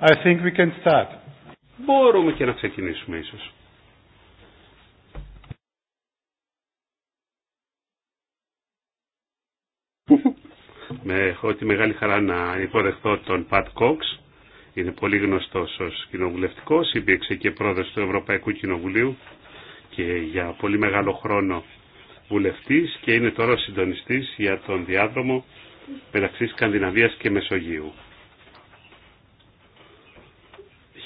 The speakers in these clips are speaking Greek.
I think we can start. Μπορούμε και να ξεκινήσουμε ίσως. Με έχω τη μεγάλη χαρά να υποδεχθώ τον Πατ Κόξ. Είναι πολύ γνωστός ως κοινοβουλευτικός, υπήρξε και πρόεδρος του Ευρωπαϊκού Κοινοβουλίου και για πολύ μεγάλο χρόνο βουλευτής και είναι τώρα συντονιστής για τον διάδρομο μεταξύ Σκανδιναβίας και Μεσογείου.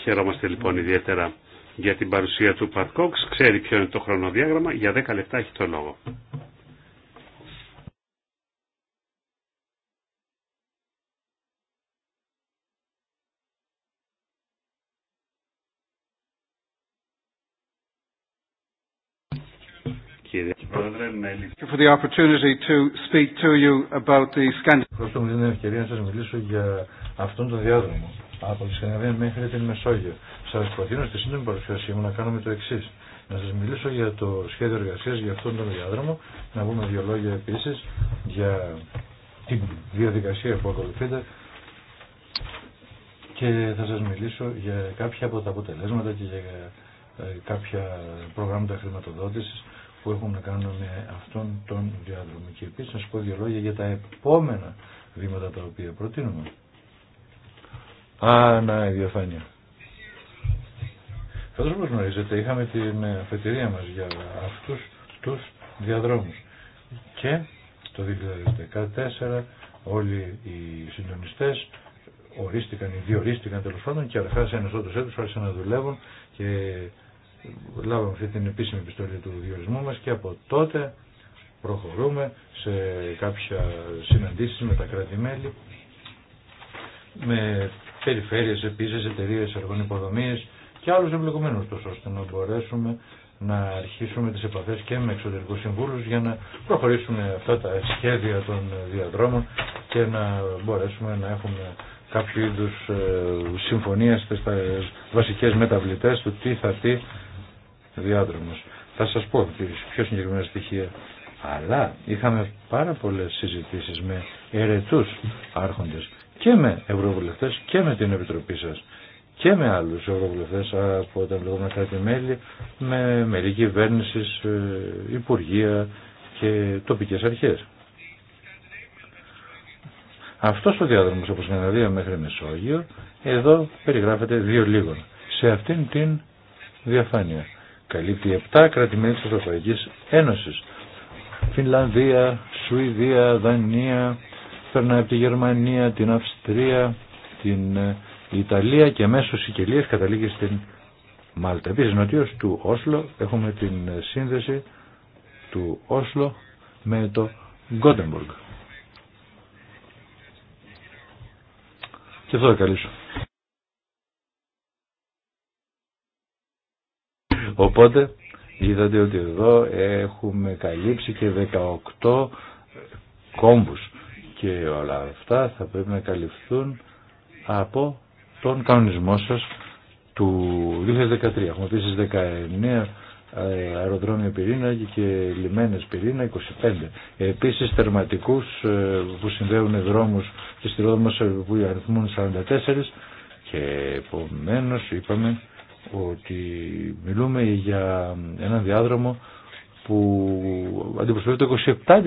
Χαιρόμαστε λοιπόν ιδιαίτερα για την παρουσία του Παρκόξ. Ξέρει ποιο είναι το χρονοδιάγραμμα. Για 10 λεπτά έχει το λόγο. for the opportunity to speak to you about the Ευχαριστώ για την ευκαιρία να σας μιλήσω για αυτόν τον διάδρομο από τη Σκανδιναβία μέχρι την Μεσόγειο. Σας προτείνω στη σύντομη παρουσίασή μου να κάνουμε το εξή, Να σας μιλήσω για το σχέδιο εργασίας για αυτόν τον διάδρομο, να πούμε δύο λόγια επίσης για την διαδικασία που ακολουθείτε και θα σας μιλήσω για κάποια από τα αποτελέσματα και για ε, κάποια προγράμματα χρηματοδότησης που έχουν να κάνουν με αυτόν τον διάδρομο. Και επίση να σα πω δύο λόγια για τα επόμενα βήματα τα οποία προτείνουμε. Α, να, η διαφάνεια. Καθώς γνωρίζετε είχαμε την αφετηρία μας για αυτούς τους διαδρόμους. Και το 2014 όλοι οι συντονιστέ ορίστηκαν ή διορίστηκαν τέλο πάντων και αρχάσαν ένα άρχισαν να δουλεύουν και λάβαμε αυτή την επίσημη επιστολή του διορισμού μας και από τότε προχωρούμε σε κάποια συναντήσεις με τα κράτη-μέλη, με περιφέρειες επίσης, εταιρείε υποδομίες και άλλους εμπλεκομένους τόσο ώστε να μπορέσουμε να αρχίσουμε τις επαφές και με εξωτερικούς συμβούλους για να προχωρήσουμε αυτά τα σχέδια των διαδρόμων και να μπορέσουμε να έχουμε κάποιο είδους ε, συμφωνία στις βασικές μεταβλητές του τι θα τι διάδρομος. Θα σας πω πιο συγκεκριμένα στοιχεία. Αλλά είχαμε πάρα πολλές συζητήσεις με ερετούς άρχοντες και με ευρωβουλευτές και με την Επιτροπή σας και με άλλους ευρωβουλευτές από τα λεγόμενα κράτη-μέλη, με μερική κυβέρνηση, ε, υπουργεία και τοπικές αρχές. Αυτός ο διάδρομος από Σκανδαλία μέχρι Μεσόγειο, εδώ περιγράφεται δύο λίγων. Σε αυτήν την διαφάνεια καλύπτει 7 κρατημένες της Ευρωπαϊκής Ένωσης. Φινλανδία, Σουηδία, Δανία, περνάει από τη Γερμανία, την Αυστρία, την ε, Ιταλία και μέσω Σικελίας καταλήγει στην Μάλτα. Επίσης νοτίως του Όσλο έχουμε την ε, σύνδεση του Όσλο με το Γκόντεμπουργκ. Και αυτό θα καλύψω. Οπότε είδατε ότι εδώ έχουμε καλύψει και 18 κόμβους και όλα αυτά θα πρέπει να καλυφθούν από τον κανονισμό σας του 2013. Έχουμε επίσης 19 ε, αεροδρόμια πυρήνα και λιμένες πυρήνα 25. Επίσης θερματικούς ε, που συνδέουν δρόμους και Ρόδο ε, που αριθμούν 44 και επομένως είπαμε ότι μιλούμε για ένα διάδρομο που αντιπροσωπεύει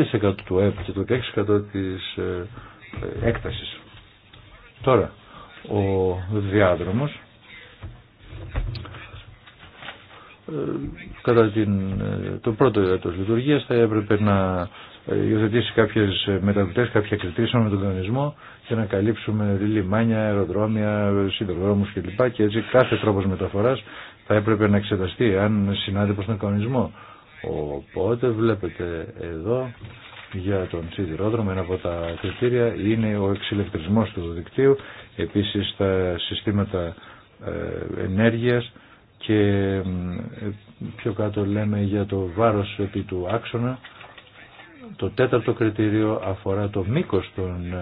το 27% του ΕΠ και το 16% της ε, ε, έκτασης. Τώρα, ο διάδρομος Ε, κατά ε, το πρώτο έτο λειτουργία θα έπρεπε να ε, υιοθετήσει κάποιε μεταβλητέ, κάποια κριτήρια με τον κανονισμό και να καλύψουμε λιμάνια, αεροδρόμια, σιδηροδρόμου κλπ. Και έτσι κάθε τρόπο μεταφορά θα έπρεπε να εξεταστεί αν συνάδει προ τον κανονισμό. Οπότε βλέπετε εδώ για τον σιδηρόδρομο ένα από τα κριτήρια είναι ο εξηλεκτρισμός του δικτύου, επίσης τα συστήματα ενέργειας, και πιο κάτω λέμε για το βάρος επί του άξονα. Το τέταρτο κριτήριο αφορά το μήκος των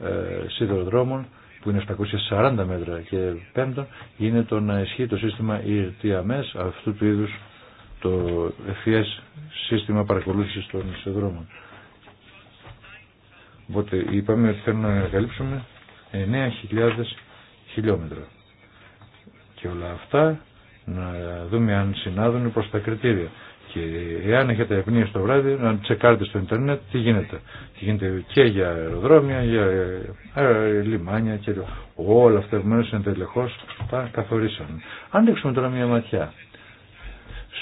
ε, ε που είναι 740 μέτρα και πέμπτο είναι το να ισχύει το σύστημα ERTMS αυτού του είδους το FES σύστημα παρακολούθησης των σιδηροδρόμων. Οπότε είπαμε ότι θέλουμε να καλύψουμε 9.000 χιλιόμετρα και όλα αυτά να δούμε αν συνάδουν προς τα κριτήρια. Και εάν έχετε ευνίες στο βράδυ να τσεκάρετε στο ίντερνετ τι γίνεται. Τι γίνεται και για αεροδρόμια, για ε, λιμάνια και όλα αυτά είναι εντελεχώς τα καθορίσαμε. Αν τώρα μια ματιά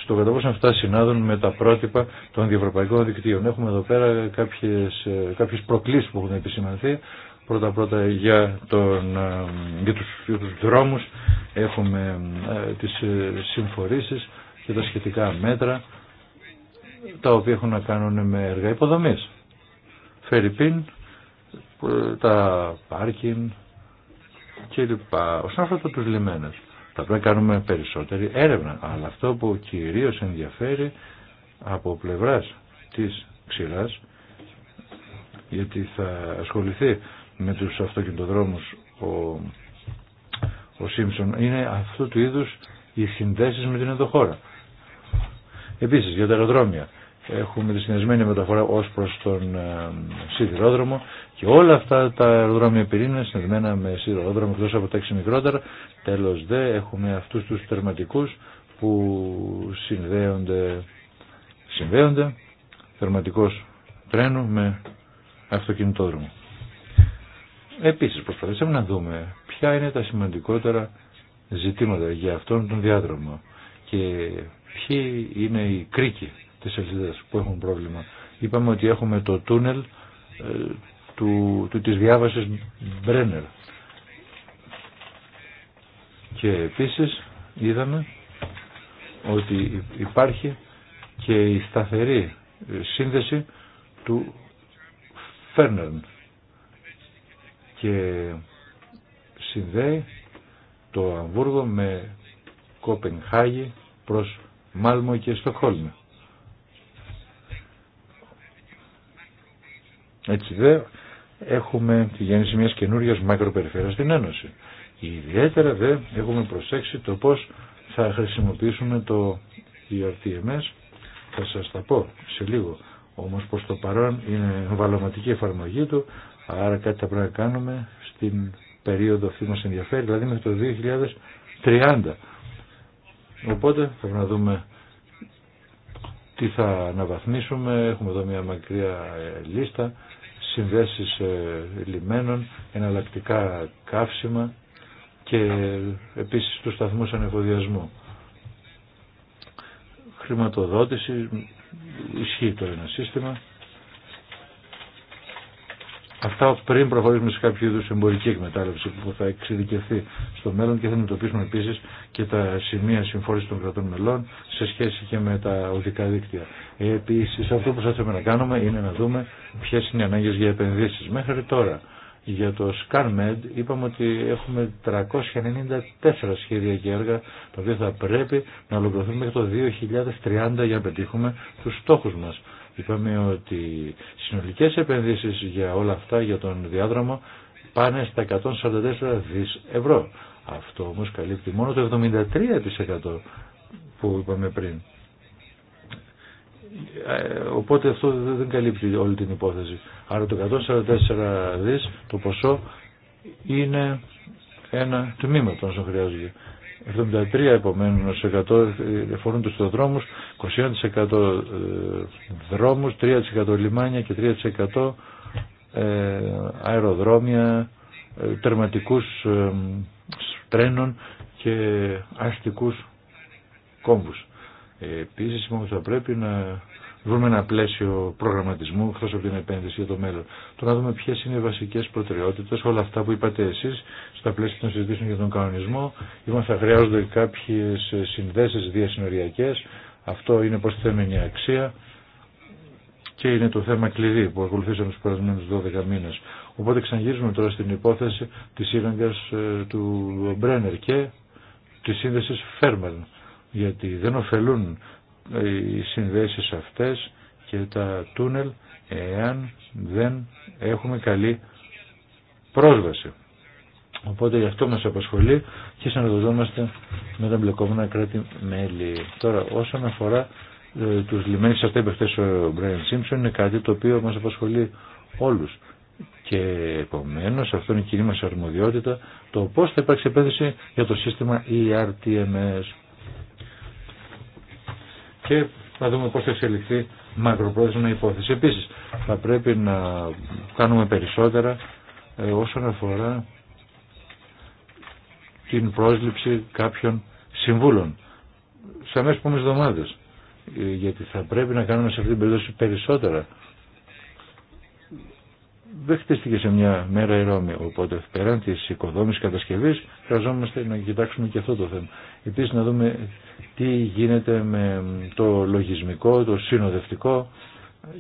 στο κατά πόσο αυτά συνάδουν με τα πρότυπα των διευρωπαϊκών δικτύων. Έχουμε εδώ πέρα κάποιες, ε, κάποιες προκλήσεις που έχουν επισημανθεί πρώτα πρώτα για, τον, ε, για, τους, δρόμους έχουμε ε, τις ε, συμφορήσεις και τα σχετικά μέτρα τα οποία έχουν να κάνουν με έργα υποδομής. Φερρυπίν, ε, τα πάρκιν και λοιπά. Όσον αφορά το τους λιμένες, θα πρέπει να κάνουμε περισσότερη έρευνα. Αλλά αυτό που κυρίως ενδιαφέρει από πλευράς της ξηράς, γιατί θα ασχοληθεί με τους αυτοκινητοδρόμους ο, ο Σίμψον είναι αυτού του είδους οι συνδέσεις με την ενδοχώρα. Επίσης για τα αεροδρόμια έχουμε τη συνδεσμένη μεταφορά ως προς τον ε, σιδηρόδρομο και όλα αυτά τα αεροδρόμια πυρήνα συνδεμένα με σιδηρόδρομο εκτός από τα 6 μικρότερα. Τέλος δε έχουμε αυτούς τους τερματικούς που συνδέονται, συνδέονται τερματικός τρένο με αυτοκινητόδρομο. Επίσης προσπαθήσαμε να δούμε ποια είναι τα σημαντικότερα ζητήματα για αυτόν τον διάδρομο και ποιοι είναι οι κρίκοι της σελίδας που έχουν πρόβλημα. Είπαμε ότι έχουμε το τούνελ ε, του, της διάβασης Μπρένερ. Και επίσης είδαμε ότι υπάρχει και η σταθερή σύνδεση του Φέρνερν και συνδέει το Αμβούργο με Κοπενχάγη προς Μάλμο και Στοχόλμη. Έτσι δε έχουμε τη γέννηση μιας καινούργιας μακροπεριφέρειας στην Ένωση. Ιδιαίτερα δε έχουμε προσέξει το πώς θα χρησιμοποιήσουμε το ERTMS. Θα σας τα πω σε λίγο. Όμως προς το παρόν είναι βαλωματική εφαρμογή του Άρα κάτι θα πρέπει να κάνουμε στην περίοδο αυτή που μας ενδιαφέρει, δηλαδή μέχρι το 2030. Οπότε θα πρέπει να δούμε τι θα αναβαθμίσουμε. Έχουμε εδώ μια μακριά ε, λίστα, συνδέσεις ε, λιμένων, εναλλακτικά καύσιμα και ε, επίσης του σταθμού ανεφοδιασμού. Χρηματοδότηση, ισχύει το ένα σύστημα Αυτά πριν προχωρήσουμε σε κάποιο είδου εμπορική εκμετάλλευση που θα εξειδικευθεί στο μέλλον και θα αντιμετωπίσουμε επίση και τα σημεία συμφόρηση των κρατών μελών σε σχέση και με τα οδικά δίκτυα. Επίση, αυτό που θέλουμε να κάνουμε είναι να δούμε ποιε είναι οι ανάγκε για επενδύσει. Μέχρι τώρα για το SCANMED είπαμε ότι έχουμε 394 σχέδια και έργα τα οποία θα πρέπει να ολοκληρωθούν μέχρι το 2030 για να πετύχουμε του στόχου μα. Είπαμε ότι οι συνολικές επενδύσεις για όλα αυτά, για τον διάδρομο, πάνε στα 144 δις ευρώ. Αυτό όμως καλύπτει μόνο το 73% που είπαμε πριν. Ε, οπότε αυτό δεν καλύπτει όλη την υπόθεση. Άρα το 144 δις το ποσό είναι ένα τμήμα των όσων χρειάζονται. 73% επομένως 100 αφορούν του δρόμους, 21% δρόμους, 3% λιμάνια και 3% ε, αεροδρόμια, ε, τερματικούς ε, τρένων και αστικούς κόμβους. Επίσης θα πρέπει να βρούμε ένα πλαίσιο προγραμματισμού εκτό από την επένδυση για το μέλλον. Τώρα να δούμε ποιε είναι οι βασικέ προτεραιότητε, όλα αυτά που είπατε εσεί στα πλαίσια των συζητήσεων για τον κανονισμό. Είπαμε λοιπόν, θα χρειάζονται κάποιε συνδέσει διασυνοριακέ. Αυτό είναι προσθέμενη αξία και είναι το θέμα κλειδί που ακολουθήσαμε του περασμένου 12 μήνε. Οπότε ξαναγυρίζουμε τώρα στην υπόθεση τη σύραγγας ε, του Μπρένερ και τη σύνδεση γιατί δεν ωφελούν οι συνδέσεις αυτές και τα τούνελ εάν δεν έχουμε καλή πρόσβαση. Οπότε γι' αυτό μας απασχολεί και συνεργαζόμαστε με τα μπλεκόμενα κράτη-μέλη. Τώρα όσον αφορά ε, τους λιμένες αυτές είπε ο Μπρέιν Σίμψον είναι κάτι το οποίο μας απασχολεί όλους. Και επομένω αυτό είναι η κοινή μας αρμοδιότητα το πώς θα υπάρξει επένδυση για το σύστημα ERTMS και θα δούμε πώς θα εξελιχθεί μακροπρόθεσμα υπόθεση. Επίσης θα πρέπει να κάνουμε περισσότερα ε, όσον αφορά την πρόσληψη κάποιων συμβούλων σε αμέσως επόμενες εβδομάδες ε, γιατί θα πρέπει να κάνουμε σε αυτή την περίπτωση περισσότερα δεν χτίστηκε σε μια μέρα η Ρώμη. Οπότε πέραν τη οικοδόμηση κατασκευή χρειαζόμαστε να κοιτάξουμε και αυτό το θέμα. Επίση να δούμε τι γίνεται με το λογισμικό, το συνοδευτικό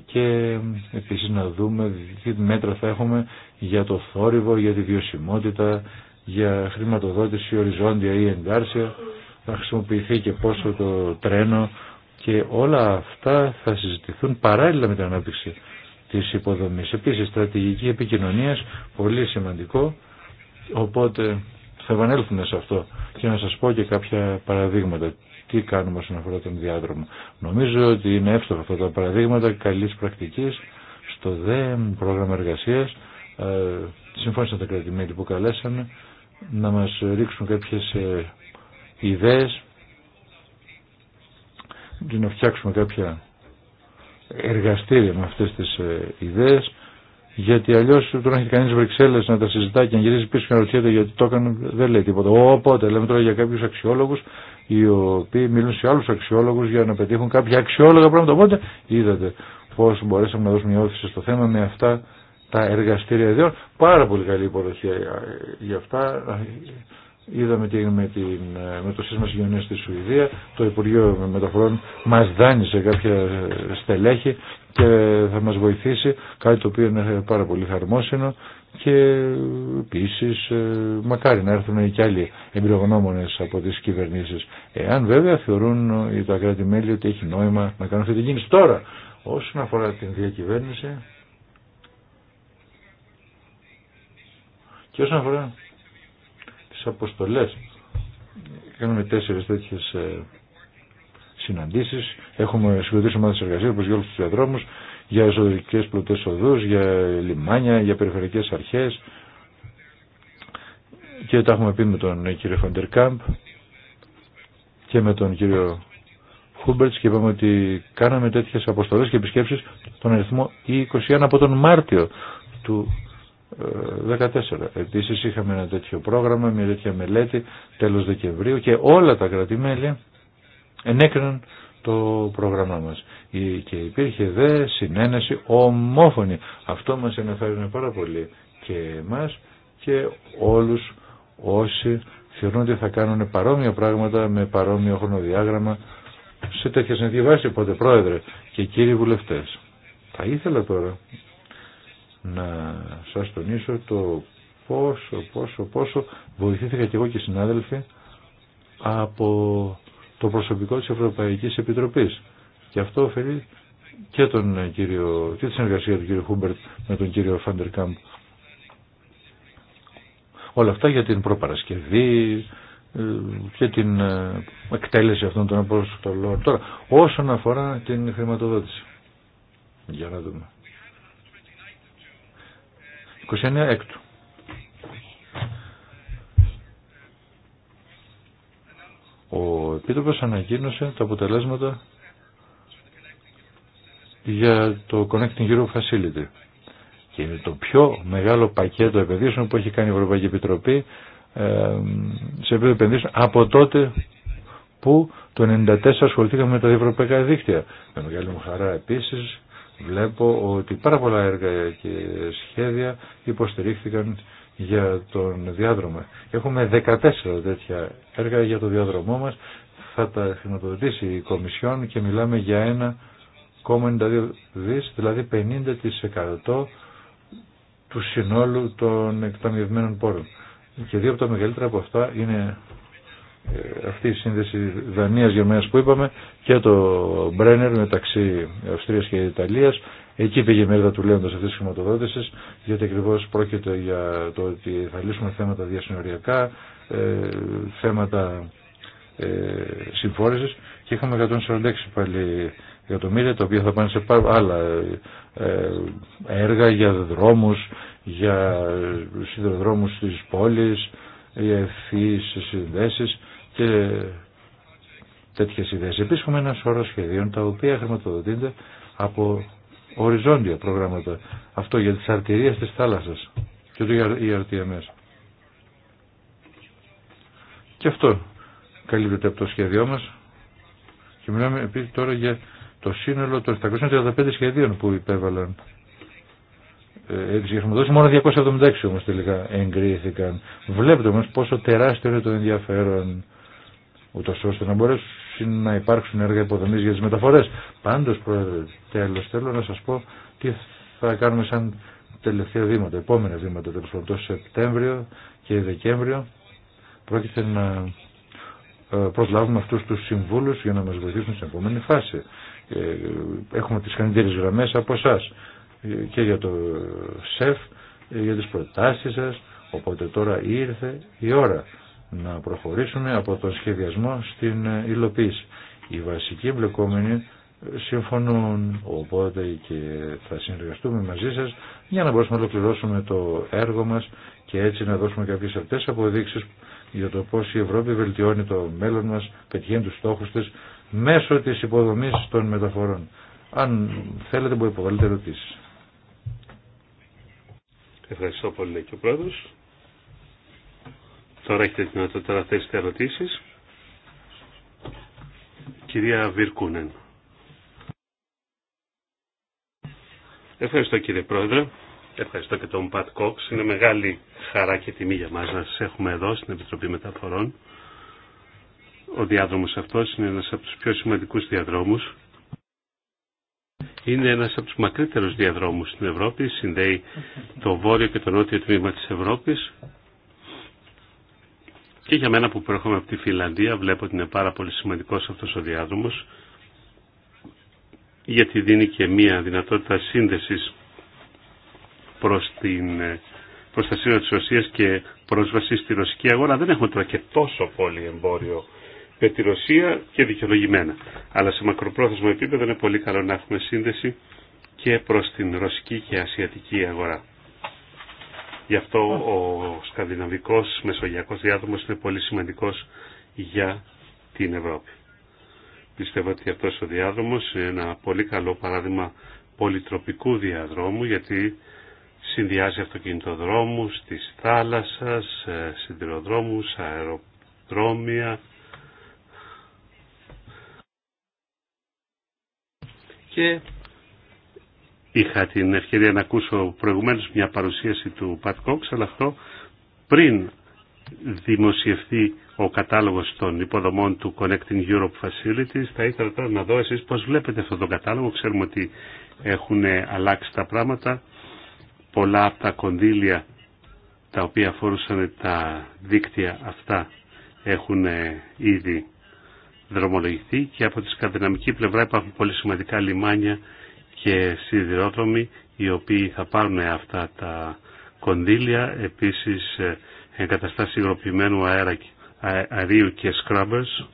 και επίση να δούμε τι μέτρα θα έχουμε για το θόρυβο, για τη βιωσιμότητα, για χρηματοδότηση οριζόντια ή εντάρσια, Θα χρησιμοποιηθεί και πόσο το τρένο και όλα αυτά θα συζητηθούν παράλληλα με την ανάπτυξη της υποδομής. Επίσης, στρατηγική επικοινωνία, πολύ σημαντικό, οπότε θα επανέλθουμε σε αυτό και να σας πω και κάποια παραδείγματα. Τι κάνουμε όσον αφορά τον διάδρομο. Νομίζω ότι είναι εύστοχα αυτά τα παραδείγματα καλής πρακτικής στο ΔΕΜ πρόγραμμα εργασίας. Ε, συμφώνησαν τα κρατημέλη που καλέσαμε να μας ρίξουν κάποιες ε, ιδέες και να φτιάξουμε κάποια εργαστήρια με αυτές τις ε, ιδέες γιατί αλλιώς τον έχει κανείς Βρυξέλλες να τα συζητά και να γυρίζει πίσω και να ρωτιέται γιατί το έκανε δεν λέει τίποτα. Οπότε λέμε τώρα για κάποιους αξιόλογους οι οποίοι μιλούν σε άλλους αξιόλογους για να πετύχουν κάποια αξιόλογα πράγματα. Οπότε είδατε πώς μπορέσαμε να δώσουμε μια στο θέμα με αυτά τα εργαστήρια ιδέων. Πάρα πολύ καλή υποδοχή ε, ε, για αυτά. Είδαμε τι έγινε με, την, ε, με το σύστημα συγκοινωνία στη Σουηδία. Το Υπουργείο Μεταφορών μα δάνεισε κάποια ε, στελέχη και θα μα βοηθήσει. Κάτι το οποίο είναι πάρα πολύ χαρμόσυνο. Και επίση, ε, μακάρι να έρθουν και άλλοι εμπειρογνώμονε από τι κυβερνήσει. Εάν βέβαια θεωρούν τα κράτη-μέλη ότι έχει νόημα να κάνουν αυτή την κίνηση. Τώρα, όσον αφορά την διακυβέρνηση. Και όσον αφορά αποστολές. Κάνουμε τέσσερις τέτοιες ε, συναντήσεις. Έχουμε συγκροτήσει ομάδες εργασίας όπως για όλους τους διαδρόμους, για εσωτερικές πλωτές οδούς, για λιμάνια, για περιφερειακές αρχές. Και τα έχουμε πει με τον κύριο Φοντερ και με τον κύριο Χούμπερτς και είπαμε ότι κάναμε τέτοιες αποστολές και επισκέψεις τον αριθμό 21 από τον Μάρτιο του 14. Επίσης είχαμε ένα τέτοιο πρόγραμμα, μια τέτοια μελέτη τέλος Δεκεμβρίου και όλα τα κρατημέλια ενέκριναν το πρόγραμμά μας. Και υπήρχε δε συνένεση ομόφωνη. Αυτό μας ενδιαφέρει πάρα πολύ και εμάς και όλους όσοι θεωρούν ότι θα κάνουν παρόμοια πράγματα με παρόμοιο χρονοδιάγραμμα σε τέτοια ενδιαβάσεις Οπότε πρόεδρε και κύριοι βουλευτές. Θα ήθελα τώρα να σας τονίσω το πόσο, πόσο, πόσο βοηθήθηκα και εγώ και οι συνάδελφοι από το προσωπικό της Ευρωπαϊκής Επιτροπής. Και αυτό ωφελεί και, τον κύριο, και τη συνεργασία του κύριου Χούμπερτ με τον κύριο Φάντερ Όλα αυτά για την προπαρασκευή ε, και την ε, εκτέλεση αυτών των αποστολών. Τώρα, όσον αφορά την χρηματοδότηση. Για να δούμε. 29 έκτου. Ο Επίτροπος ανακοίνωσε τα αποτελέσματα για το Connecting Europe Facility. Και είναι το πιο μεγάλο πακέτο επενδύσεων που έχει κάνει η Ευρωπαϊκή Επιτροπή σε επίπεδο επενδύσεων από τότε που το 1994 ασχοληθήκαμε με τα ευρωπαϊκά δίκτυα. Με μεγάλη μου χαρά επίσης βλέπω ότι πάρα πολλά έργα και σχέδια υποστηρίχθηκαν για τον διάδρομο. Έχουμε 14 τέτοια έργα για το διάδρομό μας. Θα τα χρηματοδοτήσει η Κομισιόν και μιλάμε για 1,92 δις, δηλαδή 50% του συνόλου των εκταμιευμένων πόρων. Και δύο από τα μεγαλύτερα από αυτά είναι ε, αυτή η σύνδεση Δανίας Γερμανίας που είπαμε και το Μπρένερ μεταξύ Αυστρίας και Ιταλίας εκεί πήγε η του του λέοντος αυτής της χρηματοδότησης γιατί ακριβώ πρόκειται για το ότι θα λύσουμε θέματα διασυνοριακά ε, θέματα ε, συμφόρησης και είχαμε 146 πάλι εκατομμύρια τα οποία θα πάνε σε άλλα ε, έργα για δρόμους, για σιδηροδρόμους της πόλης, για ευθύς συνδέσεις και τέτοιε ιδέε. Επίση, έχουμε ένα σώρο σχεδίων τα οποία χρηματοδοτείται από οριζόντια προγράμματα. Αυτό για τι αρτηρίε τη θάλασσα και το ER, ERTMS. Και αυτό καλύπτεται από το σχέδιό μα. Και μιλάμε επίση τώρα για το σύνολο των 735 σχεδίων που υπέβαλαν. Ε, έτσι, έχουμε δώσει μόνο 276 όμως τελικά εγκρίθηκαν. Βλέπετε όμως πόσο τεράστιο είναι το ενδιαφέρον ούτω ώστε να μπορέσουν να υπάρξουν έργα υποδομή για τι μεταφορές. Πάντως, Πρόεδρε, τέλος, θέλω να σας πω τι θα κάνουμε σαν τελευταία βήματα, επόμενα βήματα, το Σεπτέμβριο και Δεκέμβριο πρόκειται να ε, προσλάβουμε αυτού του συμβούλου για να μας βοηθήσουν στην επόμενη φάση. Ε, έχουμε τις καλύτερε γραμμές από εσά και για το ΣΕΦ, ε, για τις προτάσεις σας, οπότε τώρα ήρθε η ώρα να προχωρήσουμε από τον σχεδιασμό στην υλοποίηση. Οι βασικοί εμπλεκόμενοι συμφωνούν, οπότε και θα συνεργαστούμε μαζί σας για να μπορούμε να ολοκληρώσουμε το έργο μας και έτσι να δώσουμε κάποιες αυτές αποδείξεις για το πώς η Ευρώπη βελτιώνει το μέλλον μας, πετυχαίνει τους στόχους της μέσω της υποδομής των μεταφορών. Αν θέλετε μπορείτε να υποβάλλετε ερωτήσεις. Ευχαριστώ πολύ και ο Πρόεδρος. Τώρα έχετε τη δυνατότητα να θέσετε ερωτήσεις. Κυρία Βιρκούνεν. Ευχαριστώ κύριε Πρόεδρε. Ευχαριστώ και τον Πατ Κόξ. Είναι μεγάλη χαρά και τιμή για μας να σας έχουμε εδώ στην Επιτροπή Μεταφορών. Ο διάδρομος αυτός είναι ένας από τους πιο σημαντικούς διαδρόμους. Είναι ένας από τους μακρύτερους διαδρόμους στην Ευρώπη. Συνδέει το βόρειο και το νότιο τμήμα της Ευρώπης. Και για μένα που προέρχομαι από τη Φιλανδία βλέπω ότι είναι πάρα πολύ σημαντικός αυτός ο διάδρομος γιατί δίνει και μία δυνατότητα σύνδεσης προς, την, ε, προς τα σύνορα της Ρωσίας και πρόσβαση στη ρωσική αγορά. Δεν έχουμε τώρα και τόσο πολύ εμπόριο με τη Ρωσία και δικαιολογημένα. Αλλά σε μακροπρόθεσμο επίπεδο είναι πολύ καλό να έχουμε σύνδεση και προς την ρωσική και ασιατική αγορά. Γι' αυτό ο σκανδιναβικό μεσογειακός διάδρομος είναι πολύ σημαντικός για την Ευρώπη. Πιστεύω ότι αυτός ο διάδρομος είναι ένα πολύ καλό παράδειγμα πολυτροπικού διαδρόμου γιατί συνδυάζει αυτοκινητοδρόμους της θάλασσας, ε, σιδηροδρόμους, αεροδρόμια και Είχα την ευκαιρία να ακούσω προηγουμένως μια παρουσίαση του Πατ Κόξ, αλλά αυτό πριν δημοσιευτεί ο κατάλογος των υποδομών του Connecting Europe Facilities. Θα ήθελα τώρα να δω εσείς πώς βλέπετε αυτόν τον κατάλογο. Ξέρουμε ότι έχουν αλλάξει τα πράγματα. Πολλά από τα κονδύλια τα οποία αφορούσαν τα δίκτυα αυτά έχουν ε, ήδη δρομολογηθεί και από τη σκανδιναμική πλευρά υπάρχουν πολύ σημαντικά λιμάνια και σιδηρόδρομοι οι οποίοι θα πάρουν αυτά τα κονδύλια, επίσης ε, εγκαταστάσεις υγροποιημένου αέρα, αερίου και scrubbers,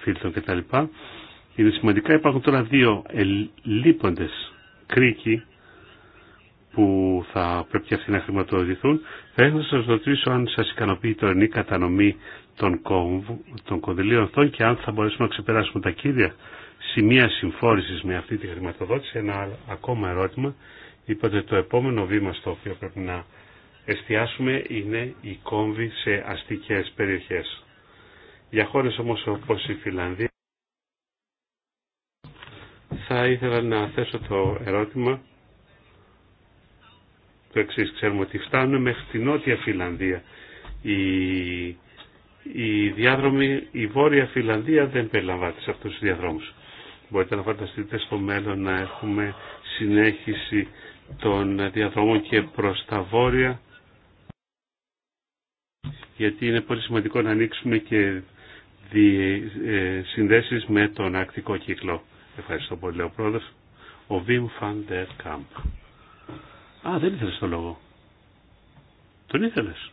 φίλτρων κτλ. Είναι σημαντικά, υπάρχουν τώρα δύο λείποντες κρίκοι που θα πρέπει αυτοί να χρηματοδοτηθούν. Θα ήθελα να σας ρωτήσω αν σας ικανοποιεί η τωρινή κατανομή των, κομβ, των κονδυλίων αυτών και αν θα μπορέσουμε να ξεπεράσουμε τα κύρια σημεία συμφόρησης με αυτή τη χρηματοδότηση. Ένα ακόμα ερώτημα. Είπατε το επόμενο βήμα στο οποίο πρέπει να εστιάσουμε είναι η κόμβη σε αστικές περιοχές. Για χώρες όμως όπως η Φιλανδία θα ήθελα να θέσω το ερώτημα το εξή. Ξέρουμε ότι φτάνουν μέχρι την νότια Φιλανδία. Η, η διάδρομη, η βόρεια Φιλανδία δεν περιλαμβάνεται σε αυτούς τους διαδρόμους. Μπορείτε να φανταστείτε στο μέλλον να έχουμε συνέχιση των διαδρόμων και προς τα βόρεια γιατί είναι πολύ σημαντικό να ανοίξουμε και ε, συνδέσεις με τον ακτικό κύκλο. Ευχαριστώ πολύ ο πρόεδρος. Ο Βιμ Φαντερ Κάμπ. Α, δεν ήθελες το λόγο. Τον ήθελες.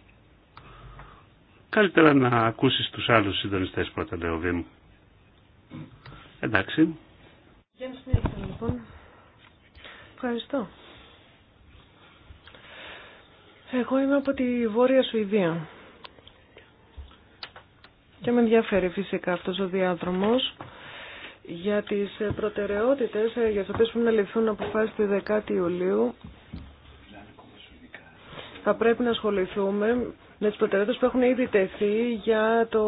Καλύτερα να ακούσεις τους άλλους συντονιστές πρώτα, λέει Εντάξει. Λοιπόν. Ευχαριστώ. Εγώ είμαι από τη Βόρεια Σουηδία. Και με ενδιαφέρει φυσικά αυτός ο διάδρομος για τις προτεραιότητες για τις οποίες πρέπει να ληφθούν αποφάσεις τη 10η Ιουλίου. Θα πρέπει να ασχοληθούμε με τι προτεραιότητες που έχουν ήδη τεθεί για το,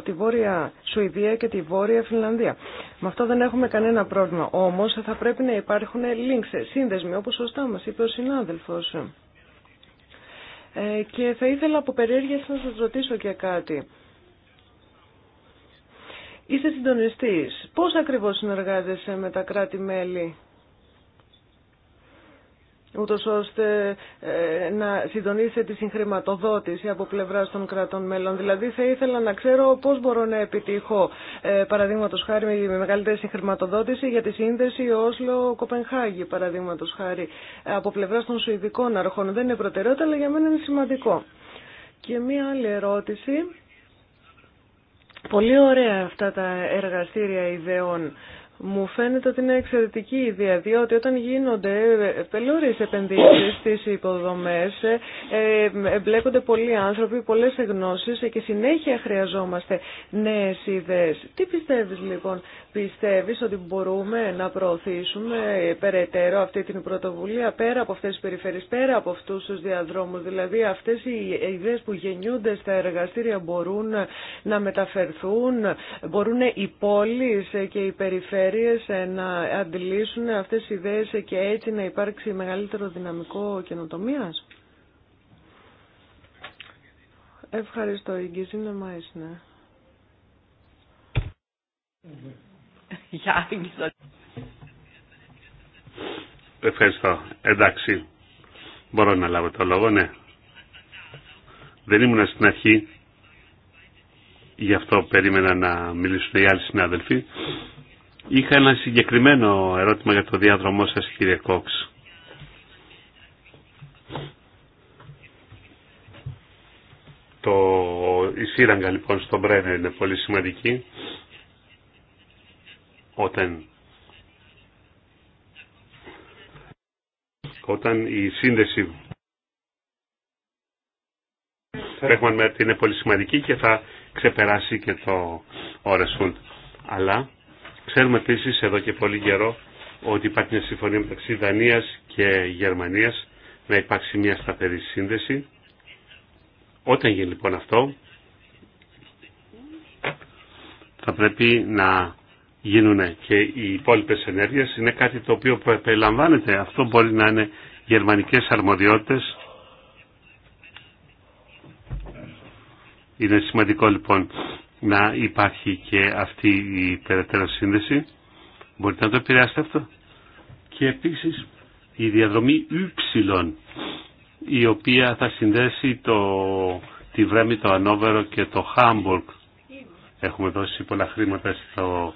τη Βόρεια Σουηδία και τη Βόρεια Φινλανδία. Με αυτό δεν έχουμε κανένα πρόβλημα. Όμω θα πρέπει να υπάρχουν links, σύνδεσμοι, όπω σωστά μα, είπε ο συνάδελφο. Ε, και θα ήθελα από περιέργεια να σα ρωτήσω και κάτι. Είστε συντονιστής. Πώς ακριβώς συνεργάζεσαι με τα κράτη-μέλη ούτως ώστε ε, να συντονίσετε τη συγχρηματοδότηση από πλευρά των κρατών μέλων. Δηλαδή θα ήθελα να ξέρω πώς μπορώ να επιτύχω, ε, παραδείγματος χάρη, με μεγαλύτερη συγχρηματοδότηση για τη σύνδεση Όσλο-Κοπενχάγη, παραδείγματος χάρη, από πλευρά των Σουηδικών αρχών. Δεν είναι προτεραιότητα, αλλά για μένα είναι σημαντικό. Και μία άλλη ερώτηση. Πολύ ωραία αυτά τα εργαστήρια ιδεών. Μου φαίνεται ότι είναι εξαιρετική ιδέα, διότι όταν γίνονται πελούριες επενδύσεις στις υποδομές, ε, ε, εμπλέκονται πολλοί άνθρωποι, πολλές γνώσεις ε, και συνέχεια χρειαζόμαστε νέες ιδέες. Τι πιστεύεις λοιπόν, πιστεύεις ότι μπορούμε να προωθήσουμε περαιτέρω αυτή την πρωτοβουλία πέρα από αυτές τις περιφέρειες, πέρα από αυτούς τους διαδρόμους, δηλαδή αυτές οι ιδέες που γεννιούνται στα εργαστήρια μπορούν να μεταφερθούν, μπορούν οι πόλεις και οι περιφέρειες περιφέρειες ε, να αντιλήσουν αυτές τις ιδέες και έτσι να υπάρξει μεγαλύτερο δυναμικό καινοτομίας. Ευχαριστώ, η Γκίζινα Μάισνα. Ευχαριστώ. Εντάξει, μπορώ να λάβω το λόγο, ναι. Δεν ήμουν στην αρχή, γι' αυτό περίμενα να μιλήσουν οι άλλοι συνάδελφοι. Είχα ένα συγκεκριμένο ερώτημα για το διάδρομό σας κύριε Κόξ. Το, η σύραγγα λοιπόν στον Μπρένερ είναι πολύ σημαντική όταν όταν η σύνδεση ότι είναι πολύ σημαντική και θα ξεπεράσει και το Ωρεσούντ. Αλλά Ξέρουμε επίση εδώ και πολύ καιρό ότι υπάρχει μια συμφωνία μεταξύ Δανία και Γερμανίας να υπάρξει μια σταθερή σύνδεση. Όταν γίνει λοιπόν αυτό, θα πρέπει να γίνουν και οι υπόλοιπε ενέργειε. Είναι κάτι το οποίο περιλαμβάνεται. Αυτό μπορεί να είναι γερμανικές αρμοδιότητες. Είναι σημαντικό λοιπόν να υπάρχει και αυτή η περαιτέρω σύνδεση. Μπορείτε να το επηρεάσετε αυτό. Και επίσης η διαδρομή Y η οποία θα συνδέσει το, τη Βρέμη, το Ανόβερο και το Χάμπουργκ. Έχουμε δώσει πολλά χρήματα στο,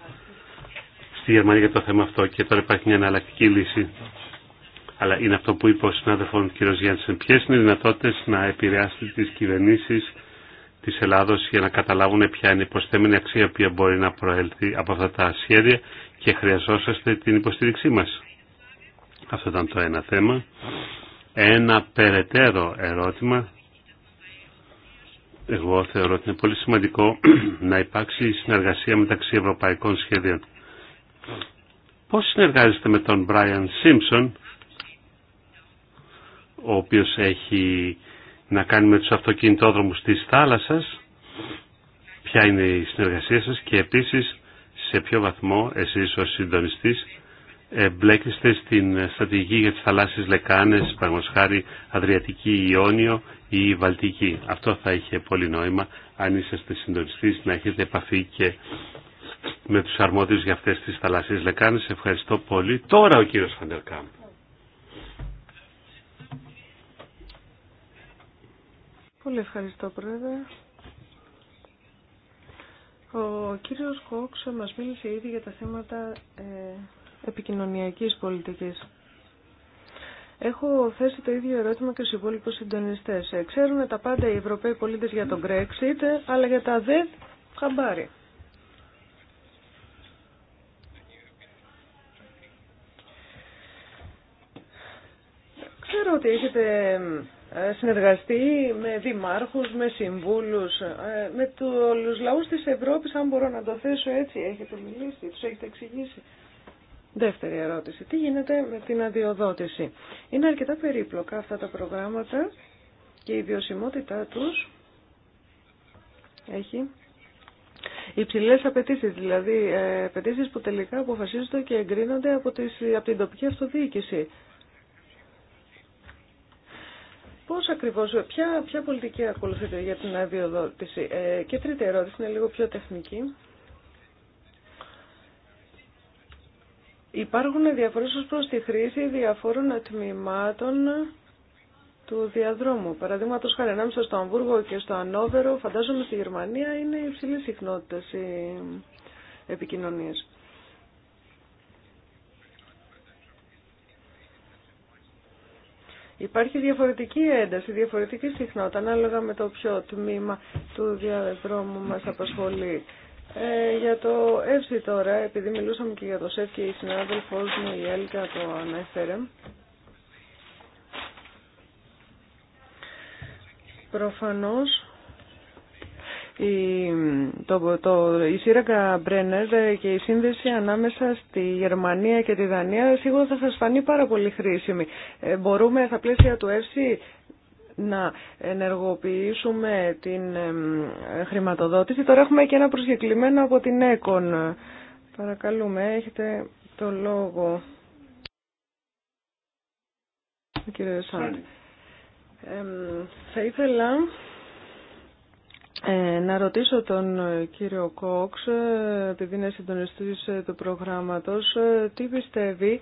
στη Γερμανία για το θέμα αυτό και τώρα υπάρχει μια εναλλακτική λύση. Αλλά είναι αυτό που είπε ο συνάδελφο κ. Γιάννησεν. Ποιε είναι οι δυνατότητε να επηρεάσετε τι κυβερνήσει της Ελλάδος για να καταλάβουν ποια είναι η υποστέμενη αξία που μπορεί να προέλθει από αυτά τα σχέδια και χρειαζόσαστε την υποστήριξή μας. Αυτό ήταν το ένα θέμα. Ένα περαιτέρω ερώτημα. Εγώ θεωρώ ότι είναι πολύ σημαντικό να υπάρξει συνεργασία μεταξύ ευρωπαϊκών σχέδιων. Πώς συνεργάζεστε με τον Brian Simpson, ο οποίος έχει να κάνει με τους αυτοκινητόδρομους της θάλασσας, ποια είναι η συνεργασία σας και επίσης σε ποιο βαθμό εσείς ως συντονιστής εμπλέκεστε στην στρατηγική για τις θαλάσσιες λεκάνες, χάρη Αδριατική, Ιόνιο ή Βαλτική. Αυτό θα είχε πολύ νόημα αν είσαστε συντονιστής να έχετε επαφή και με τους αρμόδιους για αυτές τις θαλάσσιες λεκάνες. Ευχαριστώ πολύ. Τώρα ο κύριος Φαντερκάμπ. Πολύ ευχαριστώ, Πρόεδρε. Ο κύριος Κόξ μας μίλησε ήδη για τα θέματα ε, επικοινωνιακής πολιτικής. Έχω θέσει το ίδιο ερώτημα και στους υπόλοιπους συντονιστές. Ε, ξέρουν τα πάντα οι Ευρωπαίοι πολίτες για τον Brexit, αλλά για τα δε χαμπάρι. Ξέρω ότι έχετε συνεργαστεί με δημάρχους, με συμβούλους, ε, με τους λαούς της Ευρώπης, αν μπορώ να το θέσω έτσι, έχετε μιλήσει, τους έχετε εξηγήσει. Δεύτερη ερώτηση. Τι γίνεται με την αδειοδότηση. Είναι αρκετά περίπλοκα αυτά τα προγράμματα και η βιωσιμότητά τους έχει υψηλές απαιτήσει, δηλαδή ε, απαιτήσει που τελικά αποφασίζονται και εγκρίνονται από, τις, από την τοπική αυτοδιοίκηση. Πώς ακριβώς, ποια, ποια πολιτική ακολουθείτε για την αδειοδότηση. Ε, και τρίτη ερώτηση είναι λίγο πιο τεχνική. Υπάρχουν διαφορές ως προς τη χρήση διαφόρων τμήματων του διαδρόμου. Παραδείγματο χάρη ανάμεσα στο Αμβούργο και στο Ανόβερο, φαντάζομαι στη Γερμανία είναι υψηλή συχνότητα οι επικοινωνίες. Υπάρχει διαφορετική ένταση, διαφορετική συχνότητα, ανάλογα με το ποιο τμήμα του διαδρόμου μας απασχολεί. Ε, για το ΕΦΣΙ τώρα, επειδή μιλούσαμε και για το ΣΕΦ και η συνάδελφός μου η Έλκα το ανέφερε, προφανώς η, το, το, η σύραγγα Μπρένερ και η σύνδεση ανάμεσα στη Γερμανία και τη Δανία σίγουρα θα σας φανεί πάρα πολύ χρήσιμη. Ε, μπορούμε στα πλαίσια του ΕΦΣΥ να ενεργοποιήσουμε την χρηματοδότηση. Τώρα έχουμε και ένα προσκεκλημένο από την ΕΚΟΝ. Παρακαλούμε, έχετε το λόγο. Κύριε Σάντ. Ε, θα ήθελα ε, να ρωτήσω τον ε, κύριο Κόξ, ε, επειδή είναι συντονιστής του προγράμματος, τι πιστεύει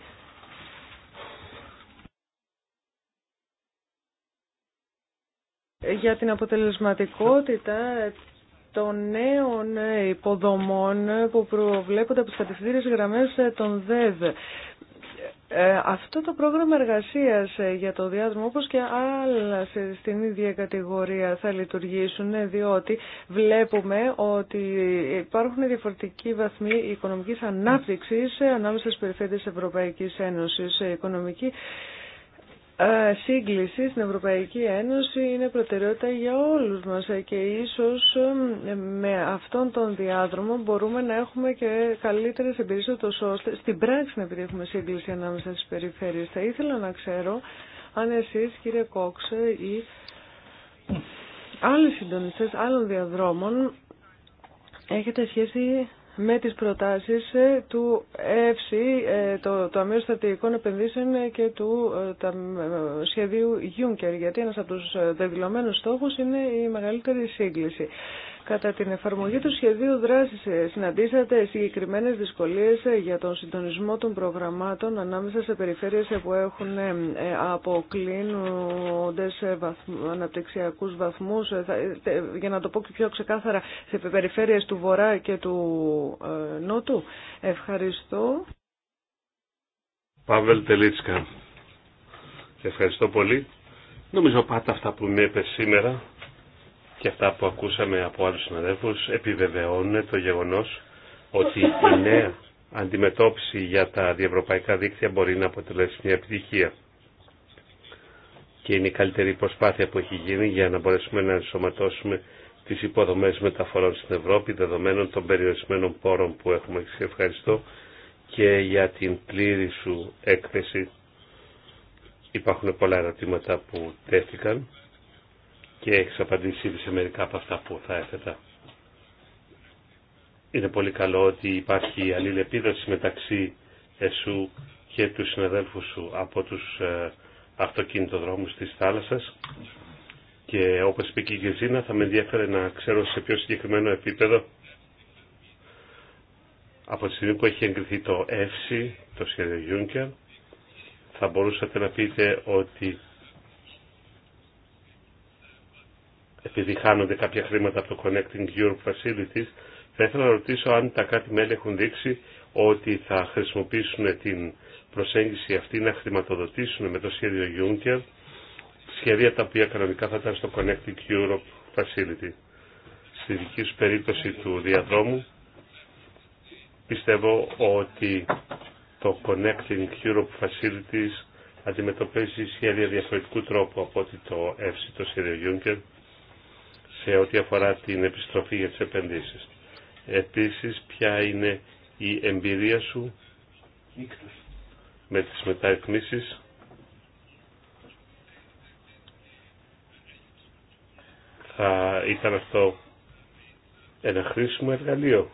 για την αποτελεσματικότητα των νέων υποδομών που προβλέπονται από τις κατευθύνες γραμμές των ΔΕΔ. Ε, αυτό το πρόγραμμα εργασίας ε, για το διάδρομο όπως και άλλα στην ίδια κατηγορία θα λειτουργήσουν ε, διότι βλέπουμε ότι υπάρχουν διαφορετικοί βαθμοί οικονομικής ανάπτυξης ανάμεσα στις περιφέρειες Ευρωπαϊκής Ένωσης. οικονομική ε, σύγκληση στην Ευρωπαϊκή Ένωση είναι προτεραιότητα για όλους μας ε, και ίσως ε, με αυτόν τον διάδρομο μπορούμε να έχουμε και καλύτερες εμπειρίες ώστε στην πράξη να επιτύχουμε σύγκληση ανάμεσα στις περιφέρειες. Θα ήθελα να ξέρω αν εσείς κύριε Κόξε ή άλλοι συντονιστές άλλων διαδρόμων έχετε σχέση με τις προτάσεις ε, του ΕΦΣΙ, ε, το Αμείο Στρατηγικών Επενδύσεων ε, και του σχεδίου Juncker, γιατί ένας από τους δεδηλωμένους στόχους είναι η μεγαλύτερη σύγκληση. Κατά την εφαρμογή του σχεδίου δράσης ε, συναντήσατε συγκεκριμένες δυσκολίες ε, για τον συντονισμό των προγραμμάτων ανάμεσα σε περιφέρειες ε, που έχουν αποκλίνοντες αναπτυξιακού αναπτυξιακούς βαθμούς, για να το πω και πιο ξεκάθαρα, σε περιφέρειες του Βορρά και του Νότου. Ευχαριστώ. Παύλ Τελίτσκα. Ευχαριστώ πολύ. Νομίζω πάντα αυτά που με είπε σήμερα και αυτά που ακούσαμε από άλλους συναδέλφους επιβεβαιώνουν το γεγονός ότι η νέα αντιμετώπιση για τα διευρωπαϊκά δίκτυα μπορεί να αποτελέσει μια επιτυχία. Και είναι η καλύτερη προσπάθεια που έχει γίνει για να μπορέσουμε να ενσωματώσουμε τις υποδομές μεταφορών στην Ευρώπη δεδομένων των περιορισμένων πόρων που έχουμε. ευχαριστώ και για την πλήρη σου έκθεση. Υπάρχουν πολλά ερωτήματα που τέθηκαν και έχει απαντήσει ήδη σε μερικά από αυτά που θα έθετα. Είναι πολύ καλό ότι υπάρχει αλληλεπίδραση μεταξύ εσού και του συναδέλφου σου από τους ε, αυτοκινητοδρόμους της θάλασσας και όπως είπε και η Γεζίνα θα με ενδιαφέρε να ξέρω σε ποιο συγκεκριμένο επίπεδο από τη στιγμή που έχει εγκριθεί το ΕΦΣΙ, το σχέδιο Juncker, θα μπορούσατε να πείτε ότι επειδή χάνονται κάποια χρήματα από το Connecting Europe Facilities, θα ήθελα να ρωτήσω αν τα κάτι μελη έχουν δείξει ότι θα χρησιμοποιήσουν την προσέγγιση αυτή να χρηματοδοτήσουν με το σχέδιο Juncker σχέδια τα οποία κανονικά θα ήταν στο Connecting Europe Facility. Στη δική σου περίπτωση του διαδρόμου πιστεύω ότι το Connecting Europe Facilities αντιμετωπίζει σχέδια διαφορετικού τρόπου από ότι το ΕΦΣΙ, το σχέδιο Juncker σε ό,τι αφορά την επιστροφή για τις επενδύσεις. Επίσης, ποια είναι η εμπειρία σου με τις μεταρρυθμίσεις θα ήταν αυτό ένα χρήσιμο εργαλείο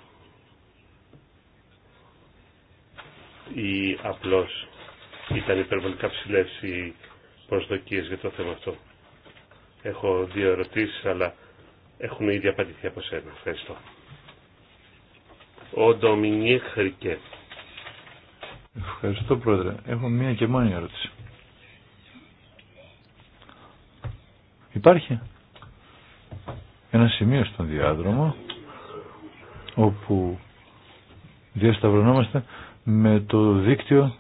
ή απλώς ήταν υπερβολικά ψηλές οι προσδοκίες για το θέμα αυτό. Έχω δύο ερωτήσεις αλλά Έχουμε ήδη απαντηθεί από σένα. Ευχαριστώ. Ο Ντομινίκ Χρικέ. Ευχαριστώ πρόεδρε. Έχω μία και μόνη ερώτηση. Υπάρχει ένα σημείο στον διάδρομο όπου διασταυρωνόμαστε με το δίκτυο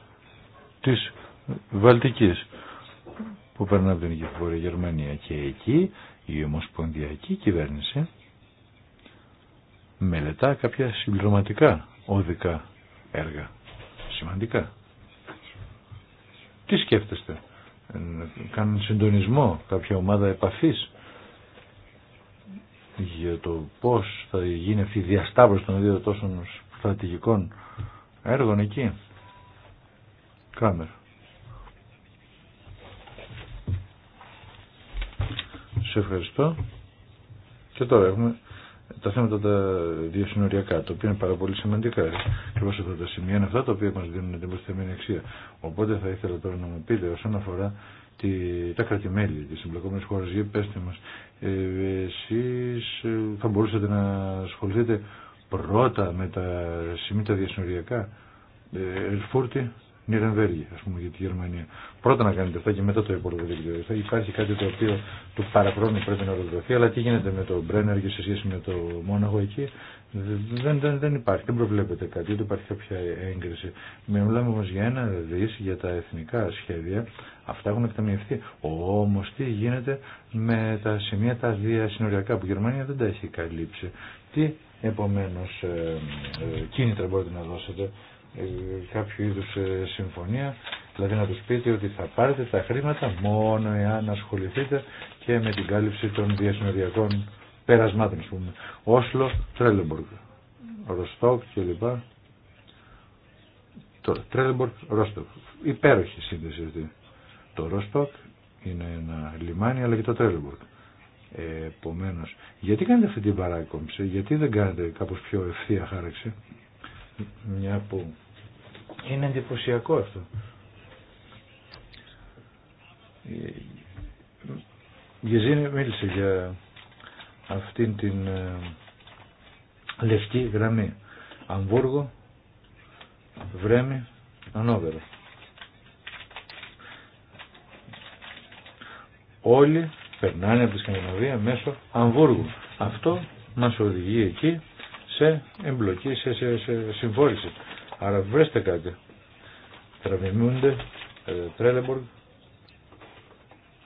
της Βαλτικής που περνά από την Γερμανία και εκεί η Ομοσπονδιακή Κυβέρνηση μελετά κάποια συμπληρωματικά οδικά έργα. Σημαντικά. Τι σκέφτεστε. Κάνουν συντονισμό κάποια ομάδα επαφής για το πώς θα γίνει αυτή η διασταύρωση των δύο τόσων στρατηγικών έργων εκεί. Κράμερ. Σε ευχαριστώ. Και τώρα έχουμε τα θέματα τα διασυνοριακά, τα οποία είναι πάρα πολύ σημαντικά. Ακριβώ αυτά τα σημεία είναι αυτά τα οποία μα δίνουν την προσθεμένη αξία. Οπότε θα ήθελα τώρα να μου πείτε όσον αφορά τη, τα κρατημέλη τη εμπλεκόμενη χώρα, για πέστε μα, ε, εσεί ε, θα μπορούσατε να ασχοληθείτε πρώτα με τα σημεία τα διασυνοριακά. Ε, Ελφούρτη, Νιρεμβέργη, α πούμε, για τη Γερμανία. Πρώτα να κάνετε αυτά και μετά το υπόλοιπο υπάρχει κάτι το οποίο του παραχρόνου πρέπει να ολοκληρωθεί, αλλά τι γίνεται με το Μπρένερ και σε σχέση με το Μόναχο εκεί. Δεν, δεν, δεν υπάρχει, δεν προβλέπεται κάτι, δεν υπάρχει κάποια έγκριση. Μιλάμε όμω για ένα δι για τα εθνικά σχέδια. Αυτά έχουν εκταμιευθεί. Όμω τι γίνεται με τα σημεία τα διασυνοριακά που η Γερμανία δεν τα έχει καλύψει. Τι επομένω ε, ε, κίνητρα μπορείτε να δώσετε ε, κάποιο είδους ε, συμφωνία, δηλαδή να τους πείτε ότι θα πάρετε τα χρήματα μόνο εάν ασχοληθείτε και με την κάλυψη των διασυνοριακών περασμάτων, ας πούμε. Όσλο, Τρέλεμπορκ, Ροστόκ κλπ. Τώρα, Τρέλεμπορκ, Ροστόκ. Υπέροχη σύνδεση αυτή. Το Ροστόκ είναι ένα λιμάνι, αλλά και το Τρέλεμπορκ. Επομένω. γιατί κάνετε αυτή την παράκομψη, γιατί δεν κάνετε κάπως πιο ευθεία χάραξη, μια που είναι εντυπωσιακό αυτό. Γεζίνη μίλησε για αυτήν την ε, λευκή γραμμή. Αμβούργο, Βρέμι, Ανόβερο. Όλοι περνάνε από τη Σκανδιναβία μέσω Αμβούργου. Αυτό μας οδηγεί εκεί σε εμπλοκή, σε, σε, σε συμφόρηση. Άρα βρέστε κάτι. Τραβημούντε, Τρέλεμπορντ,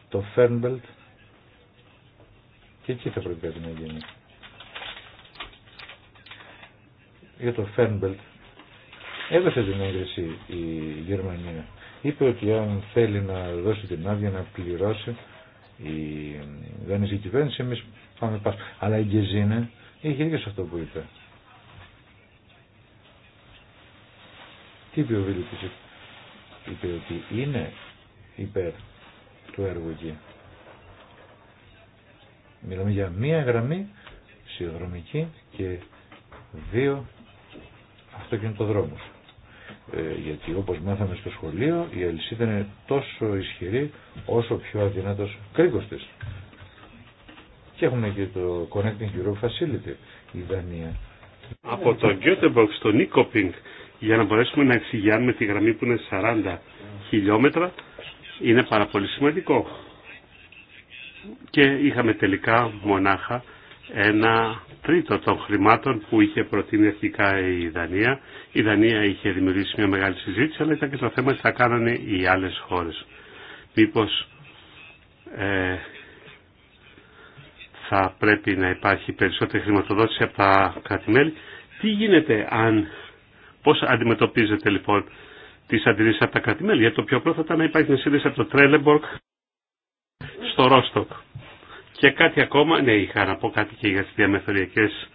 το Φέρνμπελτ και εκεί θα πρέπει κάτι να γίνει. Για το Φέρνμπελτ έδωσε την έγκριση η Γερμανία. Είπε ότι αν θέλει να δώσει την άδεια να πληρώσει η δανειζική κυβέρνηση, εμεί πάμε πάνω. Αλλά η Γκεζίνε είχε δίκιο σε αυτό που είπε. Τι είπε ο είπε ότι είναι υπέρ του έργου εκεί. Μιλάμε για μία γραμμή σιδηροδρομική και δύο αυτοκινητοδρόμους. Ε, γιατί όπως μάθαμε στο σχολείο η αλυσίδα είναι τόσο ισχυρή όσο πιο αδυνάτος κρίκος της. Και έχουμε και το Connecting Europe Facility η Δανία. Από το Göteborg στο Νίκοπινγκ για να μπορέσουμε να εξηγιάνουμε τη γραμμή που είναι 40 χιλιόμετρα είναι πάρα πολύ σημαντικό. Και είχαμε τελικά μονάχα ένα τρίτο των χρημάτων που είχε προτείνει αρχικά η Δανία. Η Δανία είχε δημιουργήσει μια μεγάλη συζήτηση, αλλά ήταν και το θέμα τι θα κάνανε οι άλλες χώρες. Μήπως ε, θα πρέπει να υπάρχει περισσότερη χρηματοδότηση από τα κρατη Τι γίνεται αν Πώς αντιμετωπίζετε λοιπόν τις αντιδρήσεις από τα κρατημέλη, γιατί το πιο πρώτο ήταν να υπάρχει μια σύνδεση από το Τρέλεμπορκ στο Ρόστοκ. Και κάτι ακόμα, ναι είχα να πω κάτι και για τις διαμεθοριακές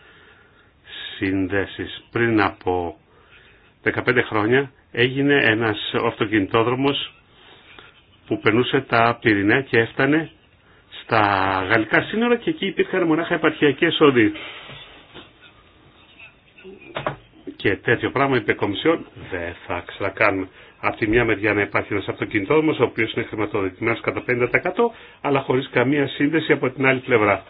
συνδέσεις. Πριν από 15 χρόνια έγινε ένας αυτοκινητόδρομος που περνούσε τα Πυρηναία και έφτανε στα γαλλικά σύνορα και εκεί υπήρχαν μονάχα επαρχιακές οδοί. Και τέτοιο πράγμα, είπε η Κομισιόν, δεν θα ξανακάνουμε. Από τη μια μεριά να υπάρχει ένα αυτοκινητόδρομο, ο οποίο είναι χρηματοδοτημένο κατά 50%, αλλά χωρί καμία σύνδεση από την άλλη πλευρά.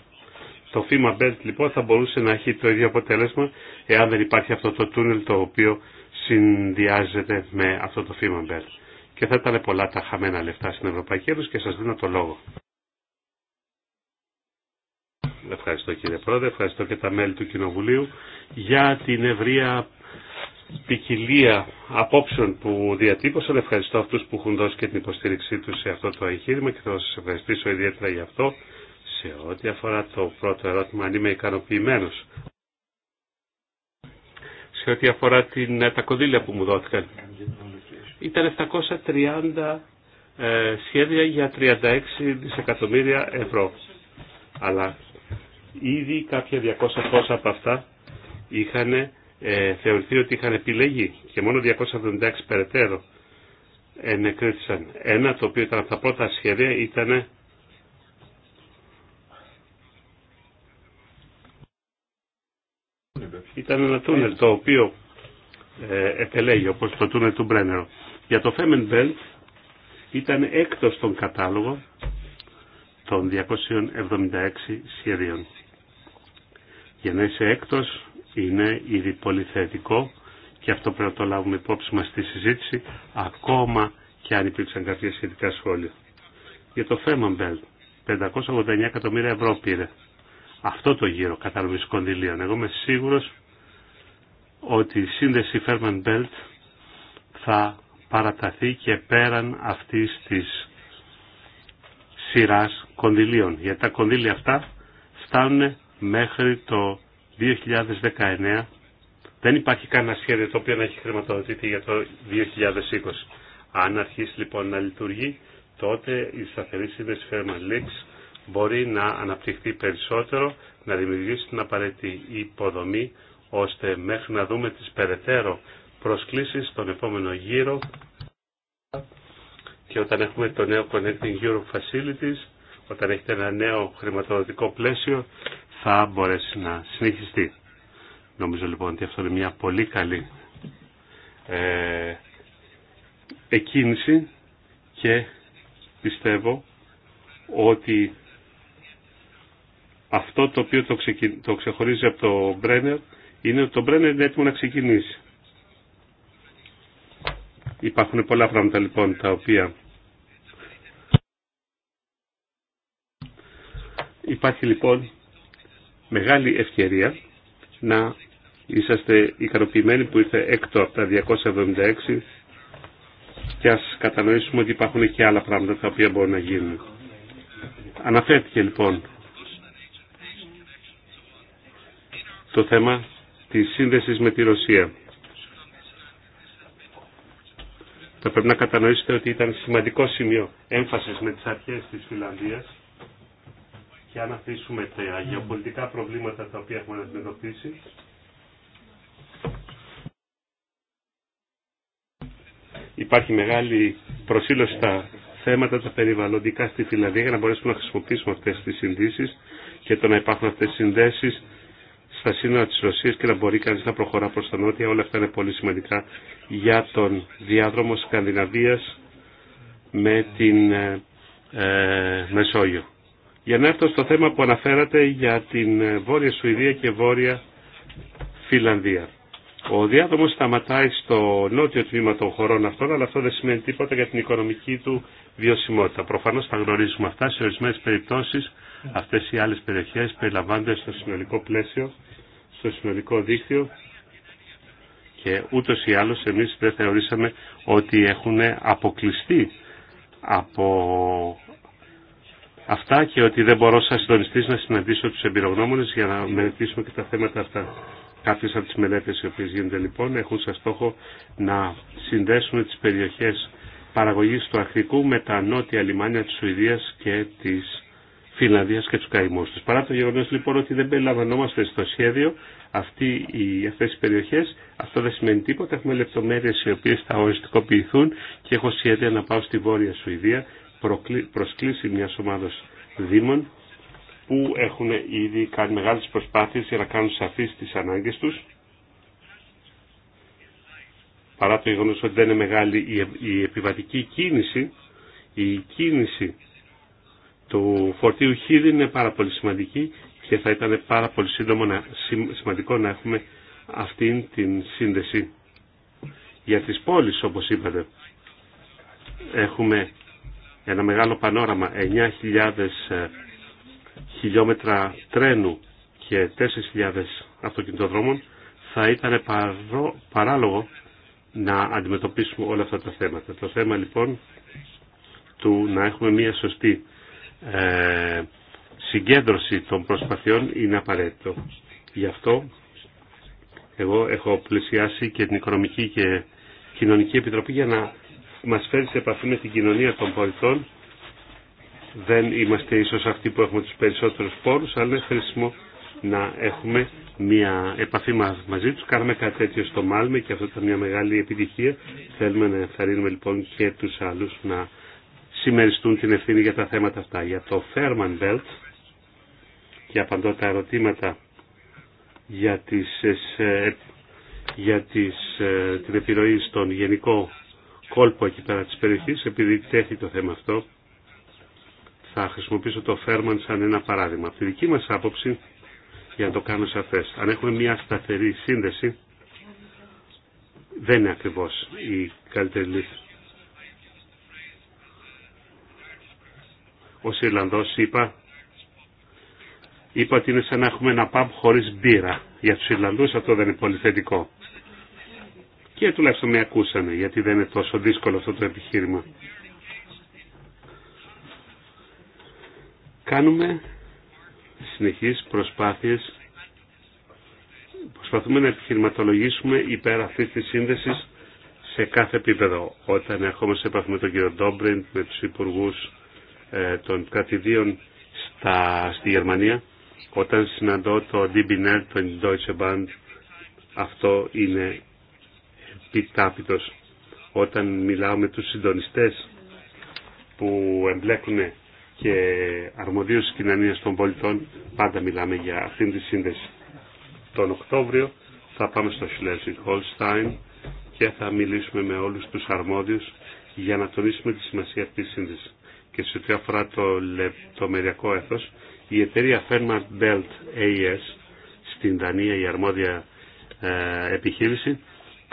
Το φήμα Μπελτ λοιπόν θα μπορούσε να έχει το ίδιο αποτέλεσμα, εάν δεν υπάρχει αυτό το τούνελ το οποίο συνδυάζεται με αυτό το φήμα Μπελτ. Και θα ήταν πολλά τα χαμένα λεφτά στην Ευρωπαϊκή Ένωση και σα δίνω το λόγο. Ευχαριστώ κύριε Πρόεδρε, ευχαριστώ και τα μέλη του Κοινοβουλίου για την ευρεία ποικιλία απόψεων που διατύπωσαν. Ευχαριστώ αυτού που έχουν δώσει και την υποστήριξή του σε αυτό το εγχείρημα και θα σα ευχαριστήσω ιδιαίτερα για αυτό σε ό,τι αφορά το πρώτο ερώτημα, αν είμαι ικανοποιημένο. Σε ό,τι αφορά την, ε, τα κονδύλια που μου δόθηκαν. Ήταν 730 ε, σχέδια για 36 δισεκατομμύρια ευρώ. Αλλά Ήδη κάποια 200 πόσα από αυτά είχαν ε, θεωρηθεί ότι είχαν επιλεγεί και μόνο 276 περαιτέρω ενεκρίθησαν. Ένα το οποίο ήταν από τα πρώτα σχέδια ήταν ήταν ένα τούνελ το οποίο ε, επελέγει όπως το τούνελ του Μπρένερο. Για το Φέμενβέλτ ήταν έκτος των κατάλογο των 276 σχεδίων για να είσαι έκτος είναι ήδη θετικό και αυτό πρέπει να το λάβουμε υπόψη μας στη συζήτηση ακόμα και αν υπήρξαν κάποια σχετικά σχόλια. Για το Μπέλτ 589 εκατομμύρια ευρώ πήρε αυτό το γύρο κατανομής κονδυλίων. Εγώ είμαι σίγουρος ότι η σύνδεση Φέρμαν Μπέλτ θα παραταθεί και πέραν αυτής της σειράς κονδυλίων. Γιατί τα κονδύλια αυτά φτάνουν μέχρι το 2019 δεν υπάρχει κανένα σχέδιο το οποίο να έχει χρηματοδοτηθεί για το 2020. Αν αρχίσει λοιπόν να λειτουργεί, τότε η σταθερή σύνδεση Fairman Λίξ μπορεί να αναπτυχθεί περισσότερο, να δημιουργήσει την απαραίτητη υποδομή, ώστε μέχρι να δούμε τις περαιτέρω προσκλήσεις στον επόμενο γύρο και όταν έχουμε το νέο Connecting Europe Facilities, όταν έχετε ένα νέο χρηματοδοτικό πλαίσιο, θα μπορέσει να συνεχιστεί. Νομίζω λοιπόν ότι αυτό είναι μια πολύ καλή ε, εκκίνηση και πιστεύω ότι αυτό το οποίο το, ξεκι... το ξεχωρίζει από το Μπρένερ είναι ότι το Μπρένερ είναι έτοιμο να ξεκινήσει. Υπάρχουν πολλά πράγματα λοιπόν τα οποία υπάρχει λοιπόν μεγάλη ευκαιρία να είσαστε ικανοποιημένοι που ήρθε έκτο από τα 276 και ας κατανοήσουμε ότι υπάρχουν και άλλα πράγματα τα οποία μπορούν να γίνουν. Αναφέρθηκε λοιπόν το θέμα της σύνδεσης με τη Ρωσία. Θα πρέπει να κατανοήσετε ότι ήταν σημαντικό σημείο έμφασης με τις αρχές της Φιλανδίας και αν αφήσουμε τα γεωπολιτικά προβλήματα τα οποία έχουμε αντιμετωπίσει, υπάρχει μεγάλη προσήλωση στα θέματα τα περιβαλλοντικά στη Φιλανδία για να μπορέσουμε να χρησιμοποιήσουμε αυτές τις συνδύσεις και το να υπάρχουν αυτές τις συνδέσεις στα σύνορα της Ρωσίας και να μπορεί κανείς να προχωρά προς τα νότια. Όλα αυτά είναι πολύ σημαντικά για τον διάδρομο Σκανδιναβίας με την ε, ε Μεσόγειο. Για να έρθω στο θέμα που αναφέρατε για την Βόρεια Σουηδία και Βόρεια Φιλανδία. Ο διάδρομος σταματάει στο νότιο τμήμα των χωρών αυτών, αλλά αυτό δεν σημαίνει τίποτα για την οικονομική του βιωσιμότητα. Προφανώς θα γνωρίζουμε αυτά. Σε ορισμένες περιπτώσεις αυτές οι άλλες περιοχές περιλαμβάνονται στο συνολικό πλαίσιο, στο συνολικό δίκτυο και ούτως ή άλλως εμείς δεν θεωρήσαμε ότι έχουν αποκλειστεί από αυτά και ότι δεν μπορώ σαν συντονιστή να συναντήσω του εμπειρογνώμονε για να μελετήσουμε και τα θέματα αυτά. Κάποιε από τι μελέτε οι οποίε γίνονται λοιπόν έχουν σαν στόχο να συνδέσουν τι περιοχέ παραγωγή του Αχρικού με τα νότια λιμάνια τη Σουηδία και τη Φιλανδία και του καημού του. Παρά το γεγονό λοιπόν ότι δεν περιλαμβανόμαστε στο σχέδιο αυτέ οι περιοχέ, αυτό δεν σημαίνει τίποτα. Έχουμε λεπτομέρειε οι οποίε θα οριστικοποιηθούν και έχω σχέδια να πάω στη Βόρεια Σουηδία προσκλήσει μια ομάδα δήμων που έχουν ήδη κάνει μεγάλες προσπάθειες για να κάνουν σαφείς τις ανάγκες τους παρά το γεγονός ότι δεν είναι μεγάλη η επιβατική κίνηση η κίνηση του φορτίου χίδη είναι πάρα πολύ σημαντική και θα ήταν πάρα πολύ σύντομο να, σημαντικό να έχουμε αυτήν την σύνδεση για τις πόλεις όπως είπατε έχουμε ένα μεγάλο πανόραμα 9.000 ε, χιλιόμετρα τρένου και 4.000 αυτοκινητοδρόμων θα ήταν παράλογο να αντιμετωπίσουμε όλα αυτά τα θέματα. Το θέμα λοιπόν του να έχουμε μια σωστή ε, συγκέντρωση των προσπαθειών είναι απαραίτητο. Γι' αυτό εγώ έχω πλησιάσει και την Οικονομική και Κοινωνική Επιτροπή για να μας φέρει σε επαφή με την κοινωνία των πολιτών. Δεν είμαστε ίσως αυτοί που έχουμε τους περισσότερους πόρους, αλλά είναι χρήσιμο να έχουμε μια επαφή μαζί τους. Κάναμε κάτι τέτοιο στο Μάλμε και αυτό ήταν μια μεγάλη επιτυχία. Θέλουμε να ενθαρρύνουμε λοιπόν και τους άλλους να συμμεριστούν την ευθύνη για τα θέματα αυτά. Για το Fairman Belt και απαντώ τα ερωτήματα για, ε, ε, για τις, ε, την επιρροή στον γενικό κόλπο εκεί πέρα της περιοχής, επειδή τέθη το θέμα αυτό, θα χρησιμοποιήσω το Φέρμαν σαν ένα παράδειγμα. Από τη δική μας άποψη, για να το κάνω σαφές, αν έχουμε μια σταθερή σύνδεση, δεν είναι ακριβώς η καλύτερη λύση. Ως Ιρλανδός είπα, είπα ότι είναι σαν να έχουμε ένα pub χωρίς μπύρα. Για τους Ιρλανδούς αυτό δεν είναι πολύ θετικό. Και τουλάχιστον με ακούσανε, γιατί δεν είναι τόσο δύσκολο αυτό το επιχείρημα. Κάνουμε συνεχείς προσπάθειες, προσπαθούμε να επιχειρηματολογήσουμε υπέρ αυτής της σύνδεσης σε κάθε επίπεδο. Όταν έχουμε σε επαφή με τον κύριο Ντόμπριντ, με τους υπουργού ε, των κρατηδίων στα, στη Γερμανία, όταν συναντώ το DB το Deutsche Bank, αυτό είναι επιτάπητος. Όταν μιλάω με τους συντονιστές που εμπλέκουν και αρμοδίους της κοινωνίας των πολιτών, πάντα μιλάμε για αυτήν τη σύνδεση. Τον Οκτώβριο θα πάμε στο Schleswig Holstein και θα μιλήσουμε με όλους τους αρμόδιους για να τονίσουμε τη σημασία αυτής της σύνδεσης. Και σε ό,τι αφορά το λεπτομεριακό έθος, η εταιρεία Fairmark Belt AS στην Δανία, η αρμόδια ε, επιχείρηση,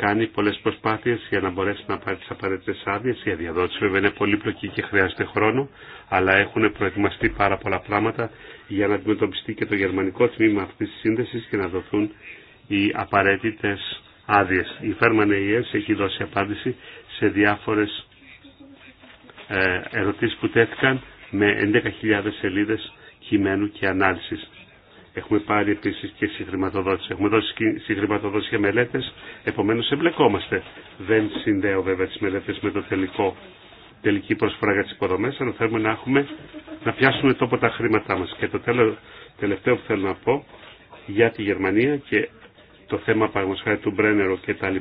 κάνει πολλές προσπάθειες για να μπορέσει να πάρει τις απαραίτητες άδειε, Η διαδότηση βέβαια είναι πολύπλοκη και χρειάζεται χρόνο, αλλά έχουν προετοιμαστεί πάρα πολλά πράγματα για να αντιμετωπιστεί και το γερμανικό τμήμα αυτή τη σύνδεση και να δοθούν οι απαραίτητε άδειε. Η Φέρμαν ΕΕΣ e έχει δώσει απάντηση σε διάφορε ερωτήσει που τέθηκαν με 11.000 σελίδε κειμένου και ανάλυση. Έχουμε πάρει επίση και συγχρηματοδότηση. Έχουμε δώσει συγχρηματοδότηση για μελέτε. Επομένω εμπλεκόμαστε. Δεν συνδέω βέβαια τι μελέτε με το τελικό, τελική προσφορά για τι υποδομέ, αλλά θέλουμε να, έχουμε, να πιάσουμε τόπο τα χρήματά μα. Και το τελευταίο που θέλω να πω για τη Γερμανία και το θέμα παραγωγικά του Μπρένερο κτλ.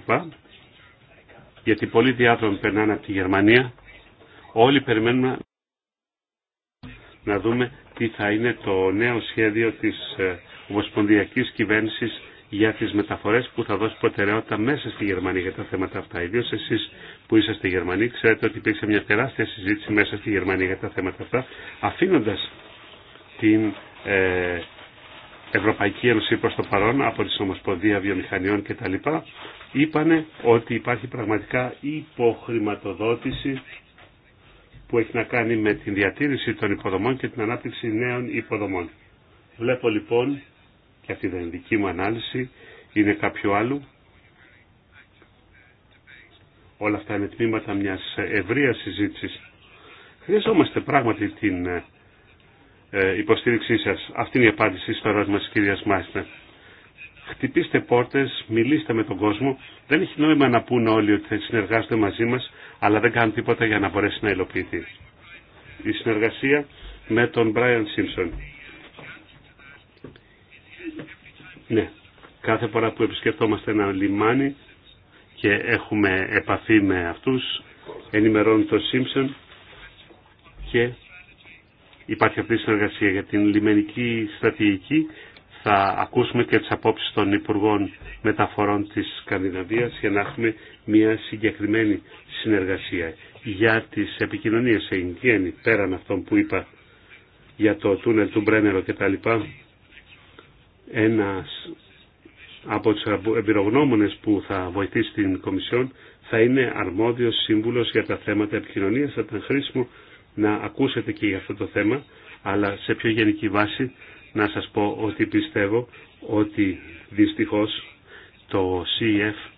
Γιατί πολλοί διάδρομοι περνάνε από τη Γερμανία. Όλοι περιμένουμε να δούμε τι θα είναι το νέο σχέδιο της ε, ομοσπονδιακής κυβέρνησης για τις μεταφορές που θα δώσει προτεραιότητα μέσα στη Γερμανία για τα θέματα αυτά. Ιδίω εσείς που είσαστε Γερμανοί ξέρετε ότι υπήρξε μια τεράστια συζήτηση μέσα στη Γερμανία για τα θέματα αυτά αφήνοντας την ε, Ευρωπαϊκή Ένωση προς το παρόν από τη Ομοσπονδία Βιομηχανιών κτλ. Είπανε ότι υπάρχει πραγματικά υποχρηματοδότηση που έχει να κάνει με την διατήρηση των υποδομών και την ανάπτυξη νέων υποδομών. Βλέπω λοιπόν, και αυτή δεν είναι δική μου ανάλυση, είναι κάποιο άλλο. Όλα αυτά είναι τμήματα μιας ευρείας συζήτησης. Χρειαζόμαστε πράγματι την ε, υποστήριξή σας. Αυτή είναι η απάντηση στο ερώτημα της κυρίας χτυπήστε πόρτες, μιλήστε με τον κόσμο. Δεν έχει νόημα να πούνε όλοι ότι θα συνεργάζονται μαζί μας, αλλά δεν κάνουν τίποτα για να μπορέσει να υλοποιηθεί. Η συνεργασία με τον Brian Simpson. Ναι, κάθε φορά που επισκεφτόμαστε ένα λιμάνι και έχουμε επαφή με αυτούς, ενημερώνει τον Simpson και υπάρχει αυτή η συνεργασία για την λιμενική στρατηγική θα ακούσουμε και τις απόψεις των Υπουργών Μεταφορών της Σκανδιναβίας για να έχουμε μια συγκεκριμένη συνεργασία για τις επικοινωνίες σε γέννη, πέραν αυτών που είπα για το τούνελ του Μπρένερο λοιπά. Ένας από τους εμπειρογνώμονες που θα βοηθήσει την Κομισιόν θα είναι αρμόδιος σύμβουλος για τα θέματα επικοινωνίας. Θα ήταν χρήσιμο να ακούσετε και για αυτό το θέμα, αλλά σε πιο γενική βάση να σας πω ότι πιστεύω ότι δυστυχώς το CF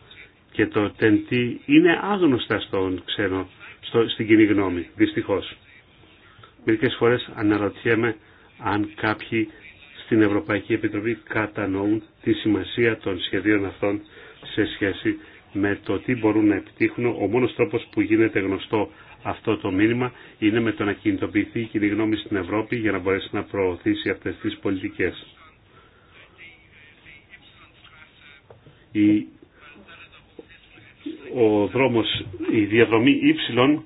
και το TNT είναι άγνωστα στον ξένο, στο, στην κοινή γνώμη, δυστυχώς. Μερικές φορές αναρωτιέμαι αν κάποιοι στην Ευρωπαϊκή Επιτροπή κατανοούν τη σημασία των σχεδίων αυτών σε σχέση με το τι μπορούν να επιτύχουν. Ο μόνος τρόπος που γίνεται γνωστό αυτό το μήνυμα είναι με το να κινητοποιηθεί η κοινή γνώμη στην Ευρώπη για να μπορέσει να προωθήσει αυτές τις πολιτικές. Η, ο δρόμος, η διαδρομή Y,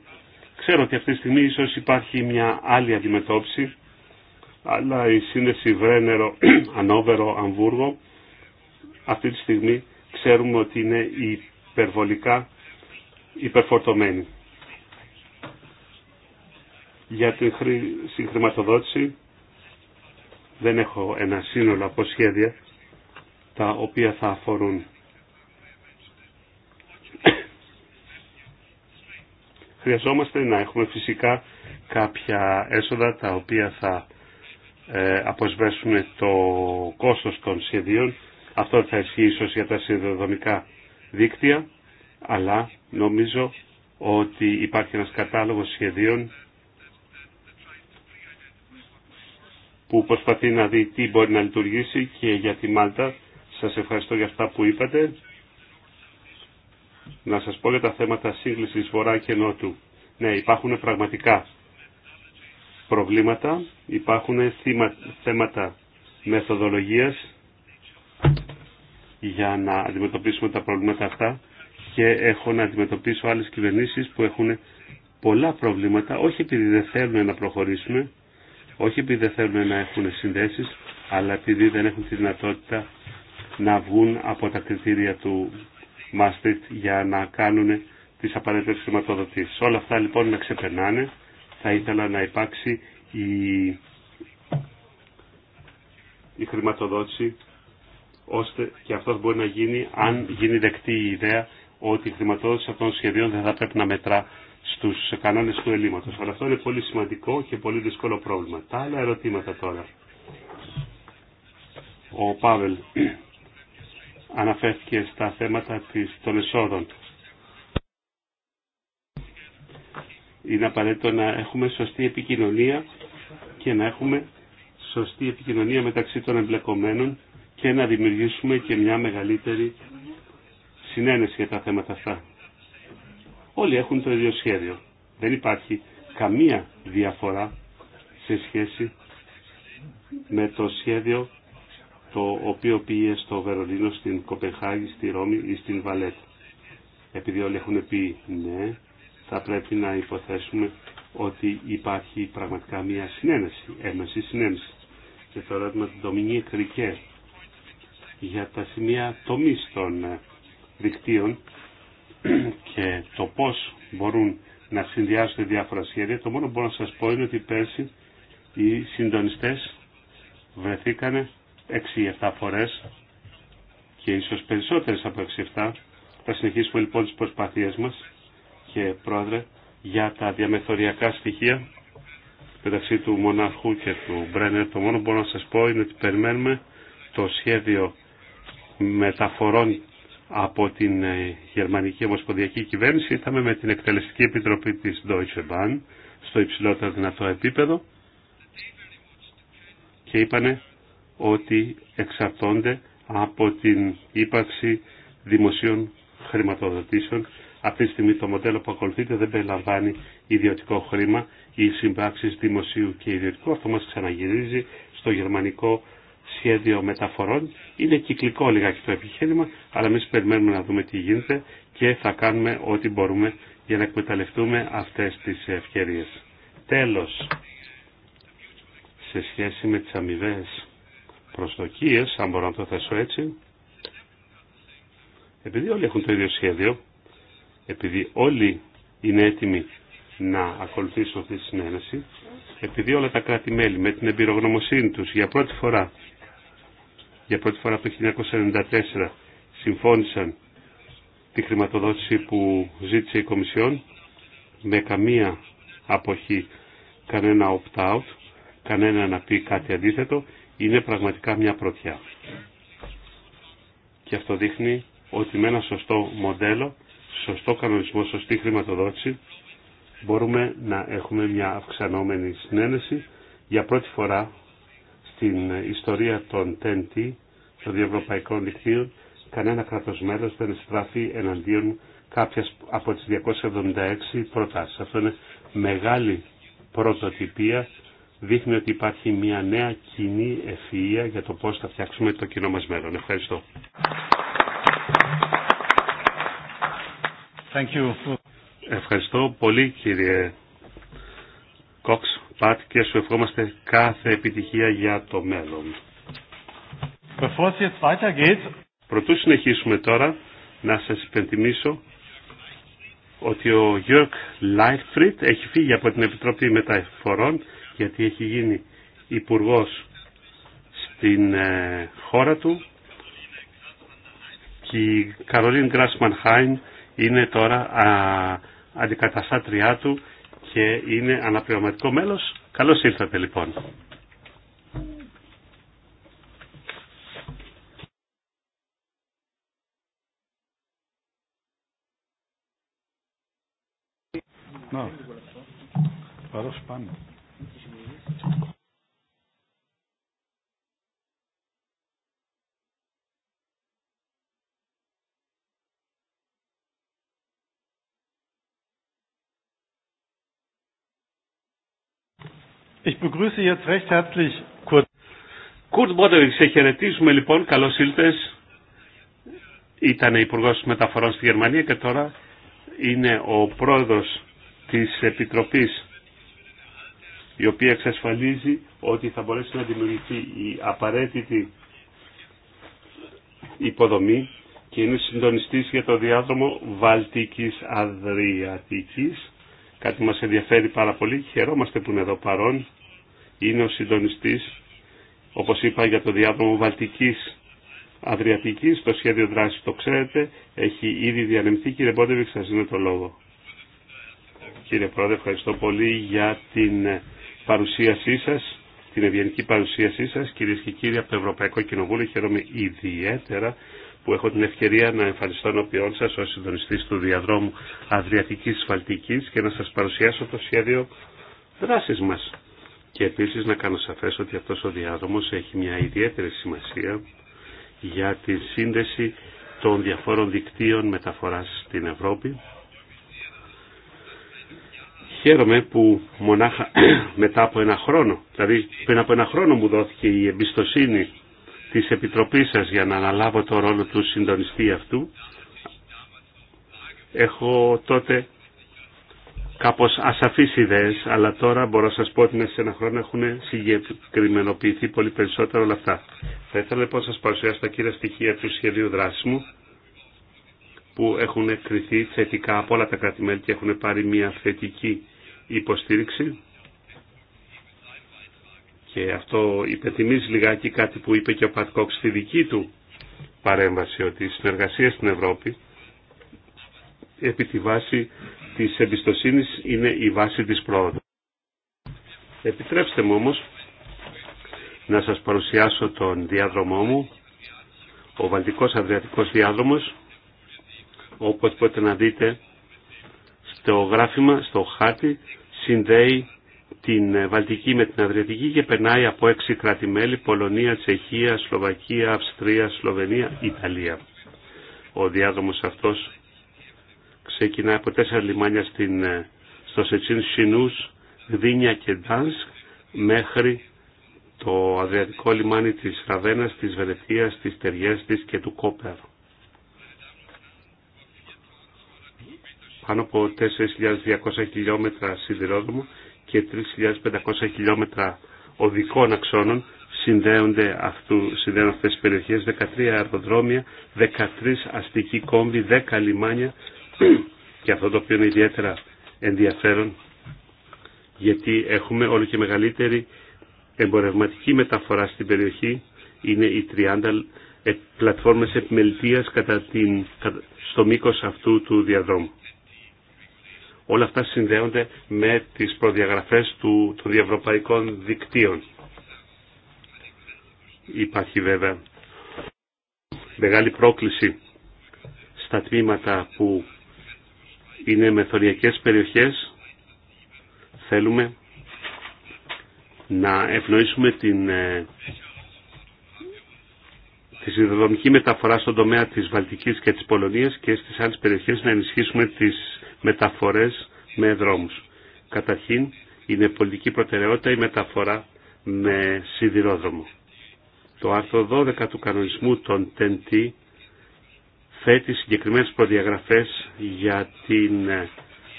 ξέρω ότι αυτή τη στιγμή ίσως υπάρχει μια άλλη αντιμετώπιση, αλλά η σύνδεση Βρένερο, Ανόβερο, Αμβούργο, αυτή τη στιγμή ξέρουμε ότι είναι υπερβολικά υπερφορτωμένη. Για την συγχρηματοδότηση δεν έχω ένα σύνολο από σχέδια τα οποία θα αφορούν. Χρειαζόμαστε να έχουμε φυσικά κάποια έσοδα τα οποία θα ε, αποσβέσουν το κόστος των σχεδίων. Αυτό θα ισχύει ίσως για τα συνδεδομικά δίκτυα, αλλά νομίζω ότι υπάρχει ένας κατάλογος σχεδίων που προσπαθεί να δει τι μπορεί να λειτουργήσει και για τη Μάλτα. Σας ευχαριστώ για αυτά που είπατε. Να σας πω για τα θέματα σύγκλησης Βορρά και Νότου. Ναι, υπάρχουν πραγματικά προβλήματα, υπάρχουν θέματα μεθοδολογίας για να αντιμετωπίσουμε τα προβλήματα αυτά και έχω να αντιμετωπίσω άλλες κυβερνήσεις που έχουν πολλά προβλήματα, όχι επειδή δεν θέλουν να προχωρήσουμε, όχι επειδή δεν θέλουν να έχουν συνδέσεις, αλλά επειδή δεν έχουν τη δυνατότητα να βγουν από τα κριτήρια του Μάστριτ για να κάνουν τις απαραίτητες χρηματοδοτήσεις. Όλα αυτά λοιπόν να ξεπερνάνε. Θα ήθελα να υπάρξει η, η χρηματοδότηση ώστε και αυτό μπορεί να γίνει αν γίνει δεκτή η ιδέα ότι η χρηματοδότηση αυτών των σχεδίων δεν θα πρέπει να μετρά στους κανόνε του ελλείμματο. Αλλά αυτό είναι πολύ σημαντικό και πολύ δύσκολο πρόβλημα. Τα άλλα ερωτήματα τώρα. Ο Πάβελ αναφέρθηκε στα θέματα της, των εσόδων. Είναι απαραίτητο να έχουμε σωστή επικοινωνία και να έχουμε σωστή επικοινωνία μεταξύ των εμπλεκομένων και να δημιουργήσουμε και μια μεγαλύτερη συνένεση για τα θέματα αυτά. Όλοι έχουν το ίδιο σχέδιο. Δεν υπάρχει καμία διαφορά σε σχέση με το σχέδιο το οποίο πήγε στο Βερολίνο, στην Κοπεχάγη, στη Ρώμη ή στην Βαλέτ. Επειδή όλοι έχουν πει ναι, θα πρέπει να υποθέσουμε ότι υπάρχει πραγματικά μια συνένεση, έμεση συνένεση. Και το ερώτημα του Ντομινίκ Κρικέ για τα σημεία τομή των ε, δικτύων και το πώς μπορούν να συνδυάσουν διάφορα σχέδια, το μόνο που μπορώ να σας πω είναι ότι πέρσι οι συντονιστές βρεθήκανε 6-7 φορές και ίσως περισσότερες από 6-7. Θα συνεχίσουμε λοιπόν τις προσπάθειές μας και πρόεδρε για τα διαμεθοριακά στοιχεία μεταξύ του Μονάρχου και του Μπρένερ. Το μόνο που μπορώ να σας πω είναι ότι περιμένουμε το σχέδιο μεταφορών από την ε, γερμανική ομοσπονδιακή κυβέρνηση ήρθαμε με την εκτελεστική επιτροπή της Deutsche Bahn στο υψηλότερο δυνατό επίπεδο και είπανε ότι εξαρτώνται από την ύπαρξη δημοσίων χρηματοδοτήσεων. Αυτή τη στιγμή το μοντέλο που ακολουθείται δεν περιλαμβάνει ιδιωτικό χρήμα ή συμπράξει δημοσίου και ιδιωτικού. Αυτό μας ξαναγυρίζει στο γερμανικό σχέδιο μεταφορών. Είναι κυκλικό λιγάκι το επιχείρημα, αλλά εμεί περιμένουμε να δούμε τι γίνεται και θα κάνουμε ό,τι μπορούμε για να εκμεταλλευτούμε αυτές τις ευκαιρίες. Τέλος, σε σχέση με τις αμοιβέ προσδοκίες, αν μπορώ να το θέσω έτσι, επειδή όλοι έχουν το ίδιο σχέδιο, επειδή όλοι είναι έτοιμοι να ακολουθήσουν αυτή τη συνένεση, επειδή όλα τα κράτη-μέλη με την εμπειρογνωμοσύνη τους για πρώτη φορά για πρώτη φορά από το 1994 συμφώνησαν τη χρηματοδότηση που ζήτησε η Κομισιόν με καμία αποχή, κανένα opt-out, κανένα να πει κάτι αντίθετο, είναι πραγματικά μια πρωτιά. Και αυτό δείχνει ότι με ένα σωστό μοντέλο, σωστό κανονισμό, σωστή χρηματοδότηση, μπορούμε να έχουμε μια αυξανόμενη συνένεση για πρώτη φορά στην ιστορία των Τέντι, των διευρωπαϊκών δικτύων, κανένα κράτος μέλος δεν στράφει εναντίον κάποιας από τις 276 προτάσεις. Αυτό είναι μεγάλη πρωτοτυπία, δείχνει ότι υπάρχει μια νέα κοινή ευφυΐα για το πώς θα φτιάξουμε το κοινό μας μέλλον. Ευχαριστώ. Thank you. Ευχαριστώ πολύ κύριε Κόξ. Πατ και σου ευχόμαστε κάθε επιτυχία για το μέλλον. Προτού συνεχίσουμε τώρα, να σας υπενθυμίσω ότι ο Γιώργ Λάιφριτ έχει φύγει από την Επιτροπή Μεταφορών γιατί έχει γίνει υπουργό στην ε, χώρα του και η Καρολίν Γκράσμαν Χάιν είναι τώρα α, αντικαταστάτριά του και είναι αναπληρωματικό μέλος. Καλώς ήρθατε, λοιπόν. Να, Παρός πάνω. Ich begrüße jetzt σε χαιρετίζουμε λοιπόν. Καλώ ήλθε. Ήταν υπουργό μεταφορών στη Γερμανία και τώρα είναι ο πρόεδρο τη Επιτροπή η οποία εξασφαλίζει ότι θα μπορέσει να δημιουργηθεί η απαραίτητη υποδομή και είναι συντονιστής για το διάδρομο Βαλτικής Αδριατικής. Κάτι μας ενδιαφέρει πάρα πολύ. Χαιρόμαστε που είναι εδώ παρόν είναι ο συντονιστής, όπως είπα, για το διάδρομο Βαλτικής Αδριατικής. Το σχέδιο δράσης το ξέρετε, έχει ήδη διανεμηθεί. Κύριε Μπότεβιξ, σας δίνω το λόγο. Κύριε Πρόεδρε, ευχαριστώ πολύ για την ε, παρουσίασή σας, την ευγενική παρουσίασή σας. κύριε και κύριοι από το Ευρωπαϊκό Κοινοβούλιο, χαίρομαι ιδιαίτερα που έχω την ευκαιρία να εμφανιστώ ενώπιόν σα ω συντονιστή του διαδρόμου Αδριατική Βαλτική και να σα παρουσιάσω το σχέδιο δράσης μα. Και επίσης να κάνω σαφές ότι αυτός ο διάδρομος έχει μια ιδιαίτερη σημασία για τη σύνδεση των διαφόρων δικτύων μεταφοράς στην Ευρώπη. Χαίρομαι που μονάχα μετά από ένα χρόνο, δηλαδή πριν από ένα χρόνο μου δόθηκε η εμπιστοσύνη της Επιτροπής σας για να αναλάβω το ρόλο του συντονιστή αυτού. Έχω τότε κάπως ασαφείς ιδέες, αλλά τώρα μπορώ να σας πω ότι μέσα σε ένα χρόνο έχουν συγκεκριμενοποιηθεί πολύ περισσότερο όλα αυτά. Θα ήθελα λοιπόν να σας παρουσιάσω τα κύρια στοιχεία του σχεδίου δράσης μου, που έχουν κριθεί θετικά από όλα τα κράτη-μέλη και έχουν πάρει μια θετική υποστήριξη. Και αυτό υπενθυμίζει λιγάκι κάτι που είπε και ο Πατκόξ στη δική του παρέμβαση, ότι η συνεργασία στην Ευρώπη επί τη βάση της εμπιστοσύνης είναι η βάση της πρόοδου. Επιτρέψτε μου όμως να σας παρουσιάσω τον διάδρομό μου, ο Βαλτικός Αδριατικός Διάδρομος, όπως μπορείτε να δείτε στο γράφημα, στο χάρτη, συνδέει την Βαλτική με την Αδριατική και περνάει από έξι Πολωνία, Τσεχία, Σλοβακία, Αυστρία, Σλοβενία, Ιταλία. Ο διάδρομος αυτός ξεκινάει από τέσσερα λιμάνια στην, ε, στο Σετσίν Σινούς, Γδίνια και Ντάνσκ μέχρι το αδριατικό λιμάνι της Ραβένας, της Βενετίας, της Τεριέστης και του Κόπερ. Πάνω από 4.200 χιλιόμετρα σιδηρόδρομο και 3.500 χιλιόμετρα οδικών αξώνων συνδέονται, αυτού, τι αυτές τις περιοχές, 13 αεροδρόμια, 13 αστικοί κόμβοι, 10 λιμάνια, και αυτό το οποίο είναι ιδιαίτερα ενδιαφέρον γιατί έχουμε όλο και μεγαλύτερη εμπορευματική μεταφορά στην περιοχή είναι οι 30 ε, πλατφόρμες επιμελητίας κατά την, στο μήκος αυτού του διαδρόμου. Όλα αυτά συνδέονται με τις προδιαγραφές του, των διευρωπαϊκών δικτύων. Υπάρχει βέβαια μεγάλη πρόκληση στα τμήματα που είναι μεθοριακές περιοχές. Θέλουμε να ευνοήσουμε την, ε, τη συνδρομική μεταφορά στον τομέα της Βαλτικής και της Πολωνίας και στις άλλες περιοχές να ενισχύσουμε τις μεταφορές με δρόμους. Καταρχήν, είναι πολιτική προτεραιότητα η μεταφορά με σιδηρόδρομο. Το άρθρο 12 του κανονισμού των TNT θέτει συγκεκριμένες προδιαγραφές για την ε,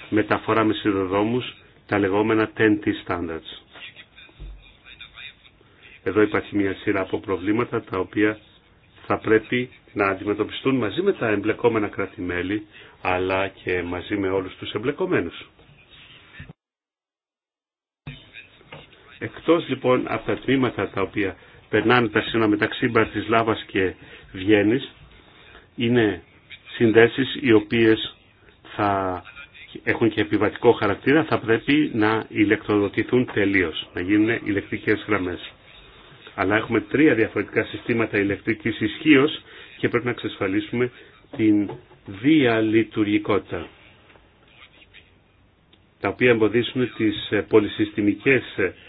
μεταφορά με σιδοδρόμους, τα λεγόμενα 10T standards. Εδώ υπάρχει μια σειρά από προβλήματα τα οποία θα πρέπει να αντιμετωπιστούν μαζί με τα εμπλεκόμενα αλλά και μαζί με όλους τους εμπλεκομένους. Εκτός λοιπόν από τα τμήματα τα οποία περνάνε τα σύνορα μεταξύ Μπαρτισλάβας και Βιέννης, είναι συνδέσεις οι οποίες θα έχουν και επιβατικό χαρακτήρα, θα πρέπει να ηλεκτροδοτηθούν τελείως, να γίνουν ηλεκτρικές γραμμές. Αλλά έχουμε τρία διαφορετικά συστήματα ηλεκτρικής ισχύω και πρέπει να εξασφαλίσουμε την διαλειτουργικότητα τα οποία εμποδίσουν τις πολυσυστημικές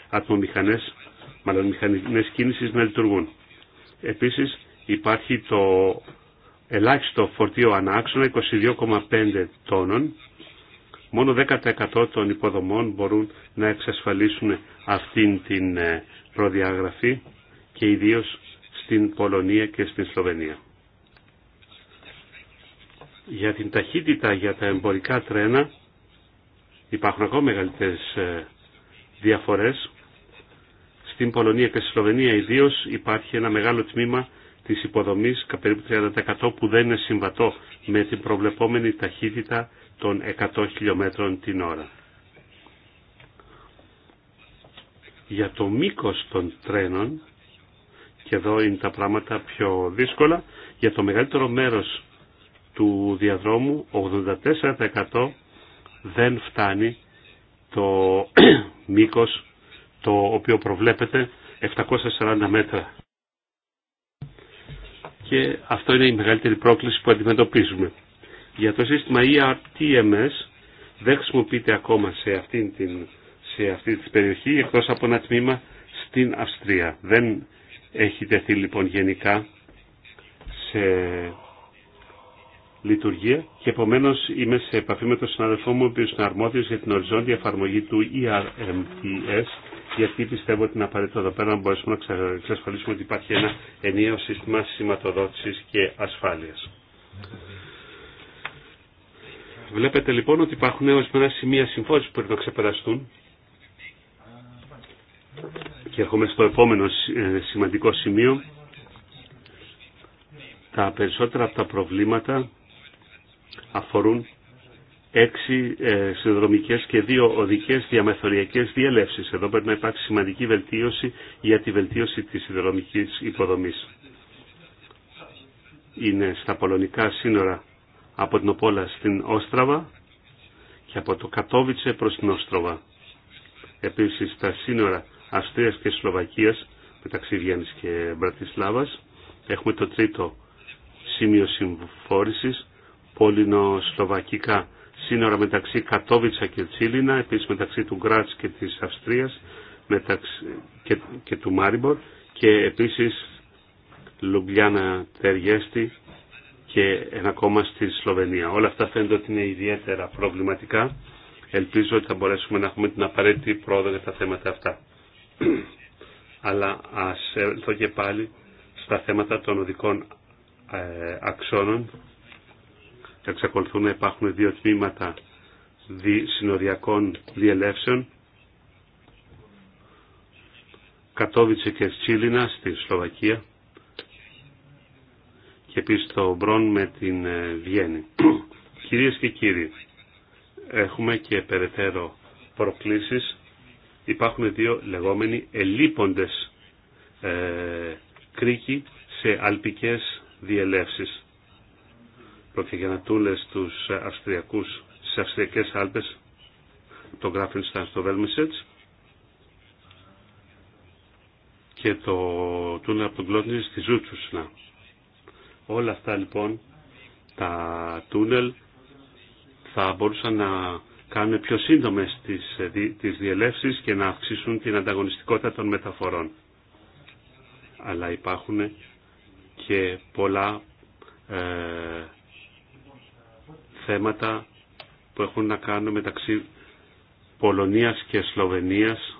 ατμομηχανές, μάλλον μηχανές κίνησης να λειτουργούν. Επίσης υπάρχει το ελάχιστο φορτίο ανάξονα 22,5 τόνων. Μόνο 10% των υποδομών μπορούν να εξασφαλίσουν αυτήν την ε, προδιαγραφή και ιδίως στην Πολωνία και στην Σλοβενία. Για την ταχύτητα για τα εμπορικά τρένα υπάρχουν ακόμα μεγαλύτερες ε, διαφορές. Στην Πολωνία και στη Σλοβενία ιδίως υπάρχει ένα μεγάλο τμήμα της υποδομής περίπου 30% που δεν είναι συμβατό με την προβλεπόμενη ταχύτητα των 100 χιλιόμετρων την ώρα. Για το μήκος των τρένων, και εδώ είναι τα πράγματα πιο δύσκολα, για το μεγαλύτερο μέρος του διαδρόμου 84% δεν φτάνει το μήκος το οποίο προβλέπεται 740 μέτρα και αυτό είναι η μεγαλύτερη πρόκληση που αντιμετωπίζουμε. Για το σύστημα ERTMS δεν χρησιμοποιείται ακόμα σε αυτή, την, σε αυτή την περιοχή εκτός από ένα τμήμα στην Αυστρία. Δεν έχει τεθεί λοιπόν γενικά σε λειτουργία και επομένως είμαι σε επαφή με τον συναδελφό μου ο οποίος είναι αρμόδιος για την οριζόντια εφαρμογή του ERMTS γιατί πιστεύω ότι είναι απαραίτητο εδώ πέρα να μπορέσουμε να εξασφαλίσουμε ότι υπάρχει ένα ενιαίο σύστημα σηματοδότησης και ασφάλειας. Βλέπετε λοιπόν ότι υπάρχουν ένα σημεία συμφόρηση που πρέπει να ξεπεραστούν και έρχομαι στο επόμενο ε, σημαντικό σημείο. Τα περισσότερα από τα προβλήματα αφορούν έξι ε, και δύο οδικές διαμεθοριακές διέλευσεις. Εδώ πρέπει να υπάρξει σημαντική βελτίωση για τη βελτίωση της συνδρομικής υποδομής. Είναι στα πολωνικά σύνορα από την Οπόλα στην Όστραβα και από το Κατόβιτσε προς την Όστροβα. Επίσης στα σύνορα Αυστρία και Σλοβακίας μεταξύ Βιέννη και Μπρατισλάβας έχουμε το τρίτο σημείο συμφόρησης πολυνοσλοβακικά σύνορα μεταξύ Κατόβιτσα και Τσίλινα, επίσης μεταξύ του Γκράτς και της Αυστρίας μεταξύ, και, του Μάριμπορ και επίσης Λουμπλιάνα Τεργέστη και ένα κόμμα στη Σλοβενία. Όλα αυτά φαίνεται ότι είναι ιδιαίτερα προβληματικά. Ελπίζω ότι θα μπορέσουμε να έχουμε την απαραίτητη πρόοδο για τα θέματα αυτά. Αλλά ας έρθω και πάλι στα θέματα των οδικών ε, αξώνων εξακολουθούν να υπάρχουν δύο τμήματα συνοριακών διελεύσεων Κατόβιτσε και Στσίλινα στη Σλοβακία και επίσης το Μπρον με την ε, Βιέννη. Κυρίες και κύριοι, έχουμε και περαιτέρω προκλήσεις. Υπάρχουν δύο λεγόμενοι ελίποντες ε, κρίκοι σε αλπικές διελεύσεις πρωτογεννατούλες τους Αυστριακούς, στις Αυστριακές Άλπες, το Γκράφινσταν στο Βέλμισετς και το τούνελ από τον Κλόντιν στη Ζούτσουσνα. Όλα αυτά λοιπόν τα τούνελ θα μπορούσαν να κάνουν πιο σύντομες τις, τις και να αυξήσουν την ανταγωνιστικότητα των μεταφορών. Αλλά υπάρχουν και πολλά ε, θέματα που έχουν να κάνουν μεταξύ Πολωνίας και Σλοβενίας.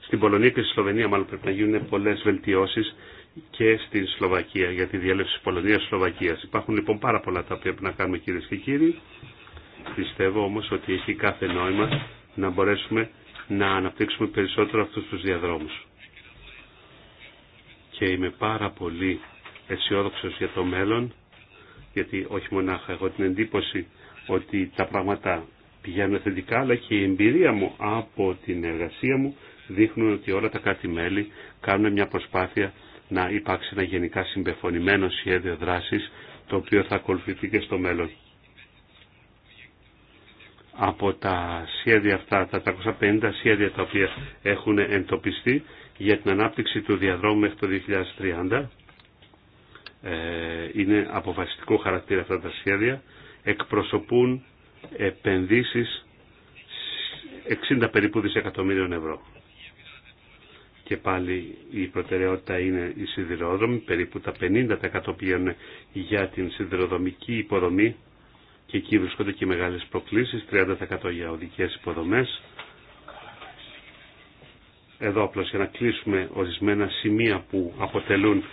Στην Πολωνία και στη Σλοβενία μάλλον πρέπει να γίνουν πολλές βελτιώσεις και στην Σλοβακία για τη διέλευση της Πολωνίας-Σλοβακίας. Υπάρχουν λοιπόν πάρα πολλά τα οποία πρέπει να κάνουμε κυρίες και κύριοι. Πιστεύω όμως ότι έχει κάθε νόημα να μπορέσουμε να αναπτύξουμε περισσότερο αυτούς τους διαδρόμους. Και είμαι πάρα πολύ αισιόδοξο για το μέλλον γιατί όχι μονάχα έχω την εντύπωση ότι τα πράγματα πηγαίνουν θετικά, αλλά και η εμπειρία μου από την εργασία μου δείχνουν ότι όλα τα κάτι μελη κάνουν μια προσπάθεια να υπάρξει ένα γενικά συμπεφωνημένο σχέδιο δράσης, το οποίο θα ακολουθηθεί και στο μέλλον. Από τα σχέδια αυτά, τα 350 σχέδια τα οποία έχουν εντοπιστεί για την ανάπτυξη του διαδρόμου μέχρι το 2030, ε, είναι αποφασιστικό χαρακτήρα αυτά τα σχέδια, εκπροσωπούν επενδύσεις 60 περίπου δισεκατομμύριων ευρώ. Και πάλι η προτεραιότητα είναι η σιδηροδρόμη, περίπου τα 50% πηγαίνουν για την σιδηροδρομική υποδομή και εκεί βρίσκονται και μεγάλες προκλήσεις, 30% για οδικές υποδομές. Εδώ απλώς για να κλείσουμε ορισμένα σημεία που αποτελούν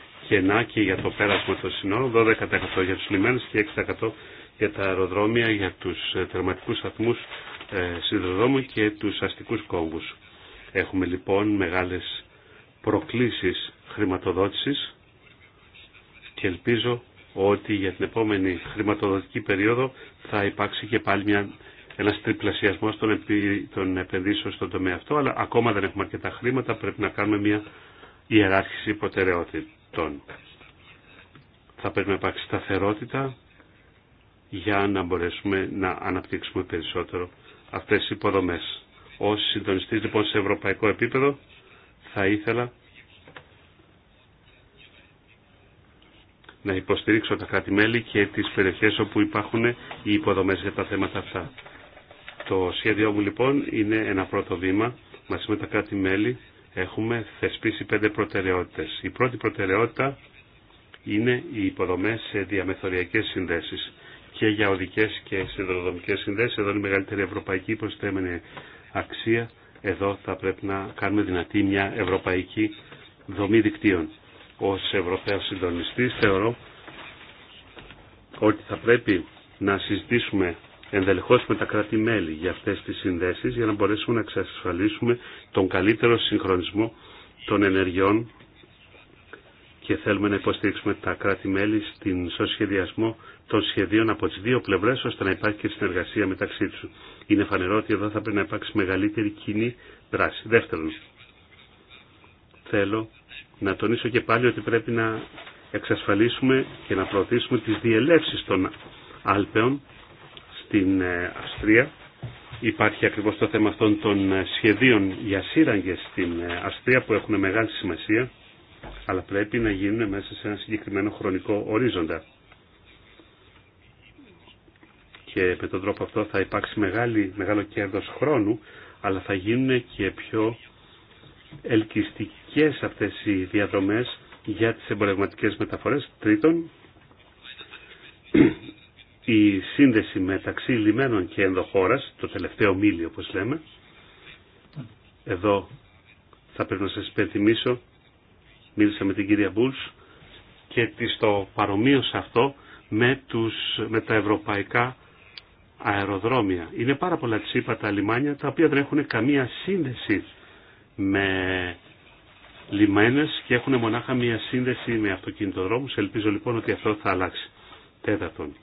και για το πέρασμα των συνόρων, 12% για τους λιμένες και 6% για τα αεροδρόμια, για τους τερματικούς αθμούς ε, ε και τους αστικούς κόμβους. Έχουμε λοιπόν μεγάλες προκλήσεις χρηματοδότησης και ελπίζω ότι για την επόμενη χρηματοδοτική περίοδο θα υπάρξει και πάλι μια, ένας τριπλασιασμός των, επενδύσεων στον τομέα αυτό, αλλά ακόμα δεν έχουμε αρκετά χρήματα, πρέπει να κάνουμε μια ιεράρχηση προτεραιότητα. Θα πρέπει να υπάρξει σταθερότητα για να μπορέσουμε να αναπτύξουμε περισσότερο αυτές τις υποδομές. Όσοι συντονιστής λοιπόν σε ευρωπαϊκό επίπεδο θα ήθελα να υποστηρίξω τα κράτη-μέλη και τις περιοχές όπου υπάρχουν οι υποδομές για τα θέματα αυτά. Το σχέδιό μου λοιπόν είναι ένα πρώτο βήμα μαζί με τα κράτη-μέλη έχουμε θεσπίσει πέντε προτεραιότητες. Η πρώτη προτεραιότητα είναι οι υποδομές σε διαμεθοριακές συνδέσεις και για οδικές και συνδροδομικές συνδέσεις. Εδώ είναι η μεγαλύτερη ευρωπαϊκή προσθέμενη αξία. Εδώ θα πρέπει να κάνουμε δυνατή μια ευρωπαϊκή δομή δικτύων. Ως Ευρωπαίος συντονιστής θεωρώ ότι θα πρέπει να συζητήσουμε ενδελεχώς με τα κράτη-μέλη για αυτές τις συνδέσεις για να μπορέσουμε να εξασφαλίσουμε τον καλύτερο συγχρονισμό των ενεργειών και θέλουμε να υποστηρίξουμε τα κράτη-μέλη στο σχεδιασμό των σχεδίων από τις δύο πλευρές ώστε να υπάρχει και συνεργασία μεταξύ τους. Είναι φανερό ότι εδώ θα πρέπει να υπάρξει μεγαλύτερη κοινή δράση. Δεύτερον, θέλω να τονίσω και πάλι ότι πρέπει να εξασφαλίσουμε και να προωθήσουμε τις διελεύσεις των Άλπαιων στην ε, Αυστρία. Υπάρχει ακριβώς το θέμα αυτών των ε, σχεδίων για σύραγγες στην ε, Αυστρία που έχουν μεγάλη σημασία, αλλά πρέπει να γίνουν μέσα σε ένα συγκεκριμένο χρονικό ορίζοντα. Και με τον τρόπο αυτό θα υπάρξει μεγάλη, μεγάλο κέρδος χρόνου, αλλά θα γίνουν και πιο ελκυστικές αυτές οι διαδρομές για τις εμπορευματικές μεταφορές. Τρίτον, η σύνδεση μεταξύ λιμένων και ενδοχώρας, το τελευταίο μίλι όπως λέμε, εδώ θα πρέπει να σας υπενθυμίσω, μίλησα με την κυρία Μπούλς και της το παρομοίωσα αυτό με, τους, με τα ευρωπαϊκά αεροδρόμια. Είναι πάρα πολλά τσίπα τα λιμάνια τα οποία δεν έχουν καμία σύνδεση με λιμένες και έχουν μονάχα μία σύνδεση με αυτοκινητοδρόμους. Ελπίζω λοιπόν ότι αυτό θα αλλάξει. Τέταρτον,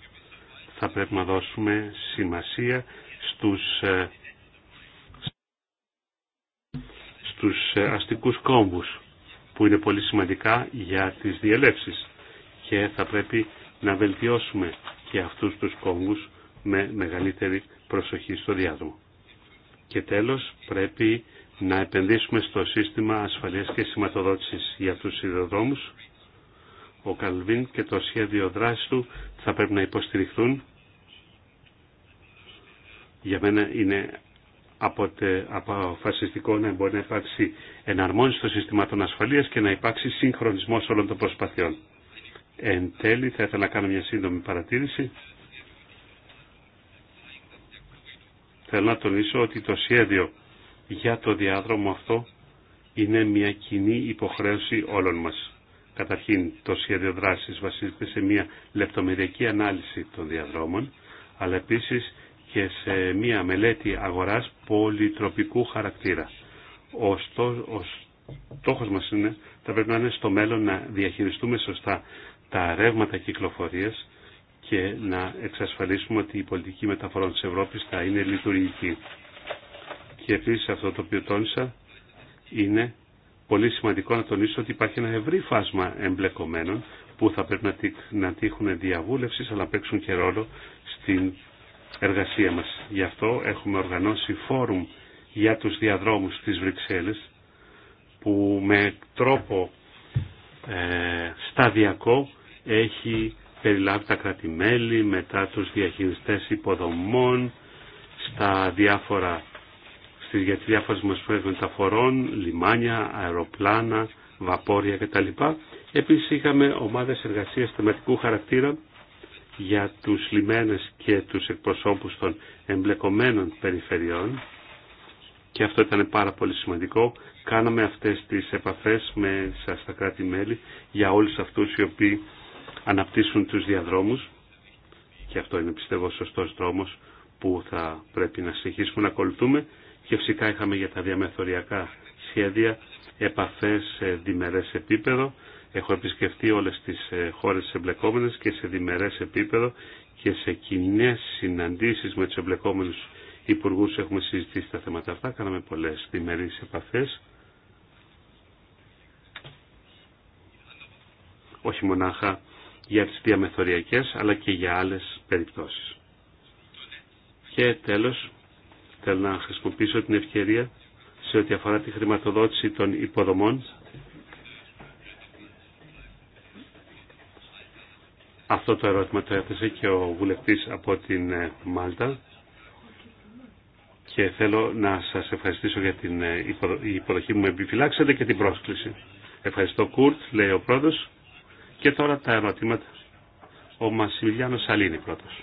θα πρέπει να δώσουμε σημασία στους, ε, στους ε, αστικούς κόμβους που είναι πολύ σημαντικά για τις διελεύσεις και θα πρέπει να βελτιώσουμε και αυτούς τους κόμβους με μεγαλύτερη προσοχή στο διάδρομο. Και τέλος πρέπει να επενδύσουμε στο σύστημα ασφαλείας και σηματοδότησης για τους σιδηροδρόμους ο Καλβίν και το σχέδιο δράσης του θα πρέπει να υποστηριχθούν. Για μένα είναι αποφασιστικό να μπορεί να υπάρξει εναρμόνιση των συστημάτων ασφαλείας και να υπάρξει συγχρονισμός όλων των προσπαθειών. Εν τέλει θα ήθελα να κάνω μια σύντομη παρατήρηση. Θέλω να τονίσω ότι το σχέδιο για το διάδρομο αυτό είναι μια κοινή υποχρέωση όλων μας. Καταρχήν, το σχέδιο δράσης βασίζεται σε μια λεπτομεριακή ανάλυση των διαδρόμων, αλλά επίσης και σε μια μελέτη αγοράς πολυτροπικού χαρακτήρα. Ο, στό, ο στόχος μας είναι, θα πρέπει να είναι μέλλον να διαχειριστούμε σωστά τα ρεύματα κυκλοφορίας και να εξασφαλίσουμε ότι η πολιτική μεταφορών της Ευρώπης θα είναι λειτουργική. Και επίσης αυτό το οποίο τόνισα είναι πολύ σημαντικό να τονίσω ότι υπάρχει ένα ευρύ φάσμα εμπλεκομένων που θα πρέπει να τύχουν διαβούλευση αλλά παίξουν και ρόλο στην εργασία μας. Γι' αυτό έχουμε οργανώσει φόρουμ για τους διαδρόμους της Βρυξέλλες που με τρόπο ε, σταδιακό έχει περιλάβει τα κρατημέλη μετά τους διαχειριστές υποδομών στα διάφορα για τις διάφορες μορφές μεταφορών, λιμάνια, αεροπλάνα, βαπόρια κτλ. Επίσης είχαμε ομάδες εργασίας θεματικού χαρακτήρα για τους λιμένες και τους εκπροσώπους των εμπλεκομένων περιφερειών και αυτό ήταν πάρα πολύ σημαντικό. Κάναμε αυτές τις επαφές με στα κράτη-μέλη για όλους αυτούς οι οποίοι αναπτύσσουν τους διαδρόμους και αυτό είναι πιστεύω σωστός δρόμος που θα πρέπει να συνεχίσουμε να ακολουθούμε και φυσικά είχαμε για τα διαμεθοριακά σχέδια επαφές σε διμερές επίπεδο. Έχω επισκεφτεί όλες τις ε, χώρες εμπλεκόμενες και σε διμερές επίπεδο και σε κοινέ συναντήσεις με τους εμπλεκόμενους υπουργού έχουμε συζητήσει τα θέματα αυτά. Κάναμε πολλές διμερείς επαφές. Όχι μονάχα για τις διαμεθοριακές αλλά και για άλλες περιπτώσεις. Και τέλος Θέλω να χρησιμοποιήσω την ευκαιρία σε ό,τι αφορά τη χρηματοδότηση των υποδομών. Αυτό το ερώτημα το έθεσε και ο βουλευτής από την ε, Μάλτα και θέλω να σας ευχαριστήσω για την ε, υποδοχή μου. Με επιφυλάξατε και την πρόσκληση. Ευχαριστώ Κουρτ, λέει ο πρόεδρος. Και τώρα τα ερωτήματα. Ο Μασιλιάνος Σαλίνη πρώτος.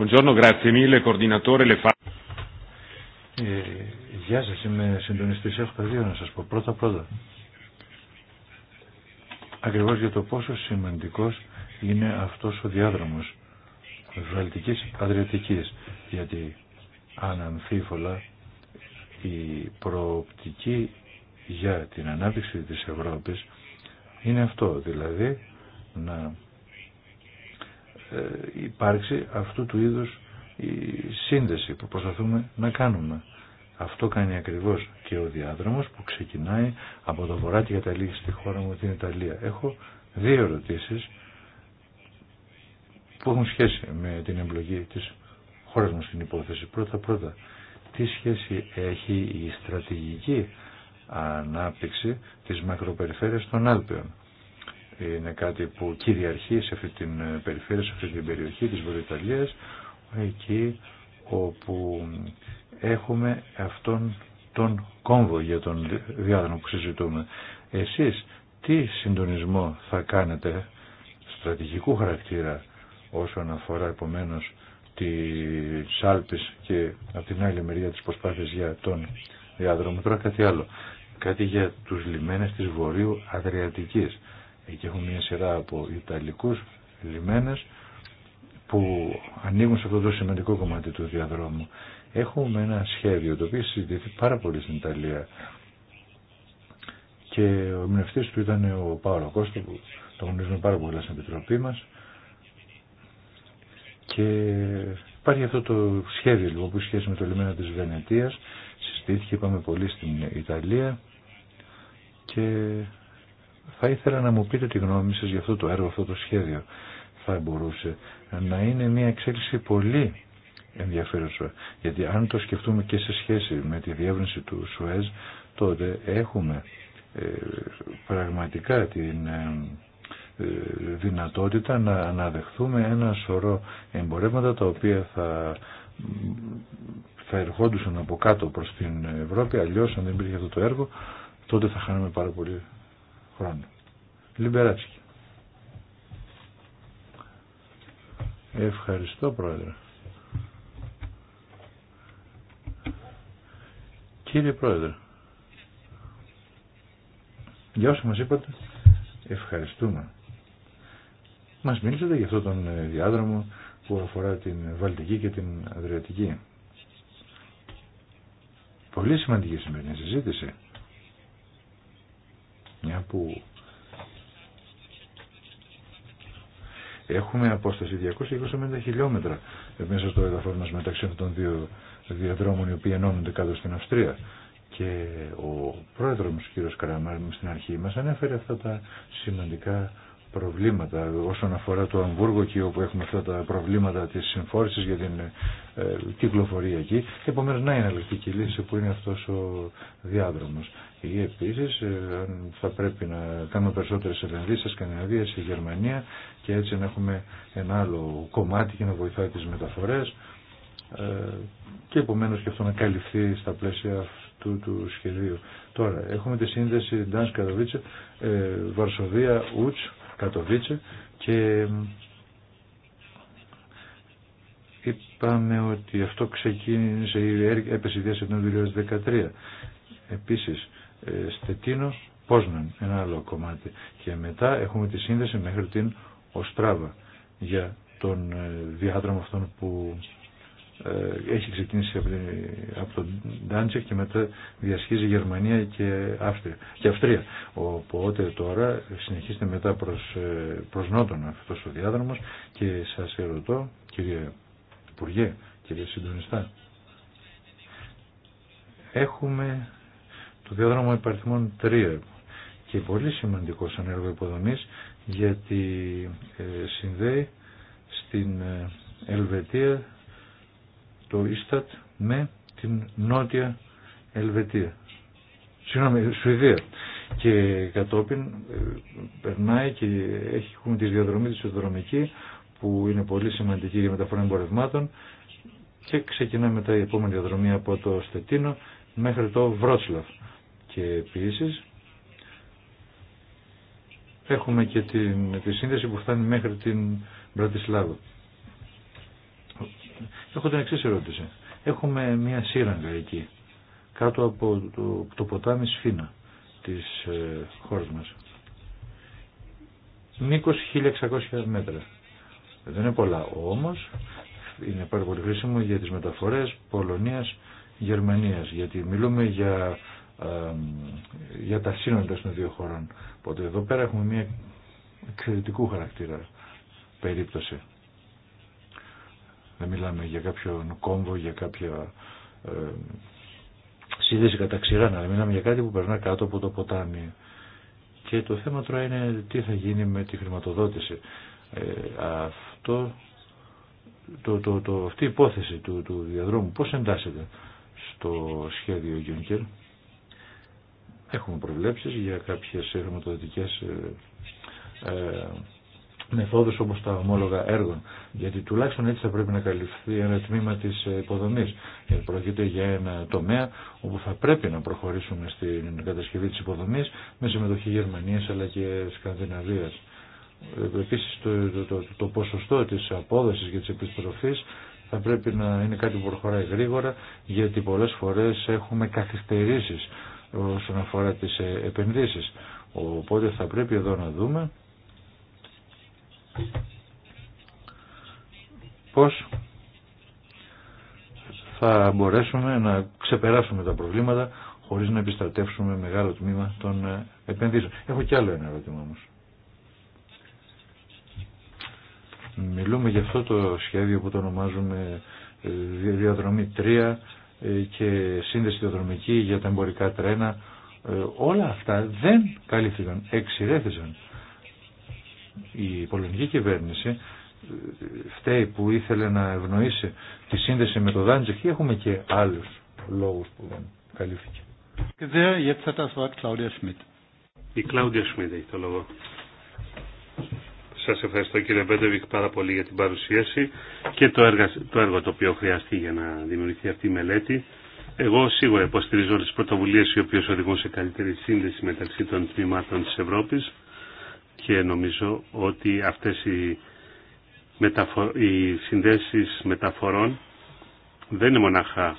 Buongiorno, grazie mille, coordinatore Ε, γεια σα είμαι συντονιστή έχω τα δύο να σα πω. Πρώτα πρώτα, Ακριβώ για το πόσο σημαντικό είναι αυτό ο διάδρομο βαλτική Αδριατική. γιατί αν αμφίβολα η προοπτική για την ανάπτυξη της Ευρώπη είναι αυτό, δηλαδή να ε, υπάρξει αυτού του είδους η σύνδεση που προσπαθούμε να κάνουμε. Αυτό κάνει ακριβώς και ο διάδρομος που ξεκινάει από το βορρά και καταλήγει στη χώρα μου την Ιταλία. Έχω δύο ερωτήσεις που έχουν σχέση με την εμπλοκή της χώρας μου στην υπόθεση. Πρώτα πρώτα, τι σχέση έχει η στρατηγική ανάπτυξη της μακροπεριφέρειας των Άλπαιων είναι κάτι που κυριαρχεί σε αυτή την ε, περιφέρεια, σε αυτή την περιοχή της Βορειοιταλίας, εκεί όπου έχουμε αυτόν τον κόμβο για τον διάδρομο που συζητούμε. Εσείς τι συντονισμό θα κάνετε στρατηγικού χαρακτήρα όσον αφορά επομένως τη Σάλπις και από την άλλη μεριά της προσπάθειας για τον διάδρομο. Τώρα κάτι άλλο. Κάτι για τους λιμένες της Βορείου Αδριατικής. Εκεί έχουμε μια σειρά από Ιταλικούς λιμένες που ανοίγουν σε αυτό το σημαντικό κομμάτι του διαδρόμου. Έχουμε ένα σχέδιο το οποίο συζητηθεί πάρα πολύ στην Ιταλία και ο εμπνευστής του ήταν ο Παύλο Κώστο που το γνωρίζουμε πάρα πολύ στην Επιτροπή μας και υπάρχει αυτό το σχέδιο λοιπόν, που σχέση με το λιμένα της Βενετίας συζητήθηκε είπαμε πολύ στην Ιταλία και θα ήθελα να μου πείτε τη γνώμη σας για αυτό το έργο, αυτό το σχέδιο. Θα μπορούσε να είναι μια εξέλιξη πολύ ενδιαφέρουσα. Γιατί αν το σκεφτούμε και σε σχέση με τη διεύρυνση του ΣΟΕΖ, τότε έχουμε ε, πραγματικά την ε, ε, δυνατότητα να αναδεχθούμε ένα σωρό εμπορεύματα τα οποία θα, θα ερχόντουσαν από κάτω προς την Ευρώπη, αλλιώς αν δεν υπήρχε αυτό το έργο, τότε θα χάνουμε πάρα πολύ χρόνο. Λιμπεράτσικη. Ευχαριστώ πρόεδρε. Κύριε πρόεδρε, για όσο μας είπατε, ευχαριστούμε. Μας μίλησατε για αυτόν τον ε, διάδρομο που αφορά την Βαλτική και την Αδριατική. Πολύ σημαντική σημερινή συζήτηση που έχουμε απόσταση 220 χιλιόμετρα μέσα στο εδαφό μας μεταξύ των δύο διαδρόμων οι οποίοι ενώνονται κάτω στην Αυστρία. Και ο πρόεδρος μου, κύριος Καραμάρ, στην αρχή μας ανέφερε αυτά τα σημαντικά προβλήματα όσον αφορά το Αμβούργο και όπου έχουμε αυτά τα προβλήματα της συμφόρησης για την ε, κυκλοφορία εκεί. Επομένως να είναι αλληλεκτική λύση που είναι αυτός ο διάδρομος. Ή επίσης ε, θα πρέπει να κάνουμε περισσότερες επενδύσεις σε Σκανδιναβία, στη Γερμανία και έτσι να έχουμε ένα άλλο κομμάτι και να βοηθάει τις μεταφορές ε, και επομένως και αυτό να καλυφθεί στα πλαίσια του, του σχεδίου. Τώρα, έχουμε τη σύνδεση Ντάνς Καροβίτσε, Βαρσοβία, Ούτς, Κατοβίτσε και είπαμε ότι αυτό ξεκίνησε, έπεσε η διάσταση του 2013. Επίσης, ε, Στετίνο, Πόσναν, ένα άλλο κομμάτι. Και μετά έχουμε τη σύνδεση μέχρι την Οστράβα για τον ε, διάδρομο αυτόν που ε, έχει ξεκινήσει από, τον Ντάντσεκ και μετά διασχίζει Γερμανία και, Αύστρια, και Αυστρία. Οπότε τώρα συνεχίστε μετά προς, ε, προς νότον αυτός ο διάδρομος και σας ερωτώ κύριε Υπουργέ, κύριε Συντονιστά έχουμε το διάδρομο υπαριθμών 3 και πολύ σημαντικό σαν έργο υποδομής γιατί ε, συνδέει στην Ελβετία το Ίστατ με την Νότια Ελβετία. Συγγνώμη, Σουηδία. Και κατόπιν ε, περνάει και έχουμε τη διαδρομή της οδρομική που είναι πολύ σημαντική για μεταφορά εμπορευμάτων και ξεκινάμε η επόμενη διαδρομή από το Στετίνο μέχρι το Βρότσλαφ. Και επίσης έχουμε και την, τη σύνδεση που φτάνει μέχρι την Μπρατισλάβο. Έχω την εξή ερώτηση. Έχουμε μια σύραγγα εκεί, κάτω από το, ποτάμι Σφίνα της ε, χώρας μας. Μήκος 1600 μέτρα. Δεν είναι πολλά, όμως είναι πάρα πολύ χρήσιμο για τις μεταφορές Πολωνίας, Γερμανίας, γιατί μιλούμε για, για τα σύνορα των δύο χωρών. Οπότε εδώ πέρα έχουμε μια εξαιρετικού χαρακτήρα περίπτωση. Δεν μιλάμε για κάποιον κόμβο, για κάποια ε, σύνδεση κατά ξηρά, αλλά μιλάμε για κάτι που περνά κάτω από το ποτάμι. Και το θέμα τώρα είναι τι θα γίνει με τη χρηματοδότηση. Ε, αυτό, το, το, το, αυτή η υπόθεση του, διαδρόμου πώς εντάσσεται στο σχέδιο Γιούνκερ. Έχουμε προβλέψεις για κάποιες χρηματοδοτικές ε, ε, μεθόδους όπως τα ομόλογα έργων. Γιατί τουλάχιστον έτσι θα πρέπει να καλυφθεί ένα τμήμα της υποδομής. Γιατί ε, πρόκειται για ένα τομέα όπου θα πρέπει να προχωρήσουμε στην κατασκευή της υποδομής με συμμετοχή Γερμανίας αλλά και Σκανδιναβίας. Ε, επίσης το, το, το, το ποσοστό της απόδοσης και της επιστροφής θα πρέπει να είναι κάτι που προχωράει γρήγορα γιατί πολλές φορές έχουμε καθυστερήσεις όσον αφορά τις ε, επενδύσεις. Οπότε θα πρέπει εδώ να δούμε πώς θα μπορέσουμε να ξεπεράσουμε τα προβλήματα χωρίς να επιστρατεύσουμε μεγάλο τμήμα των ε, επενδύσεων. Έχω κι άλλο ένα ερώτημα όμως. Μιλούμε για αυτό το σχέδιο που το ονομάζουμε ε, διαδρομή 3 ε, και σύνδεση διαδρομική για τα εμπορικά τρένα. Όλα αυτά δεν καλύφθηκαν, εξηρέθησαν η πολωνική κυβέρνηση ε, φταίει που ήθελε να ευνοήσει τη σύνδεση με το Δάντζεχ ή έχουμε και άλλους λόγους που δεν καλύφθηκε. Η Κλάουδια Σμιτ. έχει το λόγο. Σας ευχαριστώ κύριε Μπέντεβικ πάρα πολύ για την παρουσίαση και το έργο, το έργο το οποίο χρειαστεί για να δημιουργηθεί αυτή η μελέτη. Εγώ σίγουρα υποστηρίζω τις πρωτοβουλίες οι οποίες οδηγούν σε καλύτερη σύνδεση μεταξύ των τμήματων της Ευρώπης και νομίζω ότι αυτές οι, μεταφο... συνδέσεις μεταφορών δεν είναι μονάχα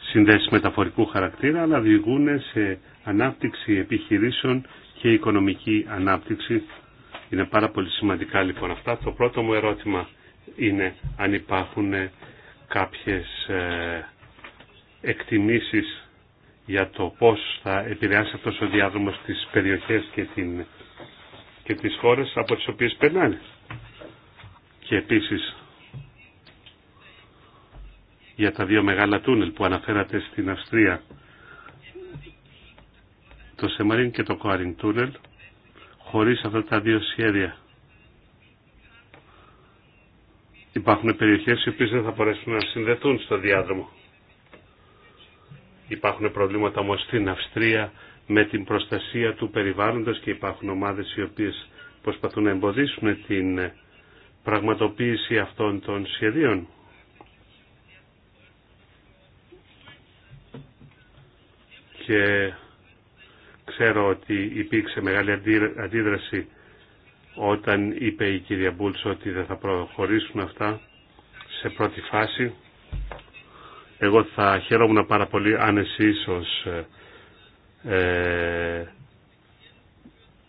συνδέσεις μεταφορικού χαρακτήρα, αλλά διηγούν σε ανάπτυξη επιχειρήσεων και οικονομική ανάπτυξη. Είναι πάρα πολύ σημαντικά λοιπόν αυτά. Το πρώτο μου ερώτημα είναι αν υπάρχουν κάποιες ε, εκτιμήσεις για το πώς θα επηρεάσει αυτός ο διάδρομος τις περιοχές και, την, και τις χώρες από τις οποίες περνάνε. Και επίσης για τα δύο μεγάλα τούνελ που αναφέρατε στην Αυστρία, το Σεμαρίν και το Κοαρίν τούνελ, χωρίς αυτά τα δύο σχέδια. Υπάρχουν περιοχές οι οποίες δεν θα μπορέσουν να συνδεθούν στο διάδρομο. Υπάρχουν προβλήματα όμως στην Αυστρία με την προστασία του περιβάλλοντος και υπάρχουν ομάδες οι οποίες προσπαθούν να εμποδίσουν την πραγματοποίηση αυτών των σχεδίων. Και ξέρω ότι υπήρξε μεγάλη αντίδραση όταν είπε η κυρία Μπούλτς ότι δεν θα προχωρήσουν αυτά σε πρώτη φάση. Εγώ θα χαιρόμουν πάρα πολύ αν εσεί ε, ε,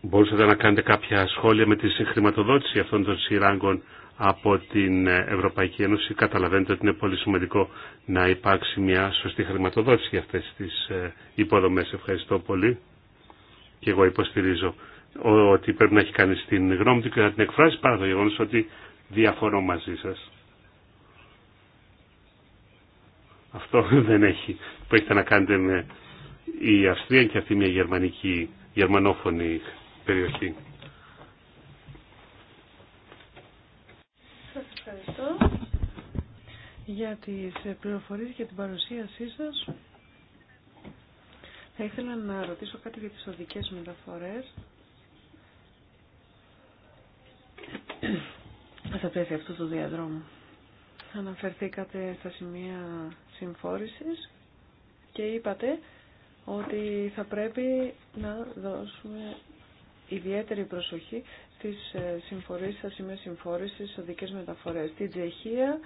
μπορούσατε να κάνετε κάποια σχόλια με τη συγχρηματοδότηση αυτών των σειράγκων από την Ευρωπαϊκή Ένωση. Καταλαβαίνετε ότι είναι πολύ σημαντικό να υπάρξει μια σωστή χρηματοδότηση για αυτές τις ε, υποδομές. Ευχαριστώ πολύ και εγώ υποστηρίζω ότι πρέπει να έχει κάνει την γνώμη του και να την εκφράσει παρά το γεγονός ότι διαφωνώ μαζί σας. Αυτό δεν έχει, που έχετε να κάνετε με η Αυστρία και αυτή μια γερμανική, γερμανόφωνη περιοχή. Σας ευχαριστώ για τις πληροφορίες και την παρουσίασή σας. Θα ήθελα να ρωτήσω κάτι για τις οδικές μεταφορές. θα πέσει αυτού του διαδρόμου. Αναφερθήκατε στα σημεία συμφόρησης και είπατε ότι θα πρέπει να δώσουμε ιδιαίτερη προσοχή στις ε, συμφορήσεις, στα σημεία συμφόρησης στις οδικές μεταφορές. Στην Τσεχία,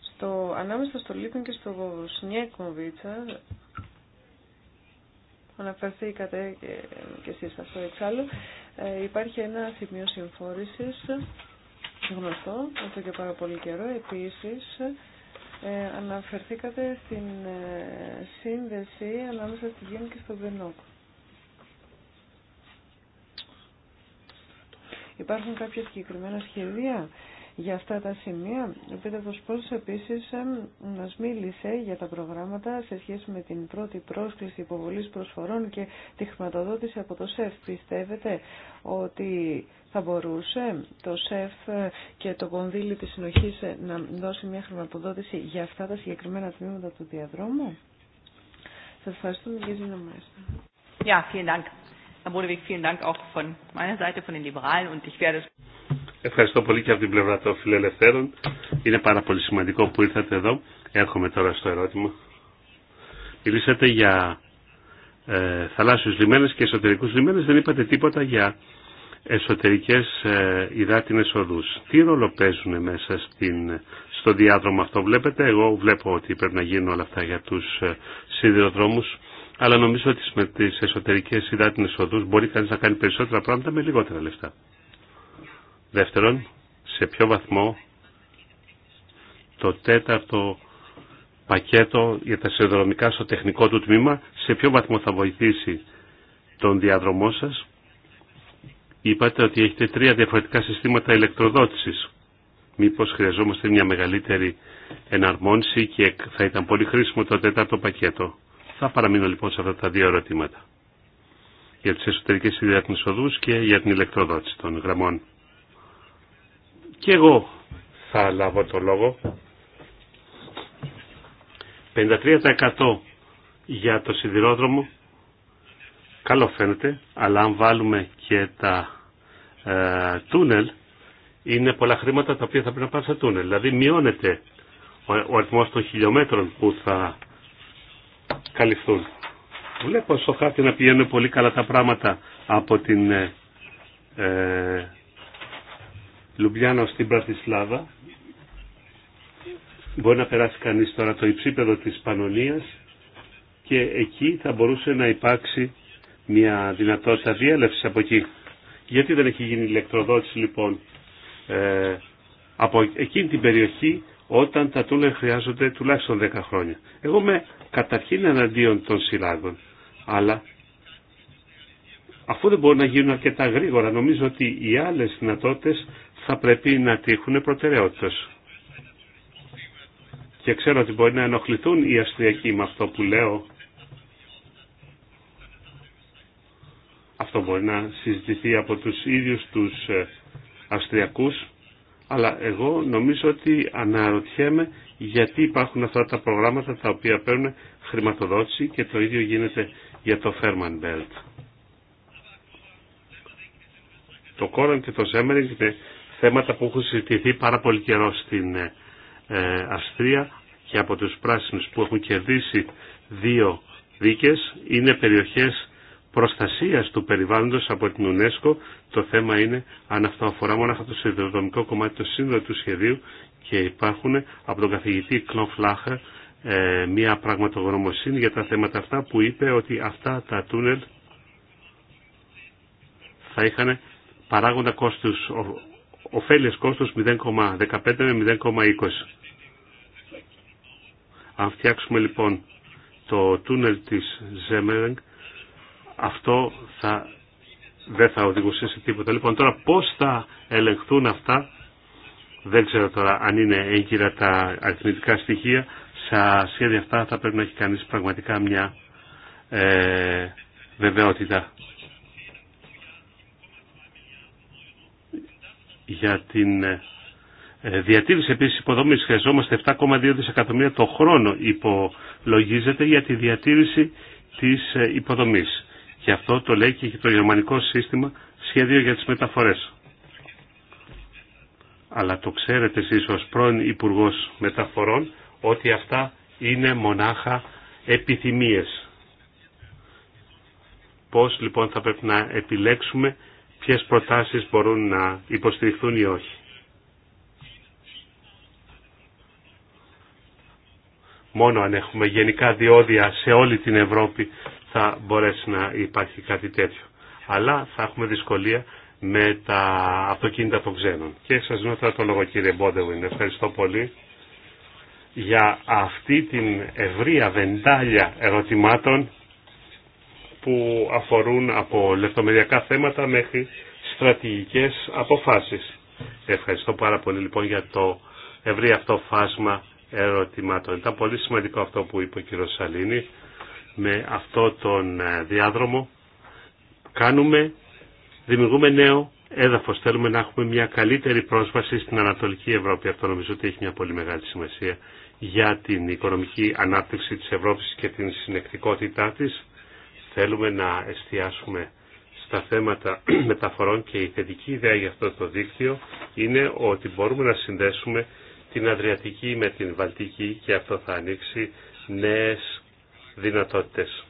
στο, ανάμεσα στο Λίπιν και στο Σνιέκοβιτσα, αναφερθήκατε και, και εσείς αυτό εξάλλου, ε, υπάρχει ένα σημείο συμφόρησης γνωστό, αυτό και πάρα πολύ καιρό. Επίσης, ε, αναφερθήκατε στην ε, σύνδεση ανάμεσα στη Γέννη και στο Βενόκ. Υπάρχουν κάποια συγκεκριμένα σχεδία για αυτά τα σημεία. Ο πετατός Πώς επίσης ε, μας μίλησε για τα προγράμματα σε σχέση με την πρώτη πρόσκληση υποβολής προσφορών και τη χρηματοδότηση από το ΣΕΦ. Πιστεύετε ότι θα μπορούσε το ΣΕΦ και το κονδύλι της συνοχής να δώσει μια χρηματοδότηση για αυτά τα συγκεκριμένα τμήματα του διαδρόμου. Σας ευχαριστούμε για την werde. Ευχαριστώ πολύ και από την πλευρά των φιλελευθέρων. Είναι πάρα πολύ σημαντικό που ήρθατε εδώ. Έρχομαι τώρα στο ερώτημα. Μιλήσατε για ε, θαλάσσιους λιμένες και εσωτερικούς λιμένες. Δεν είπατε τίποτα για εσωτερικές ε, υδάτινες οδούς. Τι ρόλο παίζουν μέσα στην, στο διάδρομο αυτό βλέπετε. Εγώ βλέπω ότι πρέπει να γίνουν όλα αυτά για τους ε, σιδηροδρόμους. Αλλά νομίζω ότι με τις εσωτερικές υδάτινες οδούς μπορεί κανείς να κάνει περισσότερα πράγματα με λιγότερα λεφτά. Δεύτερον, σε ποιο βαθμό το τέταρτο πακέτο για τα σιδηροδρομικά στο τεχνικό του τμήμα, σε ποιο βαθμό θα βοηθήσει τον διαδρομό σας Είπατε ότι έχετε τρία διαφορετικά συστήματα ηλεκτροδότησης. Μήπως χρειαζόμαστε μια μεγαλύτερη εναρμόνιση και θα ήταν πολύ χρήσιμο το τέταρτο πακέτο. Θα παραμείνω λοιπόν σε αυτά τα δύο ερωτήματα. Για τις εσωτερικές ιδιαίτερες οδούς και για την ηλεκτροδότηση των γραμμών. Και εγώ θα λάβω το λόγο. 53% για το σιδηρόδρομο Καλό φαίνεται, αλλά αν βάλουμε και τα ε, τούνελ, είναι πολλά χρήματα τα οποία θα πρέπει να πάνε στα τούνελ. Δηλαδή μειώνεται ο, ο αριθμός των χιλιόμετρων που θα καλυφθούν. Βλέπω στο χάρτη να πηγαίνουν πολύ καλά τα πράγματα από την ε, ε, Λουμπιάνο στην Πρατισλάβα. Μπορεί να περάσει κανείς τώρα το υψίπεδο της Πανωνίας και εκεί θα μπορούσε να υπάρξει μια δυνατότητα διέλευσης από εκεί. Γιατί δεν έχει γίνει ηλεκτροδότηση λοιπόν ε, από εκείνη την περιοχή όταν τα τούλε χρειάζονται τουλάχιστον 10 χρόνια. Εγώ είμαι καταρχήν εναντίον των συλλάγων, αλλά αφού δεν μπορούν να γίνουν αρκετά γρήγορα, νομίζω ότι οι άλλες δυνατότητες θα πρέπει να τύχουν προτεραιότητα. Και ξέρω ότι μπορεί να ενοχληθούν οι αστριακοί με αυτό που λέω, Αυτό μπορεί να συζητηθεί από τους ίδιους τους ε, Αυστριακούς, αλλά εγώ νομίζω ότι αναρωτιέμαι γιατί υπάρχουν αυτά τα προγράμματα τα οποία παίρνουν χρηματοδότηση και το ίδιο γίνεται για το Fairman Belt. Το Κόραν και το Σέμερινγκ είναι θέματα που έχουν συζητηθεί πάρα πολύ καιρό στην ε, ε, Αυστρία και από τους πράσινους που έχουν κερδίσει δύο δίκες είναι περιοχές προστασίας του περιβάλλοντος από την UNESCO. Το θέμα είναι αν αυτό αφορά μόνο αυτό το σιδηροδρομικό κομμάτι, του Σύνδρο του σχεδίου και υπάρχουν από τον καθηγητή Κλον Φλάχερ ε, μια πραγματογνωμοσύνη για τα θέματα αυτά που είπε ότι αυτά τα τούνελ θα είχαν παράγοντα κόστους, ωφέλειες κόστους 0,15 με 0,20. Αν φτιάξουμε λοιπόν το τούνελ της Ζέμερεγκ αυτό θα, δεν θα οδηγούσε σε τίποτα. Λοιπόν, τώρα πώς θα ελεγχθούν αυτά, δεν ξέρω τώρα αν είναι έγκυρα τα αριθμητικά στοιχεία, στα σχέδια αυτά θα πρέπει να έχει κανείς πραγματικά μια ε, βεβαιότητα. Για την ε, διατήρηση επίσης υποδομής χρειαζόμαστε 7,2 δισεκατομμύρια το χρόνο υπολογίζεται για τη διατήρηση της ε, υποδομής. Και αυτό το λέει και το γερμανικό σύστημα σχέδιο για τις μεταφορές. Αλλά το ξέρετε εσείς ως πρώην υπουργό Μεταφορών ότι αυτά είναι μονάχα επιθυμίες. Πώς λοιπόν θα πρέπει να επιλέξουμε ποιες προτάσεις μπορούν να υποστηριχθούν ή όχι. Μόνο αν έχουμε γενικά διόδια σε όλη την Ευρώπη θα μπορέσει να υπάρχει κάτι τέτοιο. Αλλά θα έχουμε δυσκολία με τα αυτοκίνητα των ξένων. Και σας δίνω τώρα το λόγο κύριε Μπόντεβιν. Ευχαριστώ πολύ για αυτή την ευρία βεντάλια ερωτημάτων που αφορούν από λεπτομεριακά θέματα μέχρι στρατηγικές αποφάσεις. Ευχαριστώ πάρα πολύ λοιπόν για το ευρύ αυτό φάσμα ερωτημάτων. Ήταν πολύ σημαντικό αυτό που είπε ο κύριος Σαλίνη με αυτό τον ε, διάδρομο κάνουμε, δημιουργούμε νέο έδαφος. Θέλουμε να έχουμε μια καλύτερη πρόσβαση στην Ανατολική Ευρώπη. Αυτό νομίζω ότι έχει μια πολύ μεγάλη σημασία για την οικονομική ανάπτυξη της Ευρώπης και την συνεκτικότητά της. Θέλουμε να εστιάσουμε στα θέματα μεταφορών και η θετική ιδέα για αυτό το δίκτυο είναι ότι μπορούμε να συνδέσουμε την Αδριατική με την Βαλτική και αυτό θα ανοίξει νέες δυνατότητες.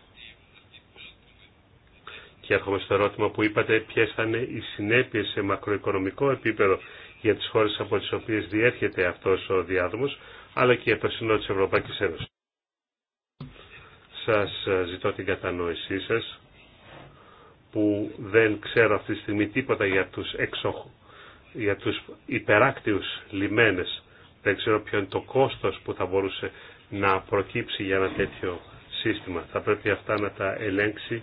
Και έρχομαι στο ερώτημα που είπατε ποιε θα είναι οι συνέπειες σε μακροοικονομικό επίπεδο για τις χώρες από τις οποίες διέρχεται αυτός ο διάδομος, αλλά και για το σύνολο της Ευρωπαϊκής Ένωσης. Σας ε, ζητώ την κατανόησή σας που δεν ξέρω αυτή τη στιγμή τίποτα για τους, εξοχ, για τους υπεράκτιους λιμένες. Δεν ξέρω ποιο είναι το κόστος που θα μπορούσε να προκύψει για ένα τέτοιο σύστημα. Θα πρέπει αυτά να τα ελέγξει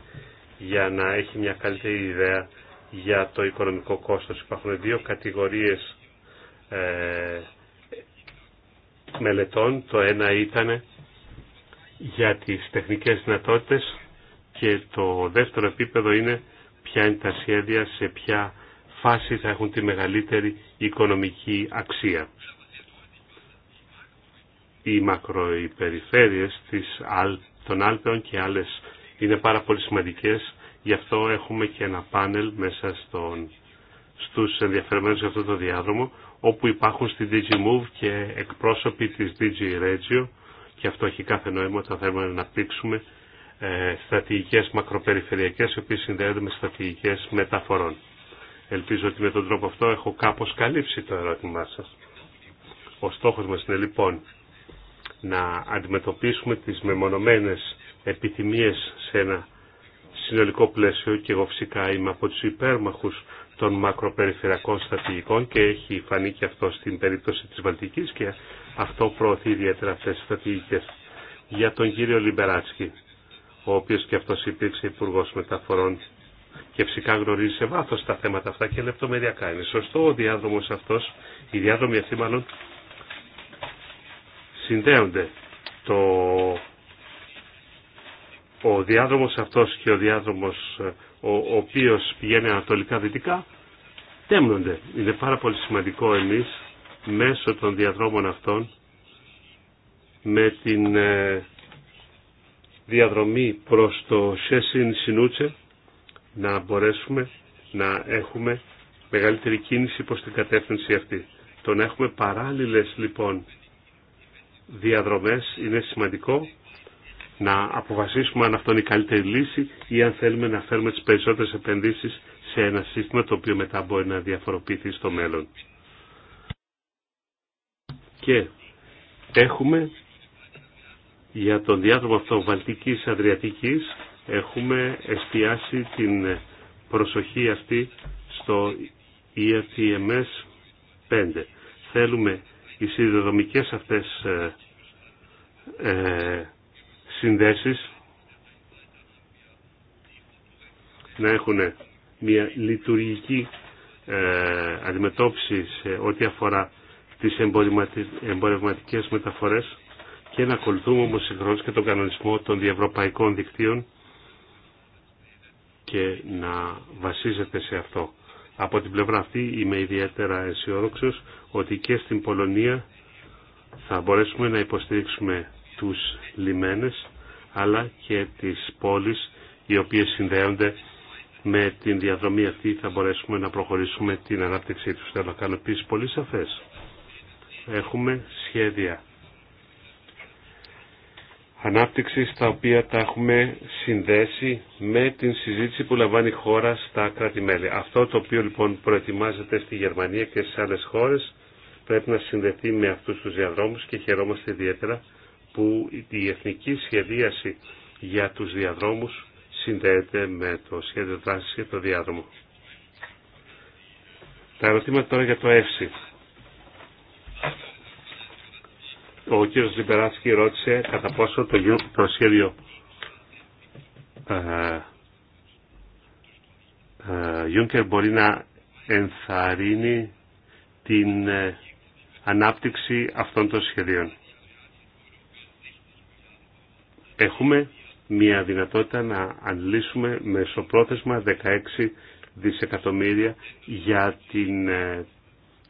για να έχει μια καλύτερη ιδέα για το οικονομικό κόστος. Υπάρχουν δύο κατηγορίες ε, μελετών. Το ένα ήταν για τις τεχνικές δυνατότητες και το δεύτερο επίπεδο είναι ποια είναι τα σχέδια, σε ποια φάση θα έχουν τη μεγαλύτερη οικονομική αξία. Οι μακροϊπεριφέρειες της ΑΛΠ των Άλπαιων και άλλες είναι πάρα πολύ σημαντικές. Γι' αυτό έχουμε και ένα πάνελ μέσα στον, στους ενδιαφερμένους για αυτό το διάδρομο, όπου υπάρχουν στη DigiMove και εκπρόσωποι της DigiRegio και αυτό έχει κάθε νόημα όταν θέλουμε να αναπτύξουμε ε, στρατηγικές μακροπεριφερειακές, οι οποίες συνδέονται με στρατηγικές μεταφορών. Ελπίζω ότι με τον τρόπο αυτό έχω κάπως καλύψει το ερώτημά σας. Ο στόχος μας είναι λοιπόν να αντιμετωπίσουμε τις μεμονωμένες επιθυμίες σε ένα συνολικό πλαίσιο και εγώ φυσικά είμαι από τους υπέρμαχους των μακροπεριφερειακών στρατηγικών και έχει φανεί και αυτό στην περίπτωση της Βαλτικής και αυτό προωθεί ιδιαίτερα αυτές τις στρατηγικές. Για τον κύριο Λιμπεράτσκι, ο οποίος και αυτός υπήρξε υπουργό Μεταφορών και φυσικά γνωρίζει σε βάθος τα θέματα αυτά και λεπτομεριακά. Είναι σωστό ο διάδρομος αυτός, η διάδρομη αυτή μάλλον συνδέονται. Το... Ο διάδρομος αυτός και ο διάδρομος ο, ο οποίος πηγαίνει ανατολικά δυτικά τέμνονται. Είναι πάρα πολύ σημαντικό εμείς μέσω των διαδρόμων αυτών με την ε, διαδρομή προς το Σέσιν Σινούτσε να μπορέσουμε να έχουμε μεγαλύτερη κίνηση προς την κατεύθυνση αυτή. Το έχουμε παράλληλες λοιπόν διαδρομές είναι σημαντικό να αποφασίσουμε αν αυτό είναι η καλύτερη λύση ή αν θέλουμε να φέρουμε τις περισσότερες επενδύσεις σε ένα σύστημα το οποίο μετά μπορεί να διαφοροποιηθεί στο μέλλον. Και έχουμε για τον διάδρομο αυτό Βαλτικής Αδριατικής έχουμε εστιάσει την προσοχή αυτή στο ERTMS 5. Θέλουμε οι σιδηροδρομικές αυτές ε, ε, συνδέσεις να έχουν μια λειτουργική ε, αντιμετώπιση σε ό,τι αφορά τις εμπορευματικές μεταφορές και να ακολουθούμε όμως συγχρόνως και τον κανονισμό των διευρωπαϊκών δικτύων και να βασίζεται σε αυτό. Από την πλευρά αυτή είμαι ιδιαίτερα αισιόδοξο ότι και στην Πολωνία θα μπορέσουμε να υποστηρίξουμε τους λιμένες αλλά και τις πόλεις οι οποίες συνδέονται με την διαδρομή αυτή θα μπορέσουμε να προχωρήσουμε την ανάπτυξή τους. Θέλω να κάνω πολύ σαφές. Έχουμε σχέδια Ανάπτυξη τα οποία τα έχουμε συνδέσει με την συζήτηση που λαμβάνει η χώρα στα κράτη-μέλη. Αυτό το οποίο λοιπόν προετοιμάζεται στη Γερμανία και στι άλλες χώρες πρέπει να συνδεθεί με αυτούς τους διαδρόμους και χαιρόμαστε ιδιαίτερα που η εθνική σχεδίαση για τους διαδρόμους συνδέεται με το σχέδιο δράση για το διάδρομο. Τα ερωτήματα τώρα για το ΕΦΣΥ. Ο κ. Ζιμπεράσκη ρώτησε κατά πόσο το, σχέδιο Γιούνκερ ε, μπορεί να ενθαρρύνει την ε, ανάπτυξη αυτών των σχεδίων. Έχουμε μια δυνατότητα να αντλήσουμε μεσοπρόθεσμα 16 δισεκατομμύρια για την, ε,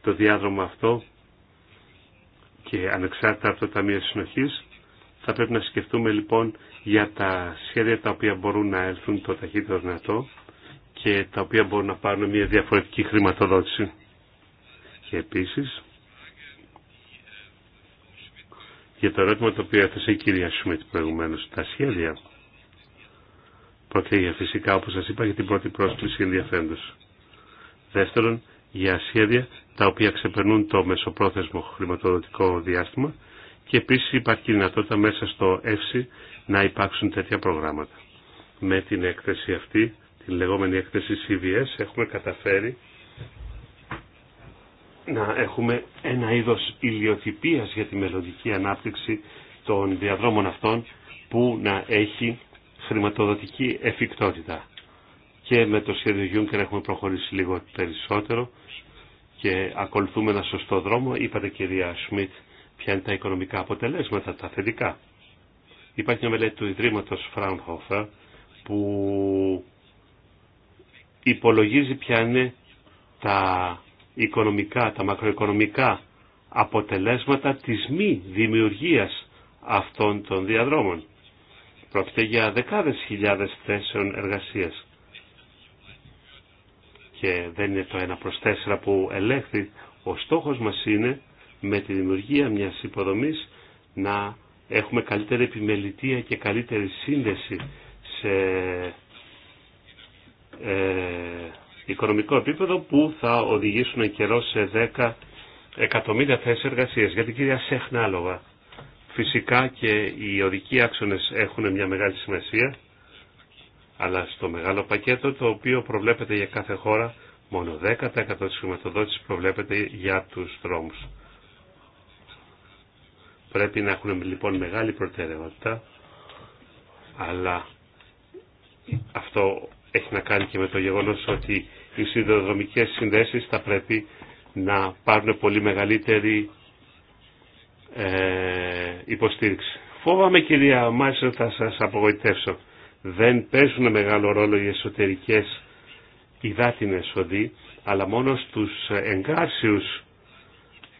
το διάδρομο αυτό και ανεξάρτητα από το Ταμείο Συνοχής. Θα πρέπει να σκεφτούμε λοιπόν για τα σχέδια τα οποία μπορούν να έλθουν το ταχύτερο δυνατό και τα οποία μπορούν να πάρουν μια διαφορετική χρηματοδότηση. Και επίσης, για το ερώτημα το οποίο έθεσε η κυρία Σουμίτ προηγουμένως, τα σχέδια πρόκειται φυσικά όπως σας είπα για την πρώτη πρόσκληση ενδιαφέροντος. Δεύτερον, για σχέδια τα οποία ξεπερνούν το μεσοπρόθεσμο χρηματοδοτικό διάστημα και επίσης υπάρχει δυνατότητα μέσα στο ΕΦΣΥ να υπάρξουν τέτοια προγράμματα. Με την έκθεση αυτή, την λεγόμενη έκθεση CVS, έχουμε καταφέρει να έχουμε ένα είδος ηλιοτυπίας για τη μελλοντική ανάπτυξη των διαδρόμων αυτών που να έχει χρηματοδοτική εφικτότητα. Και με το σχέδιο Juncker έχουμε προχωρήσει λίγο περισσότερο και ακολουθούμε ένα σωστό δρόμο. Είπατε κυρία Σμιτ ποια είναι τα οικονομικά αποτελέσματα, τα θετικά. Υπάρχει μια μελέτη του Ιδρύματος Φραουνχόφερ που υπολογίζει ποια είναι τα οικονομικά, τα μακροοικονομικά αποτελέσματα της μη δημιουργίας αυτών των διαδρόμων. Πρόκειται για δεκάδες χιλιάδες θέσεων εργασίας και δεν είναι το 1 προς 4 που ελέγχθη. Ο στόχος μας είναι με τη δημιουργία μιας υποδομής να έχουμε καλύτερη επιμελητία και καλύτερη σύνδεση σε ε, οικονομικό επίπεδο που θα οδηγήσουν καιρό σε 10 εκατομμύρια θέσει εργασία. Γιατί κυρία Σέχνάλογα, φυσικά και οι οδικοί άξονες έχουν μια μεγάλη σημασία αλλά στο μεγάλο πακέτο το οποίο προβλέπεται για κάθε χώρα μόνο 10% της χρηματοδότησης προβλέπεται για τους δρόμους. Πρέπει να έχουν λοιπόν μεγάλη προτεραιότητα, αλλά αυτό έχει να κάνει και με το γεγονός ότι οι συνδεδρομικές συνδέσεις θα πρέπει να πάρουν πολύ μεγαλύτερη ε, υποστήριξη. Φόβαμαι κυρία Μάισερ θα σας απογοητεύσω δεν παίζουν μεγάλο ρόλο οι εσωτερικές υδάτινες οδοί, αλλά μόνο στους εγκάρσιους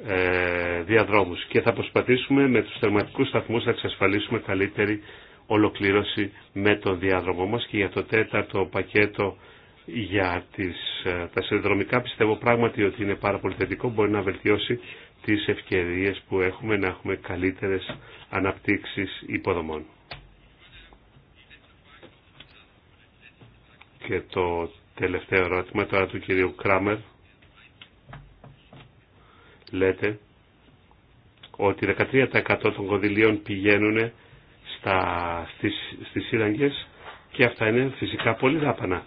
ε, διαδρόμους και θα προσπαθήσουμε με τους θερματικούς σταθμούς να εξασφαλίσουμε καλύτερη ολοκλήρωση με τον διάδρομο μας και για το τέταρτο πακέτο για τις, ε, τα συνδρομικά πιστεύω πράγματι ότι είναι πάρα πολύ θετικό, μπορεί να βελτιώσει τις ευκαιρίες που έχουμε να έχουμε καλύτερες αναπτύξεις υποδομών. και το τελευταίο ερώτημα τώρα του κυρίου Κράμερ. Λέτε ότι 13% των κονδυλίων πηγαίνουν στα, στις, στις και αυτά είναι φυσικά πολύ δάπανα.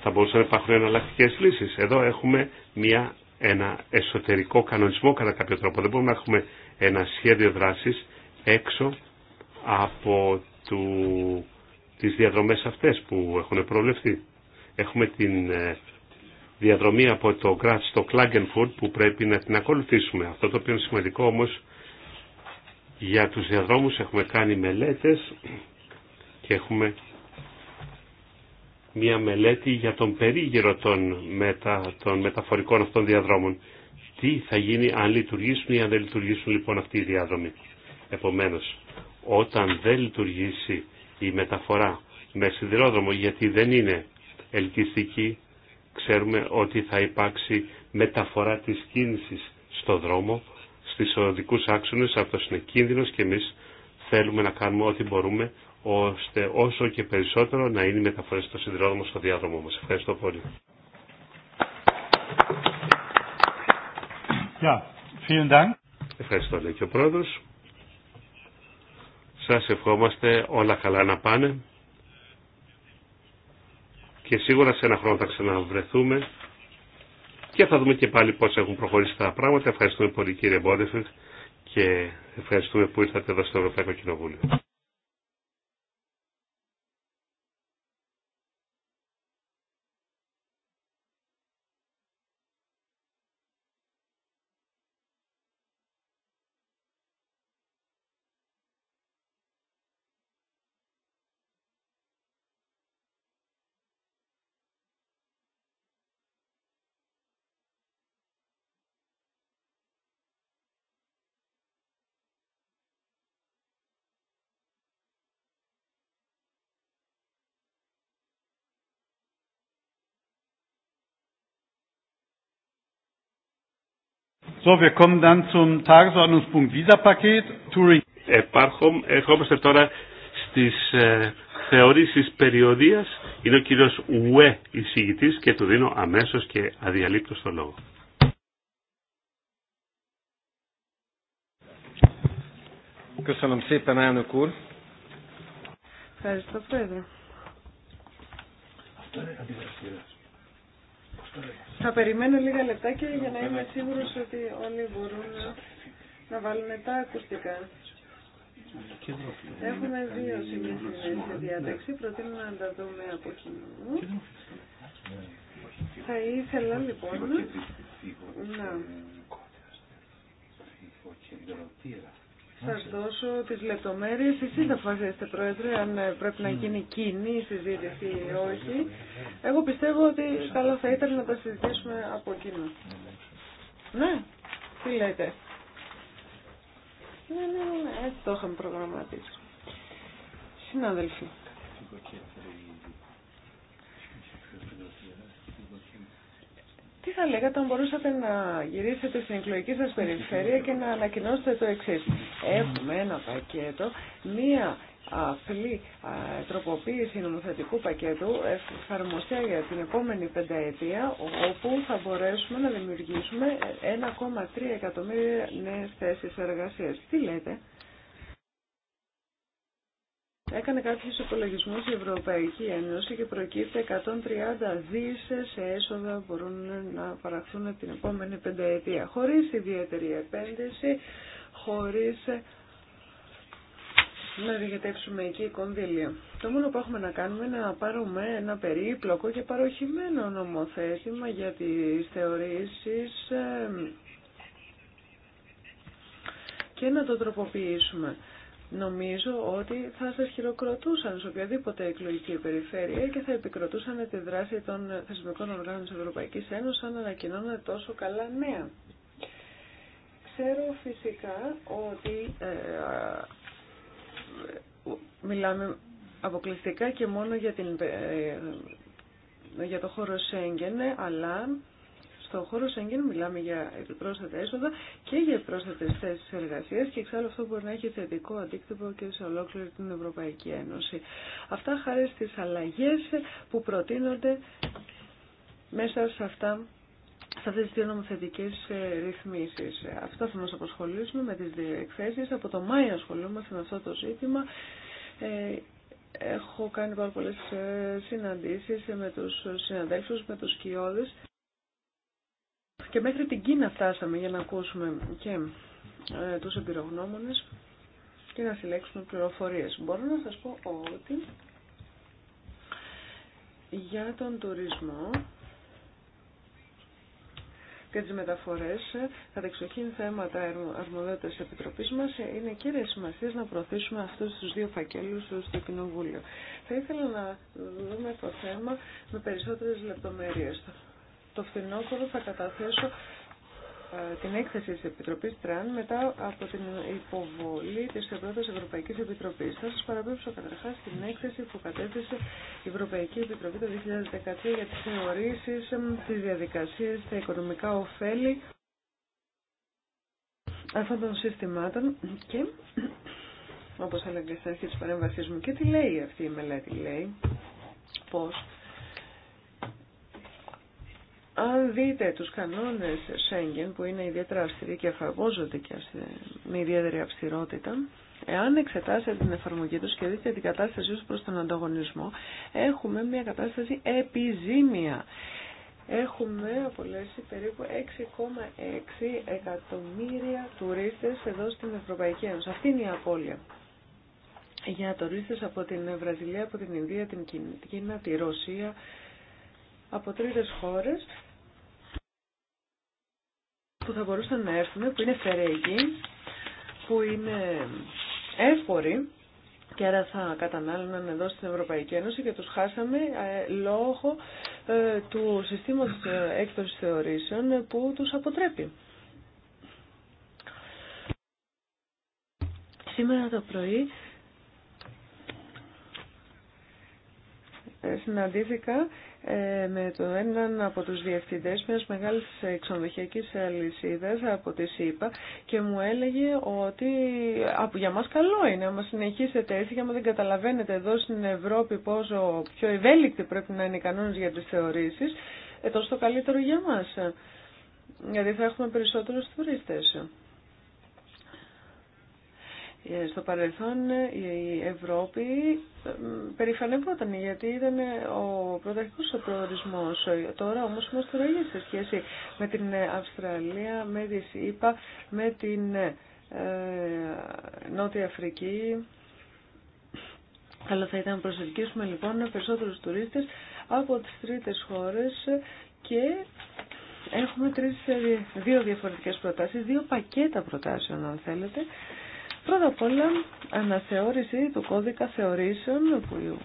Θα μπορούσαν να υπάρχουν εναλλακτικέ λύσεις. Εδώ έχουμε μια, ένα εσωτερικό κανονισμό κατά κάποιο τρόπο. Δεν μπορούμε να έχουμε ένα σχέδιο δράσης έξω από του τις διαδρομές αυτές που έχουν προβλεφθεί. Έχουμε την ε, διαδρομή από το Γκράτ στο Κλάγκενφουρτ που πρέπει να την ακολουθήσουμε. Αυτό το οποίο είναι σημαντικό όμως για τους διαδρόμους έχουμε κάνει μελέτες και έχουμε μια μελέτη για τον περίγυρο των, των μεταφορικών αυτών διαδρόμων. Τι θα γίνει αν λειτουργήσουν ή αν δεν λειτουργήσουν λοιπόν αυτοί οι διάδρομοι. Επομένως, όταν δεν λειτουργήσει η μεταφορά με σιδηρόδρομο γιατί δεν είναι ελκυστική. Ξέρουμε ότι θα υπάρξει μεταφορά της κίνησης στο δρόμο, στις οδικούς άξονες, Αυτό είναι κίνδυνος και εμείς θέλουμε να κάνουμε ό,τι μπορούμε ώστε όσο και περισσότερο να είναι οι μεταφορές στο σιδηρόδρομο στο διάδρομο μας. Ευχαριστώ πολύ. vielen Dank. Ευχαριστώ λέει και ο Πρόεδρος. Σας ευχόμαστε όλα καλά να πάνε και σίγουρα σε ένα χρόνο θα ξαναβρεθούμε και θα δούμε και πάλι πώς έχουν προχωρήσει τα πράγματα. Ευχαριστούμε πολύ κύριε Μπόδεφερ και ευχαριστούμε που ήρθατε εδώ στο Ευρωπαϊκό Κοινοβούλιο. So, wir kommen dann zum Tagesordnungspunkt Visa-Paket. Ερχόμαστε τώρα στις ε, θεωρήσεις περιοδίας. Είναι ο κύριος Ουέ εισηγητής και του δίνω αμέσως και αδιαλείπτως το λόγο. Ευχαριστώ, Πρόεδρε. Αυτό είναι αντιδραστήρας. Θα περιμένω λίγα λεπτάκια για να είμαι σίγουρος ότι όλοι μπορούν να βάλουν τα ακουστικά. Έχουμε δύο σημεία στη διάταξη. Προτείνω να τα δούμε από κοινού. Θα ήθελα λοιπόν να Σα δώσω τι λεπτομέρειε εσεί θα αποφασίσετε, Πρόεδρε, αν ε, πρέπει να γίνει κοινή συζήτηση ή όχι. Εγώ πιστεύω ότι καλό θα ήταν να τα συζητήσουμε από κοινού. Ναι, τι λέτε. Ναι, ναι, ναι, έτσι ναι. ε, το είχαμε προγραμματίσει. Συνάδελφοι. Τι θα λέγατε αν μπορούσατε να γυρίσετε στην εκλογική σας περιφέρεια και να ανακοινώσετε το εξής. Έχουμε ένα πακέτο, μία απλή τροποποίηση νομοθετικού πακέτου εφαρμοστέα για την επόμενη πενταετία όπου θα μπορέσουμε να δημιουργήσουμε 1,3 εκατομμύρια νέες θέσεις εργασίας. Τι λέτε έκανε κάποιου υπολογισμού η Ευρωπαϊκή Ένωση και προκύπτει 130 δι σε έσοδα μπορούν να παραχθούν την επόμενη πενταετία. Χωρίς ιδιαίτερη επένδυση, χωρίς να διοικητεύσουμε εκεί κονδύλια. Το μόνο που έχουμε να κάνουμε είναι να πάρουμε ένα περίπλοκο και παροχημένο νομοθέτημα για τις θεωρήσεις ε, και να το τροποποιήσουμε. Νομίζω ότι θα σας χειροκροτούσαν σε οποιαδήποτε εκλογική περιφέρεια και θα επικροτούσαν τη δράση των θεσμικών οργάνων της Ευρωπαϊκής Ένωσης αν ανακοινώνουν τόσο καλά νέα. Ξέρω φυσικά ότι ε, ε, μιλάμε αποκλειστικά και μόνο για, ε, για το χώρο Σέγγεν, αλλά στον χώρο Σαγγέν μιλάμε για πρόσθετα έσοδα και για πρόσθετε θέσει εργασία και εξάλλου αυτό μπορεί να έχει θετικό αντίκτυπο και σε ολόκληρη την Ευρωπαϊκή Ένωση. Αυτά χάρη στι αλλαγέ που προτείνονται μέσα σε αυτά σε αυτές τις δύο νομοθετικές ε, ρυθμίσεις. Αυτό θα μας απασχολήσουμε με τις δύο Από το Μάιο ασχολούμαστε με αυτό το ζήτημα. Ε, έχω κάνει πάρα πολλές ε, συναντήσεις με τους συναδέλφους, με τους κοιόδες. Και μέχρι την Κίνα φτάσαμε για να ακούσουμε και ε, τους εμπειρογνώμονες και να συλλέξουμε πληροφορίες. Μπορώ να σας πω ότι για τον τουρισμό και τις μεταφορές, ε, τα δεξοχήν θέματα αρμοδότητας της Επιτροπής μας ε, είναι κύριε σημασία να προωθήσουμε αυτούς τους δύο φακέλους στο Κοινοβούλιο. Θα ήθελα να δούμε το θέμα με περισσότερες λεπτομέρειες το φθινόπωρο θα καταθέσω ε, την έκθεση της Επιτροπής Τραν μετά από την υποβολή της Ευρωπαϊκής Επιτροπής. Θα σας παραπέμψω καταρχάς την έκθεση που κατέθεσε η Ευρωπαϊκή Επιτροπή το 2013 για τις θεωρήσεις, τις διαδικασίες, τα οικονομικά ωφέλη αυτών των συστημάτων και όπως έλεγε στην αρχή της παρέμβασής μου και τι λέει αυτή η μελέτη λέει πως αν δείτε τους κανόνες Σέγγεν που είναι ιδιαίτερα αυστηροί και εφαρμόζονται και με ιδιαίτερη αυστηρότητα, εάν εξετάσετε την εφαρμογή τους και δείτε την κατάσταση τους προς τον ανταγωνισμό, έχουμε μια κατάσταση επιζήμια. Έχουμε απολέσει περίπου 6,6 εκατομμύρια τουρίστες εδώ στην Ευρωπαϊκή Ένωση. Αυτή είναι η απώλεια. Για τουρίστες από την Βραζιλία, από την Ινδία, την Κίνα, τη Ρωσία, από τρίτες χώρες που θα μπορούσαν να έρθουν, που είναι φερέγγοι, που είναι εύποροι και άρα θα κατανάλωναν εδώ στην Ευρωπαϊκή Ένωση και τους χάσαμε ε, λόγω ε, του συστήματος ε, έκτος θεωρήσεων που τους αποτρέπει. Σήμερα το πρωί συναντήθηκα ε, με τον έναν από τους διευθυντές μιας μεγάλης εξοδοχειακής αλυσίδας από τη ΣΥΠΑ και μου έλεγε ότι από για μας καλό είναι άμα συνεχίσετε έτσι και άμα δεν καταλαβαίνετε εδώ στην Ευρώπη πόσο πιο ευέλικτοι πρέπει να είναι οι κανόνες για τις θεωρήσεις ε, τόσο το καλύτερο για μας γιατί θα έχουμε περισσότερους τουρίστες. Ε, στο παρελθόν ε, η Ευρώπη ε, περηφανευόταν γιατί ήταν ο πρωταρχικός ο προορισμός. Τώρα όμως είμαστε ρογές σε σχέση με την Αυστραλία, με τη ΣΥΠΑ, με την Νότια Αφρική. Αλλά θα ήταν να προσελκύσουμε λοιπόν περισσότερους τουρίστες από τις τρίτες χώρες και έχουμε τρεις, δύο διαφορετικές προτάσεις, δύο πακέτα προτάσεων αν θέλετε. Πρώτα απ' όλα, αναθεώρηση του κώδικα θεωρήσεων που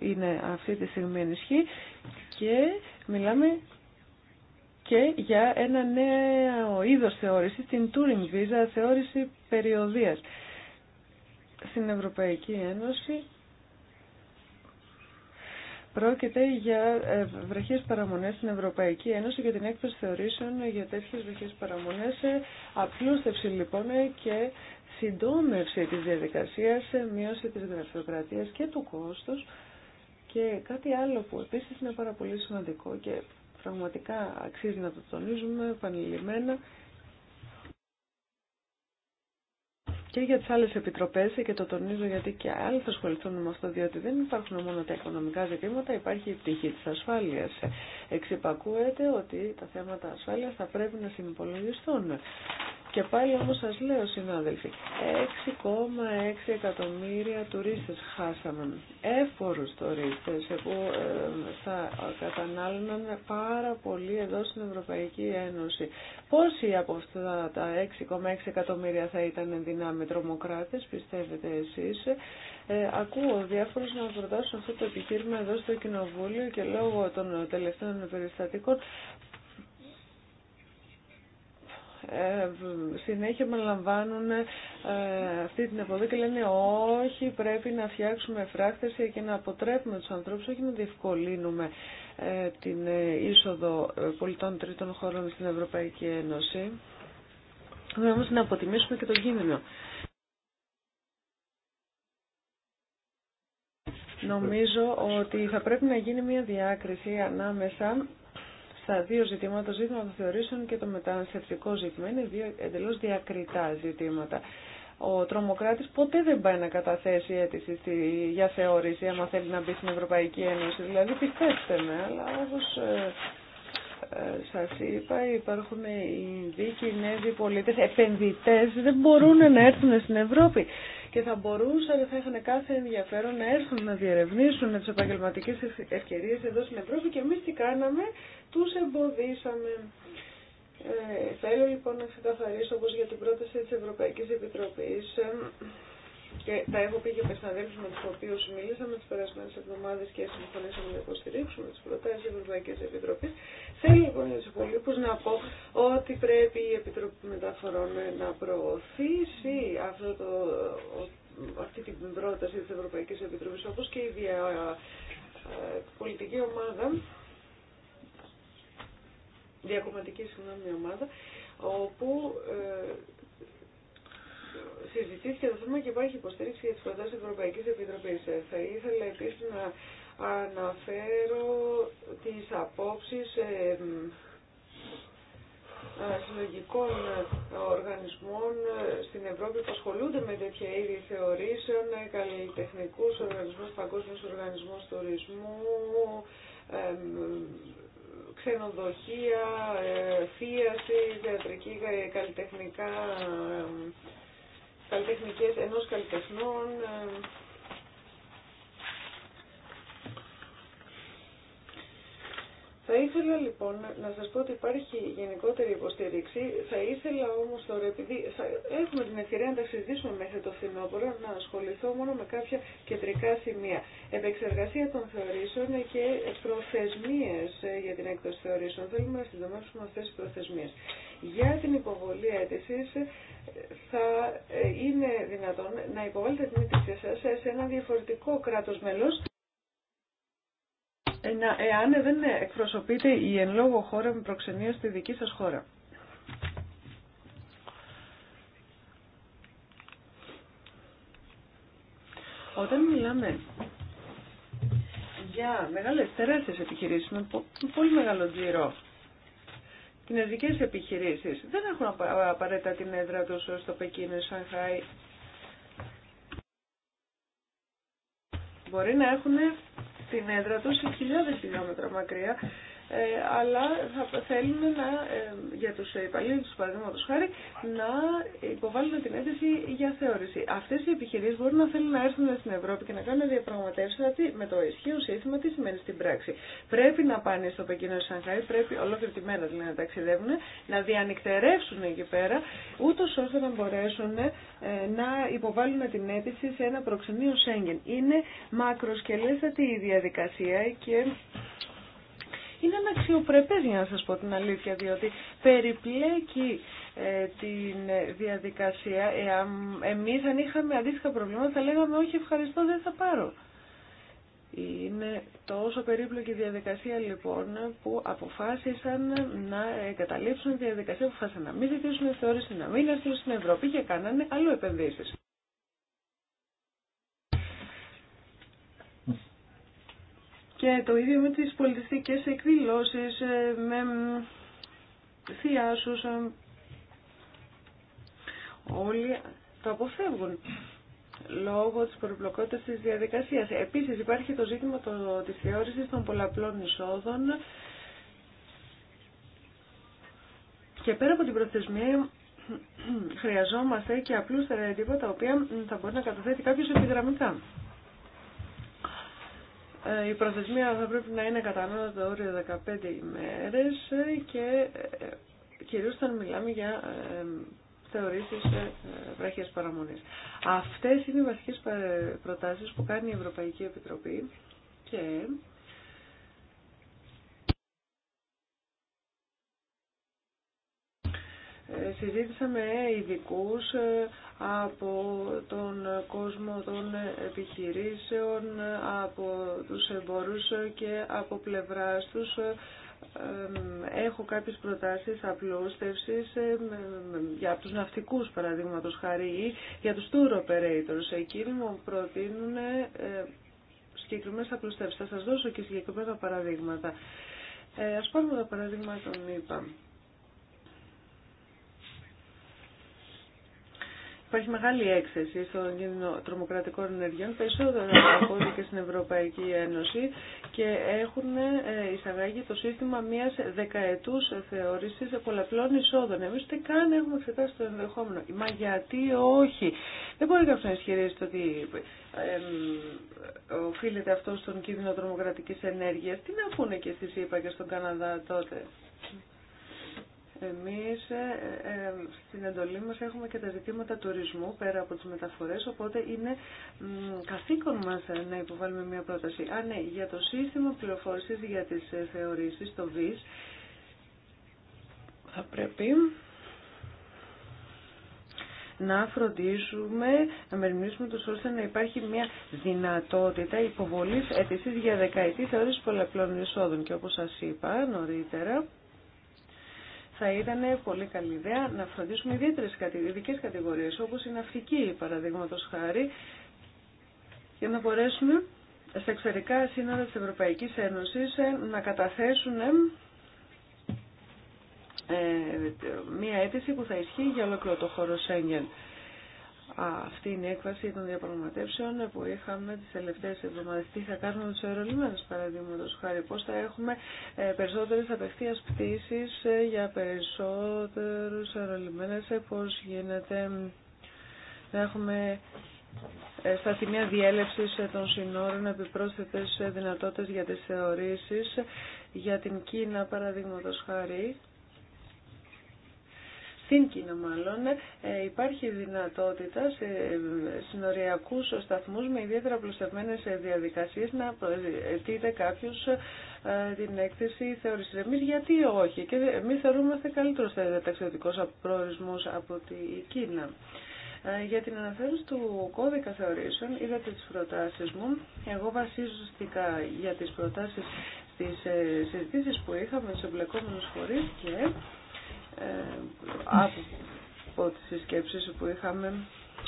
είναι αυτή τη στιγμή ενισχύ και μιλάμε και για ένα νέο είδος θεώρηση, την Touring Visa, θεώρηση περιοδίας. Στην Ευρωπαϊκή Ένωση Πρόκειται για ε, βροχέ παραμονέ στην Ευρωπαϊκή Ένωση και την έκθεση θεωρήσεων για τέτοιε βροχέ παραμονέ. Ε, απλούστευση λοιπόν ε, και συντόμευση της διαδικασίας, μείωση της γραφειοκρατία και του κόστος και κάτι άλλο που επίση είναι πάρα πολύ σημαντικό και πραγματικά αξίζει να το τονίζουμε επανειλημμένα και για τις άλλες επιτροπές και το τονίζω γιατί και άλλοι θα ασχοληθούν με αυτό διότι δεν υπάρχουν μόνο τα οικονομικά ζητήματα, υπάρχει η πτυχή της ασφάλειας. Εξυπακούεται ότι τα θέματα ασφάλειας θα πρέπει να συμπολογιστούν και πάλι όμως σας λέω συνάδελφοι, 6,6 εκατομμύρια τουρίστες χάσαμε, εύπορους τουρίστες που ε, θα κατανάλωναν πάρα πολύ εδώ στην Ευρωπαϊκή Ένωση. Πόσοι από αυτά τα 6,6 εκατομμύρια θα ήταν δυνάμει τρομοκράτες, πιστεύετε εσείς. Ε, ακούω διάφορους να προτάσουν αυτό το επιχείρημα εδώ στο Κοινοβούλιο και λόγω των τελευταίων περιστατικών ε, συνέχεια με λαμβάνουν ε, αυτή την εποχή και λένε όχι πρέπει να φτιάξουμε φράκτες και να αποτρέπουμε τους ανθρώπους όχι να διευκολύνουμε ε, την είσοδο πολιτών τρίτων χώρων στην Ευρωπαϊκή Ένωση αλλά όμως να αποτιμήσουμε και το κίνδυνο. Νομίζω ότι θα πρέπει να γίνει μια διάκριση ανάμεσα τα δύο ζητήματα, το ζήτημα των θεωρήσεων και το μεταναστευτικό ζήτημα, είναι δύο εντελώς διακριτά ζητήματα. Ο τρομοκράτης ποτέ δεν πάει να καταθέσει αίτηση στη, για θεώρηση άμα θέλει να μπει στην Ευρωπαϊκή Ένωση. Δηλαδή πιστέψτε με, αλλά όπως ε, ε, σας είπα υπάρχουν οι Κινέζοι πολίτες, επενδυτές δεν μπορούν να έρθουν στην Ευρώπη και θα μπορούσαν, θα είχαν κάθε ενδιαφέρον να έρθουν να διερευνήσουν τι επαγγελματικέ ευκαιρίε εδώ στην Ευρώπη και εμεί τι κάναμε, τους εμποδίσαμε. Ε, θέλω λοιπόν να ξεκαθαρίσω όπως για την πρόταση της Ευρωπαϊκής Επιτροπής ε, και τα έχω πει και με συναδέλφου με του οποίου μιλήσαμε τις περασμένε εβδομάδε και συμφωνήσαμε να υποστηρίξουμε τι προτάσεις της Ευρωπαϊκή Επιτροπή. Θέλω λοιπόν για του υπολείπους να πω ότι πρέπει η Επιτροπή Μεταφορών να προωθήσει αυτό το, αυτή την πρόταση τη Ευρωπαϊκή Επιτροπή όπω και η δια, ε, πολιτική ομάδα διακομματική συγγνώμη ομάδα, όπου ε, συζητήθηκε το θέμα και υπάρχει υποστήριξη για τις προτάσεις της Ευρωπαϊκής Επιτροπής. Ε, θα ήθελα επίσης να αναφέρω τις απόψεις ε, ε συλλογικών οργανισμών ε, στην Ευρώπη που ασχολούνται με τέτοια είδη θεωρήσεων, καλλιτεχνικούς οργανισμούς, παγκόσμιους οργανισμούς τουρισμού, ξενοδοχεία, ε, θίαση, θεατρική, ε, καλλιτεχνικά, ε, καλλιτεχνικές ενός καλλιτεχνών. Θα ήθελα λοιπόν να σας πω ότι υπάρχει γενικότερη υποστήριξη, θα ήθελα όμως τώρα, επειδή θα έχουμε την ευκαιρία να τα συζητήσουμε μέχρι το φθινόπωρο, να ασχοληθώ μόνο με κάποια κεντρικά σημεία επεξεργασία των θεωρήσεων και προθεσμίες ε, για την έκδοση θεωρήσεων. Θέλουμε να συντομεύσουμε αυτές τις προθεσμίες. Για την υποβολή αίτησης ε, θα ε, είναι δυνατόν να υποβάλλετε την αίτησή σας σε ένα διαφορετικό κράτος μέλος εάν δεν εκπροσωπείτε η εν λόγω χώρα με προξενία στη δική σας χώρα. Όταν μιλάμε για μεγάλε τεράστιε επιχειρήσει. με πολύ μεγάλο τζίρο. Κινέζικε επιχειρήσει. δεν έχουν απαραίτητα την έδρα του στο Πεκίνο, Σανχάι. Μπορεί να έχουν την έδρα του σε χιλιάδε χιλιόμετρα μακριά ε, αλλά θα θέλουν να, ε, για τους υπαλλήλους παραδείγματος χάρη να υποβάλουν την αίτηση για θεώρηση. Αυτές οι επιχειρήσεις μπορούν να θέλουν να έρθουν στην Ευρώπη και να κάνουν διαπραγματεύσεις με το ισχύον σύστημα τι σημαίνει στην πράξη. Πρέπει να πάνε στο Πεκίνο Σανχάη, πρέπει ολόκληρη τη μέρα δηλαδή να ταξιδεύουν, να διανυκτερεύσουν εκεί πέρα, ούτω ώστε να μπορέσουν ε, να υποβάλουν την αίτηση σε ένα προξενείο Σέγγεν. Είναι μακροσκελέστατη η διαδικασία και είναι αναξιοπρεπές για να σας πω την αλήθεια διότι περιπλέκει ε, τη διαδικασία. Εμείς αν είχαμε αντίστοιχα προβλήματα θα λέγαμε όχι ευχαριστώ δεν θα πάρω. Είναι τόσο περίπλοκη διαδικασία λοιπόν που αποφάσισαν να εγκαταλείψουν τη διαδικασία, αποφάσισαν να μην ζητήσουν θεώρηση, να μην έρθουν στην Ευρώπη και κάνανε άλλο επενδύσεις. Και το ίδιο με τις πολιτιστικές εκδηλώσεις, ε, με θειάσους, ε. όλοι το αποφεύγουν λόγω της προπλοκότητας της διαδικασίας. Επίσης υπάρχει το ζήτημα το, της θεώρησης των πολλαπλών εισόδων και πέρα από την προθεσμία χρειαζόμαστε και απλούστερα έντυπα τα οποία θα μπορεί να καταθέτει κάποιος επιγραμμικά. Ε, η προθεσμία θα πρέπει να είναι κατά το όριο 15 ημέρες ε, και ε, κυρίως όταν μιλάμε για θεωρήσεις βραχίας παραμονής. Αυτές είναι οι βασικές προτάσεις που κάνει η Ευρωπαϊκή Επιτροπή και συζήτησα με ειδικού ε, από τον κόσμο των επιχειρήσεων, από τους εμπόρους και από πλευράς τους ε, ε, έχω κάποιες προτάσεις απλούστευσης για τους ναυτικούς παραδείγματος χάρη ή για τους tour operators. Εκείνοι μου προτείνουν συγκεκριμένες απλούστευσεις. Θα σας δώσω και συγκεκριμένα παραδείγματα. ας πάρουμε τα παράδειγμα των ΗΠΑ. Υπάρχει μεγάλη έξεση στον κίνδυνο τρομοκρατικών ενεργειών, περισσότερο από ό,τι και στην Ευρωπαϊκή Ένωση και έχουν ε, εισαγάγει το σύστημα μιας δεκαετού θεώρηση πολλαπλών εισόδων. Εμεί ούτε καν έχουμε εξετάσει το ενδεχόμενο. Μα γιατί όχι. Δεν μπορεί κάποιο να ισχυρίζεται ότι οφείλεται αυτό στον κίνδυνο τρομοκρατική ενέργεια. Τι να πούνε και στη ΣΥΠΑ και στον Καναδά τότε. Εμείς ε, ε, στην εντολή μας έχουμε και τα ζητήματα τουρισμού πέρα από τις μεταφορές, οπότε είναι καθήκον μας ε, να υποβάλουμε μια πρόταση. Αν ναι, για το σύστημα πληροφόρησης για τις θεωρήσεις, το ΒΙΣ, θα πρέπει να φροντίσουμε, να μερμηνήσουμε τους ώστε να υπάρχει μια δυνατότητα υποβολής αιτήσεις για δεκαετή θεώρηση πολλαπλών εισόδων. Και όπως σας είπα νωρίτερα, θα ήταν πολύ καλή ιδέα να φροντίσουμε ιδιαίτερε ειδικέ κατηγορίες όπως η ναυτική παραδείγματο χάρη για να μπορέσουμε στα εξωτερικά σύνορα τη Ευρωπαϊκή Ένωση ε, να καταθέσουν ε, ε, μία αίτηση που θα ισχύει για ολόκληρο το χώρο Σέγγεν αυτή είναι η έκβαση των διαπραγματεύσεων που είχαμε τις τελευταίες εβδομάδες. Τι θα κάνουμε με τους αερολιμένους παραδείγματος χάρη, πώς θα έχουμε ε, περισσότερες απευθείας πτήσεις ε, για περισσότερους αερολιμένες, ε, πώς γίνεται να έχουμε στα σημεία διέλευσης των συνόρων επιπρόσθετες δυνατότητες για τις θεωρήσεις για την Κίνα παραδείγματος χάρη Κίνα, μάλλον, ε, υπάρχει δυνατότητα σε ε, συνοριακούς σταθμούς με ιδιαίτερα πλουστευμένες ε, διαδικασίες να προσδίδεται κάποιος την έκθεση θεώρηση. Εμείς γιατί όχι και εμείς θεωρούμαστε καλύτερος ταξιδιωτικός προορισμός από την Κίνα. Για την αναφέρουση του κώδικα θεωρήσεων είδατε τις προτάσεις μου. Εγώ βασίζομαι για τις προτάσεις στις συζητήσεις που είχαμε με εμπλεκόμενου εμπλεκόμενους και ε, από τις συσκέψεις που είχαμε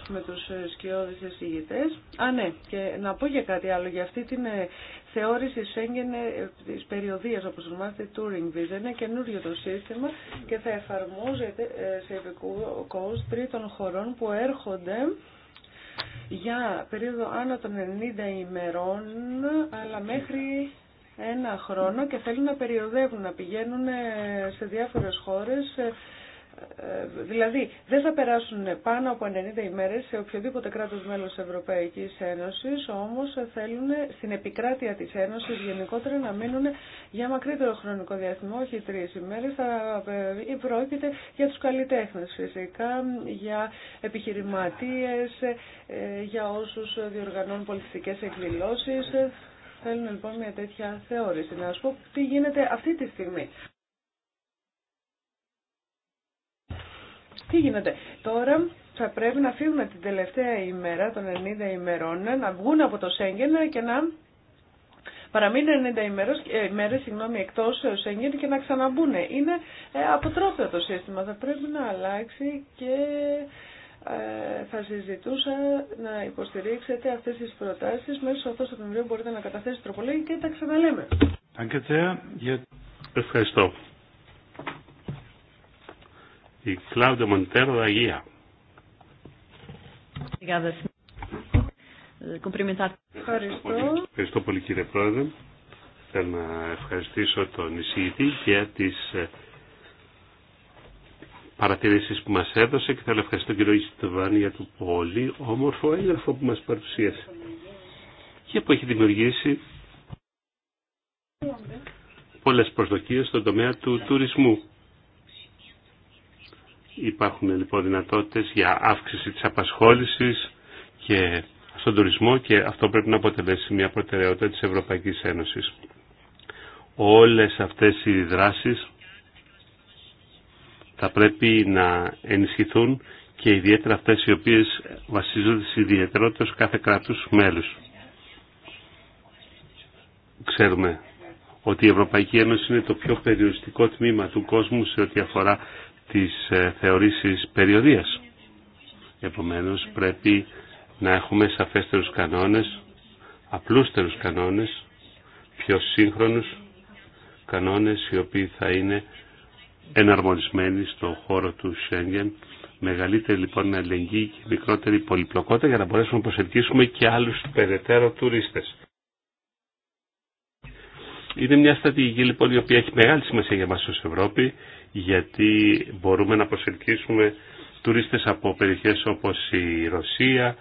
με τους ε, σκιώδεις εισηγητές. Α, ναι, και να πω για κάτι άλλο, για αυτή την ε, θεώρηση σέγγενε της περιοδίας, όπως ονομάζεται Touring Vision, είναι καινούριο το σύστημα και θα εφαρμόζεται σε ειδικούς τρίτων χωρών που έρχονται για περίοδο άνω των 90 ημερών, αλλά μέχρι ένα χρόνο και θέλουν να περιοδεύουν, να πηγαίνουν ε, σε διάφορες χώρες. Ε, ε, δηλαδή, δεν θα περάσουν πάνω από 90 ημέρες σε οποιοδήποτε κράτος μέλος Ευρωπαϊκής Ένωσης, όμως θέλουν στην επικράτεια της Ένωσης γενικότερα να μείνουν για μακρύτερο χρονικό διάστημα, όχι τρεις ημέρες, θα πρόκειται για τους καλλιτέχνες φυσικά, για επιχειρηματίες, για όσους διοργανώνουν πολιτιστικές εκδηλώσεις, Θέλουν λοιπόν μια τέτοια θεώρηση. Να σας πω τι γίνεται αυτή τη στιγμή. Τι γίνεται. Τώρα θα πρέπει να φύγουν την τελευταία ημέρα των 90 ημερών, να βγουν από το Σέγγεν και να παραμείνουν 90 ημέρες, ε, ημέρες συγγνώμη, εκτός Σέγγεν και να ξαναμπούν. Είναι ε, αποτρόπαιο το σύστημα. Θα πρέπει να αλλάξει και ε, θα συζητούσα να υποστηρίξετε αυτές τις προτάσεις μέσω αυτό του Σεπτεμβρίου μπορείτε να καταθέσετε τροπολόγια και τα ξαναλέμε. Ευχαριστώ. Η Κλάουδε Μοντέρο Αγία. Ευχαριστώ. Ευχαριστώ πολύ κύριε Πρόεδρε. Θέλω να ευχαριστήσω τον εισηγητή για τις ε, παρατηρήσεις που μας έδωσε και θέλω ευχαριστώ τον κύριο Ιστοβάνη για το πολύ όμορφο έγγραφο που μας παρουσίασε και που έχει δημιουργήσει πολλές προσδοκίες στον τομέα του τουρισμού. Υπάρχουν λοιπόν δυνατότητες για αύξηση της απασχόλησης και στον τουρισμό και αυτό πρέπει να αποτελέσει μια προτεραιότητα της Ευρωπαϊκής Ένωσης. Όλες αυτές οι δράσεις θα πρέπει να ενισχυθούν και ιδιαίτερα αυτές οι οποίες βασίζονται στις ιδιαιτερότητες κάθε κράτους μέλους. Ξέρουμε ότι η Ευρωπαϊκή Ένωση είναι το πιο περιοριστικό τμήμα του κόσμου σε ό,τι αφορά τις ε, θεωρήσεις περιοδίας. Επομένως πρέπει να έχουμε σαφέστερους κανόνες, απλούστερους κανόνες, πιο σύγχρονους κανόνες οι οποίοι θα είναι εναρμονισμένη στο χώρο του Σέγγεν. Μεγαλύτερη λοιπόν αλληλεγγύη και μικρότερη πολυπλοκότητα για να μπορέσουμε να προσελκύσουμε και άλλους περαιτέρω τουρίστες. Είναι μια στρατηγική λοιπόν η οποία έχει μεγάλη σημασία για μας ως Ευρώπη γιατί μπορούμε να προσελκύσουμε τουρίστες από περιοχές όπως η Ρωσία,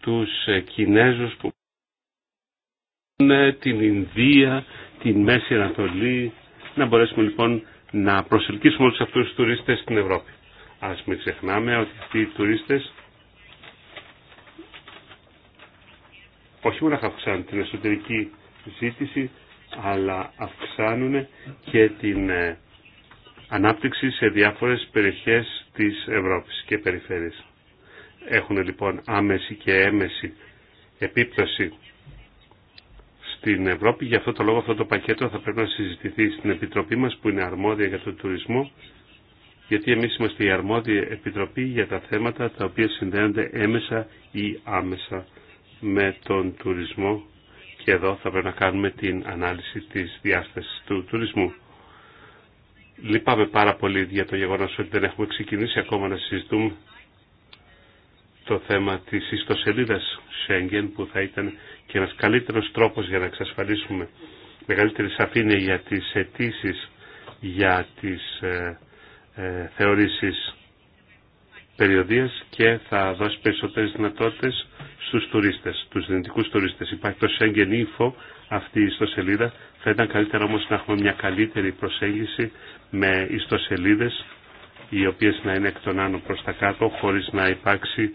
τους Κινέζους που ναι, την Ινδία, την Μέση Ανατολή. Να μπορέσουμε λοιπόν να προσελκύσουμε όλους αυτούς τους τουρίστες στην Ευρώπη. Ας μην ξεχνάμε ότι αυτοί οι τουρίστες όχι μόνο αυξάνουν την εσωτερική ζήτηση, αλλά αυξάνουν και την ε, ανάπτυξη σε διάφορες περιοχές της Ευρώπης και περιφέρειες. Έχουν λοιπόν άμεση και έμεση επίπτωση στην Ευρώπη. Γι' αυτό το λόγο αυτό το πακέτο θα πρέπει να συζητηθεί στην Επιτροπή μας που είναι αρμόδια για τον τουρισμό γιατί εμείς είμαστε η αρμόδια επιτροπή για τα θέματα τα οποία συνδέονται έμεσα ή άμεσα με τον τουρισμό και εδώ θα πρέπει να κάνουμε την ανάλυση της διάστασης του τουρισμού. Λυπάμαι πάρα πολύ για το γεγονός ότι δεν έχουμε ξεκινήσει ακόμα να συζητούμε το θέμα της ιστοσελίδας Schengen που θα ήταν και ένας καλύτερος τρόπος για να εξασφαλίσουμε μεγαλύτερη σαφήνεια για τις αιτήσει για τις ε, ε, θεωρήσεις περιοδίας και θα δώσει περισσότερες δυνατότητες στους τουρίστες, τους δυνητικούς τουρίστες. Υπάρχει το Schengen Info, αυτή η ιστοσελίδα. Θα ήταν καλύτερα όμως να έχουμε μια καλύτερη προσέγγιση με ιστοσελίδες οι οποίες να είναι εκ των άνω προς τα κάτω χωρίς να υπάρξει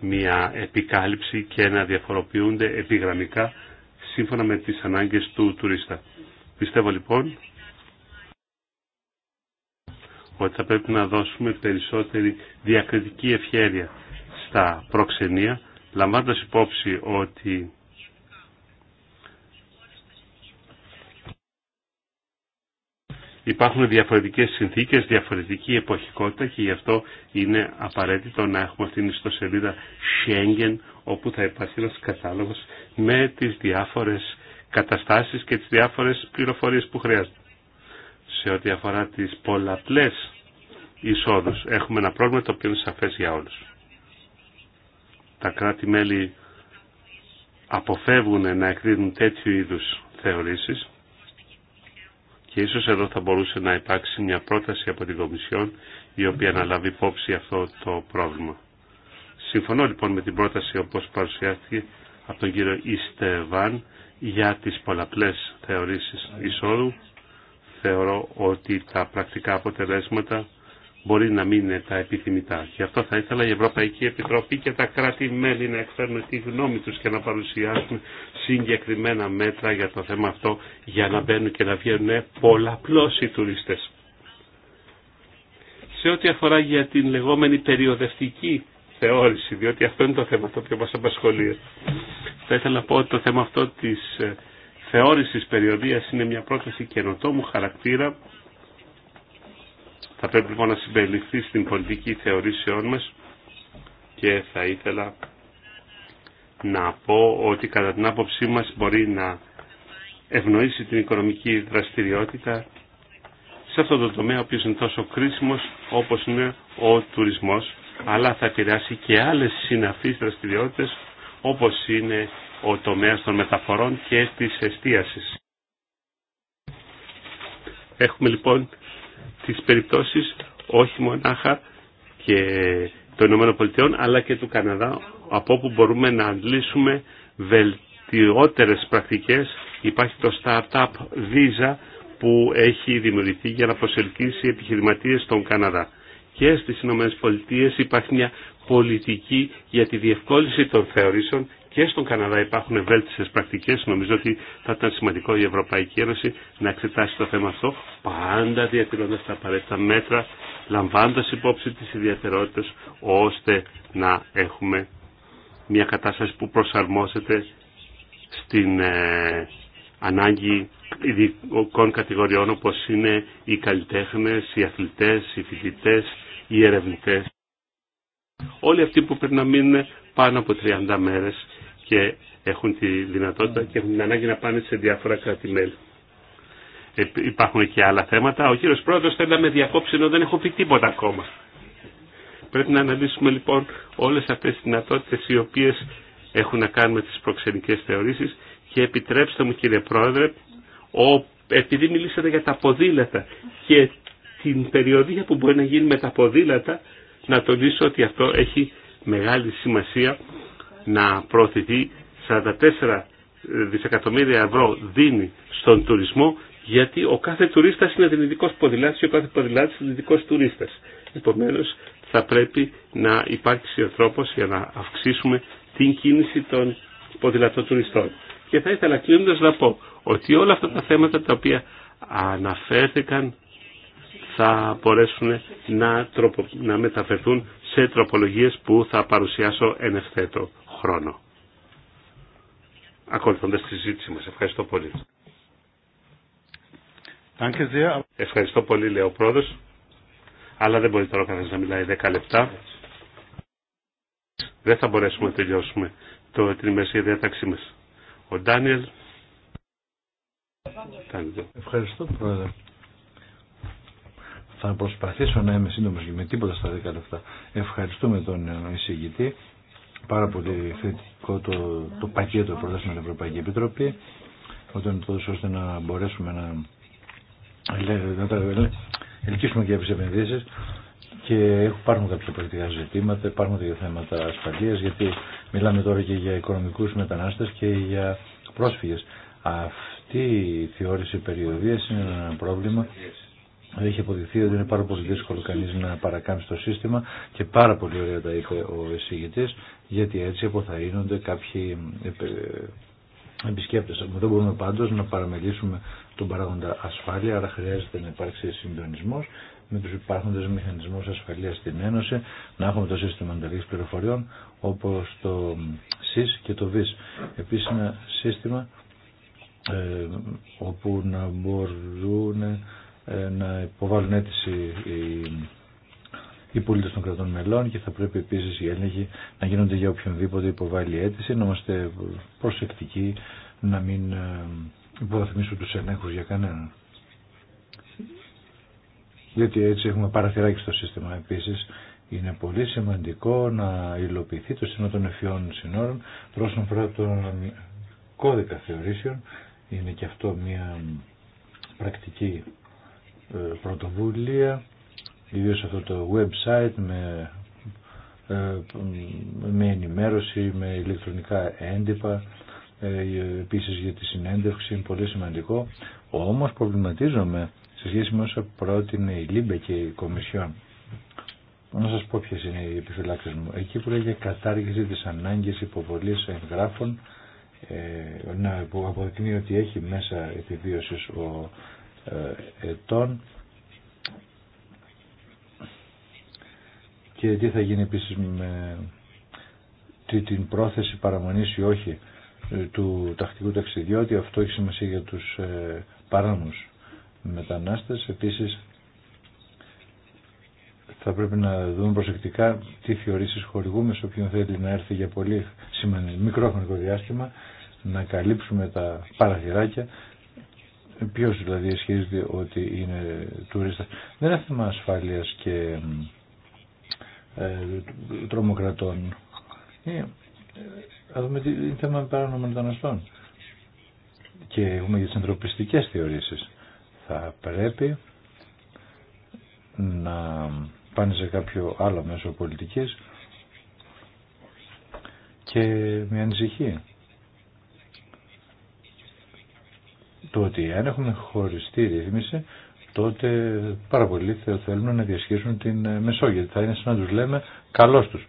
μια επικάλυψη και να διαφοροποιούνται επιγραμμικά σύμφωνα με τις ανάγκες του τουρίστα. Πιστεύω λοιπόν ότι θα πρέπει να δώσουμε περισσότερη διακριτική ευχέρεια στα προξενία, λαμβάνοντας υπόψη ότι υπάρχουν διαφορετικές συνθήκες, διαφορετική εποχικότητα και γι' αυτό είναι απαραίτητο να έχουμε αυτήν την ιστοσελίδα Schengen όπου θα υπάρχει ένας κατάλογος με τις διάφορες καταστάσεις και τις διάφορες πληροφορίες που χρειάζεται. Σε ό,τι αφορά τις πολλαπλές εισόδους έχουμε ένα πρόβλημα το οποίο είναι σαφές για όλους. Τα κράτη-μέλη αποφεύγουν να εκδίδουν τέτοιου είδους θεωρήσεις και ίσως εδώ θα μπορούσε να υπάρξει μια πρόταση από την Κομισιόν η οποία να λάβει υπόψη αυτό το πρόβλημα. Συμφωνώ λοιπόν με την πρόταση όπως παρουσιάστηκε από τον κύριο Ιστεβάν για τις πολλαπλές θεωρήσεις εισόδου. Θεωρώ ότι τα πρακτικά αποτελέσματα μπορεί να μην είναι τα επιθυμητά. Γι' αυτό θα ήθελα η Ευρωπαϊκή Επιτροπή και τα κράτη-μέλη να εκφέρουν τη γνώμη τους και να παρουσιάσουν συγκεκριμένα μέτρα για το θέμα αυτό για να μπαίνουν και να βγαίνουν πολλαπλώς οι τουρίστες. Σε ό,τι αφορά για την λεγόμενη περιοδευτική θεώρηση, διότι αυτό είναι το θέμα το οποίο μας απασχολεί. Θα ήθελα να πω ότι το θέμα αυτό της ε, θεώρησης περιοδίας είναι μια πρόταση καινοτόμου χαρακτήρα θα πρέπει λοιπόν να συμπεριληφθεί στην πολιτική θεωρήσεών μας και θα ήθελα να πω ότι κατά την άποψή μας μπορεί να ευνοήσει την οικονομική δραστηριότητα σε αυτό το τομέα ο οποίος είναι τόσο κρίσιμος όπως είναι ο τουρισμός αλλά θα επηρεάσει και άλλες συναφείς δραστηριότητες όπως είναι ο τομέας των μεταφορών και της εστίασης. Έχουμε λοιπόν τις περιπτώσεις όχι μονάχα και των Ηνωμένων Πολιτειών αλλά και του Καναδά από όπου μπορούμε να αντλήσουμε βελτιότερες πρακτικές. Υπάρχει το Startup Visa που έχει δημιουργηθεί για να προσελκύσει επιχειρηματίες στον Καναδά. Και στις Ηνωμένες Πολιτείες υπάρχει μια πολιτική για τη διευκόλυνση των θεωρήσεων και στον Καναδά υπάρχουν βέλτιστες πρακτικές. Νομίζω ότι θα ήταν σημαντικό η Ευρωπαϊκή Ένωση να εξετάσει το θέμα αυτό, πάντα διατηρώντας τα απαραίτητα μέτρα, λαμβάνοντας υπόψη τις ιδιαιτερότητες, ώστε να έχουμε μια κατάσταση που προσαρμόζεται στην ε, ανάγκη ειδικών κατηγοριών όπως είναι οι καλλιτέχνες, οι αθλητές, οι φοιτητές, οι ερευνητές. Όλοι αυτοί που πρέπει να μείνουν πάνω από 30 μέρες και έχουν τη δυνατότητα και έχουν την ανάγκη να πάνε σε διάφορα κράτη-μέλη. Ε, υπάρχουν και άλλα θέματα. Ο κύριο Πρόεδρος θέλει να με διακόψει ενώ δεν έχω πει τίποτα ακόμα. Πρέπει να αναλύσουμε λοιπόν όλε αυτέ τις δυνατότητε οι οποίε έχουν να κάνουν με τι προξενικέ θεωρήσει και επιτρέψτε μου κύριε Πρόεδρε, ο, επειδή μιλήσατε για τα ποδήλατα και την περιοδία που μπορεί να γίνει με τα ποδήλατα, να τονίσω ότι αυτό έχει μεγάλη σημασία να προωθηθεί 44 δισεκατομμύρια ευρώ δίνει στον τουρισμό γιατί ο κάθε τουρίστας είναι δυνητικός ποδηλάτης και ο κάθε ποδηλάτης είναι δυνητικός τουρίστας. Επομένως θα πρέπει να υπάρξει ο τρόπος για να αυξήσουμε την κίνηση των ποδηλατών τουριστών. Και θα ήθελα κλείνοντας να πω ότι όλα αυτά τα θέματα τα οποία αναφέρθηκαν θα μπορέσουν να, να μεταφερθούν σε τροπολογίες που θα παρουσιάσω εν ευθέτω χρόνο. Ακολουθώντας τη συζήτηση μας. Ευχαριστώ πολύ. Ευχαριστώ πολύ, λέει ο πρόεδρος. Αλλά δεν μπορεί τώρα ο να μιλάει 10 λεπτά. Δεν θα μπορέσουμε να τελειώσουμε το, την ημερησία διάταξή μας. Ο Ντάνιελ. Ευχαριστώ, πρόεδρε. Θα προσπαθήσω να είμαι σύντομο και με τίποτα στα 10 λεπτά. Ευχαριστούμε τον ε, εισηγητή πάρα πολύ θετικό το, το πακέτο που προτάσαμε Ευρωπαϊκή Επιτροπή όταν τόσο ώστε να μπορέσουμε να, να τα ελκύσουμε και από τι επενδύσει και υπάρχουν κάποια πρακτικά ζητήματα, υπάρχουν και θέματα ασφαλείας γιατί μιλάμε τώρα και για οικονομικούς μετανάστε και για πρόσφυγες. Αυτή η θεώρηση περιοδία είναι ένα πρόβλημα έχει αποδειχθεί ότι είναι πάρα πολύ δύσκολο κανείς να παρακάμψει το σύστημα και πάρα πολύ ωραία τα είπε ο εισηγητής γιατί έτσι αποθαρρύνονται κάποιοι ε, επισκέπτες. Δεν μπορούμε πάντως να παραμελήσουμε τον παράγοντα ασφάλεια, άρα χρειάζεται να υπάρξει συντονισμός με τους υπάρχοντες μηχανισμούς ασφαλείας στην Ένωση, να έχουμε το σύστημα ανταλλαγής πληροφοριών όπως το ΣΥΣ και το ΒΙΣ. Επίσης ένα σύστημα ε, όπου να μπορούν ε, να υποβάλουν αίτηση οι οι πολίτε των κρατών μελών και θα πρέπει επίση οι έλεγχοι να γίνονται για οποιονδήποτε υποβάλλει αίτηση, να είμαστε προσεκτικοί, να μην ε, υποβαθμίσουν του ελέγχου για κανέναν. Γιατί έτσι έχουμε παραθυράκι στο σύστημα επίση. Είναι πολύ σημαντικό να υλοποιηθεί το σύστημα των ευφυών συνόρων όσον τον τον κώδικα θεωρήσεων. Είναι και αυτό μια πρακτική ε, πρωτοβουλία ιδίως αυτό το website με, ε, με ενημέρωση, με ηλεκτρονικά έντυπα, ε, επίσης για τη συνέντευξη, πολύ σημαντικό. Όμως προβληματίζομαι σε σχέση με όσα πρότεινε η Λίμπε και η Κομισιόν. Να σας πω ποιες είναι οι επιφυλάξεις μου. Εκεί που λέγεται κατάργηση της ανάγκης υποβολής εγγράφων, ε, να αποδεικνύει ότι έχει μέσα επιβίωσης ο ε, ετών, και τι θα γίνει επίσης με την πρόθεση παραμονής ή όχι ε, του τακτικού ταξιδιώτη. Αυτό έχει σημασία για τους ε, παράνομους μετανάστες. Επίσης θα πρέπει να δούμε προσεκτικά τι θεωρήσει χορηγούμε σε όποιον θέλει να έρθει για πολύ μικρό χρονικό διάστημα, να καλύψουμε τα παραθυράκια. Ποιο δηλαδή ισχύει ότι είναι τουρίστα. Δεν είναι θέμα ασφάλεια και ε, τρομοκρατών. Θα ε, ε, δούμε τι είναι θέμα παράνομων μεταναστών. Και έχουμε για τι ανθρωπιστικέ θεωρήσει. Θα πρέπει να πάνε σε κάποιο άλλο μέσο πολιτική και με ανησυχεί. Το ότι αν έχουμε χωριστή ρύθμιση τότε πάρα πολλοί θέλουν να διασχίσουν την ε, Μεσόγειο. Θα είναι σαν να τους λέμε καλώς τους.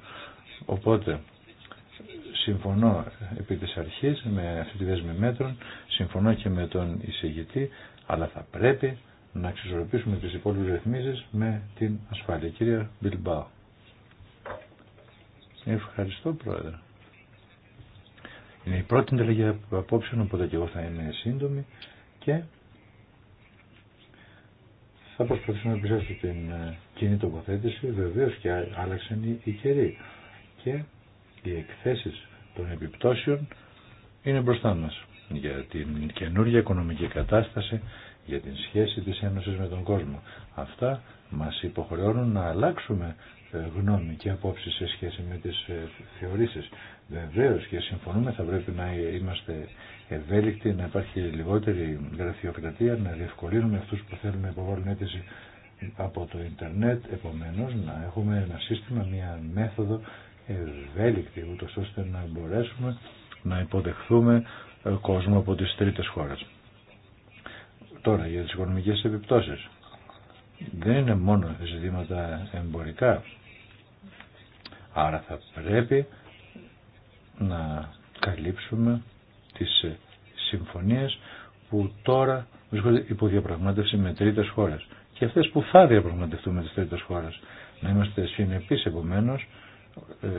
Οπότε, συμφωνώ επί της αρχής με αυτή τη δέσμη μέτρων, συμφωνώ και με τον εισηγητή, αλλά θα πρέπει να ξεσορροπήσουμε τις υπόλοιπες ρυθμίσεις με την ασφάλεια. Κυρία Μπιλμπάου. Ευχαριστώ Πρόεδρε. Είναι η πρώτη τελευταία απόψεων, οπότε και εγώ θα είμαι σύντομη και θα προσπαθήσουμε να αυτή την ε, κοινή τοποθέτηση, βεβαίω και άλλαξαν οι καιροί. Και οι εκθέσει των επιπτώσεων είναι μπροστά μα για την καινούργια οικονομική κατάσταση, για την σχέση της Ένωσης με τον κόσμο. Αυτά μας υποχρεώνουν να αλλάξουμε γνώμη και απόψη σε σχέση με τις ε, θεωρήσεις. Βεβαίω και συμφωνούμε θα πρέπει να είμαστε ευέλικτοι, να υπάρχει λιγότερη γραφειοκρατία, να διευκολύνουμε αυτούς που θέλουν να υποβάλουν αίτηση από το ίντερνετ, επομένως να έχουμε ένα σύστημα, μια μέθοδο ευέλικτη, ούτως ώστε να μπορέσουμε να υποδεχθούμε ε, κόσμο από τις τρίτες χώρες. Τώρα για τις οικονομικές επιπτώσεις. Δεν είναι μόνο ζητήματα εμπορικά, Άρα θα πρέπει να καλύψουμε τις ε, συμφωνίες που τώρα βρίσκονται υπό διαπραγμάτευση με τρίτες χώρες και αυτές που θα διαπραγματευτούμε με τις τρίτες χώρες. Να είμαστε συνεπείς επομένως ε,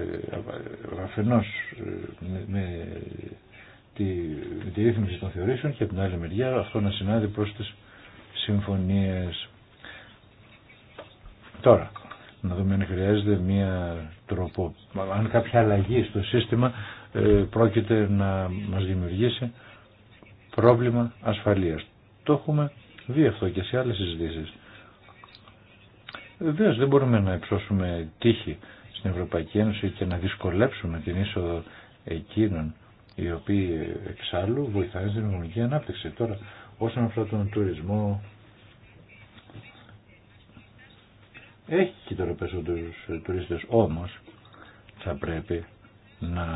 αφενός ε, με τη ρύθμιση των θεωρήσεων και από την άλλη μεριά αυτό να συνάδει προς τις συμφωνίες. Τώρα, να δούμε αν χρειάζεται μία τρόπο, αν κάποια αλλαγή στο σύστημα ε, πρόκειται να μας δημιουργήσει πρόβλημα ασφαλείας. Το έχουμε δει αυτό και σε άλλες συζητήσεις. Βεβαίω δεν μπορούμε να υψώσουμε τύχη στην Ευρωπαϊκή Ένωση και να δυσκολέψουμε την είσοδο εκείνων οι οποίοι εξάλλου βοηθάνε στην οικονομική ανάπτυξη. Τώρα όσον αφορά τον τουρισμό, Έχει και τώρα τους τουρίστες, όμως θα πρέπει να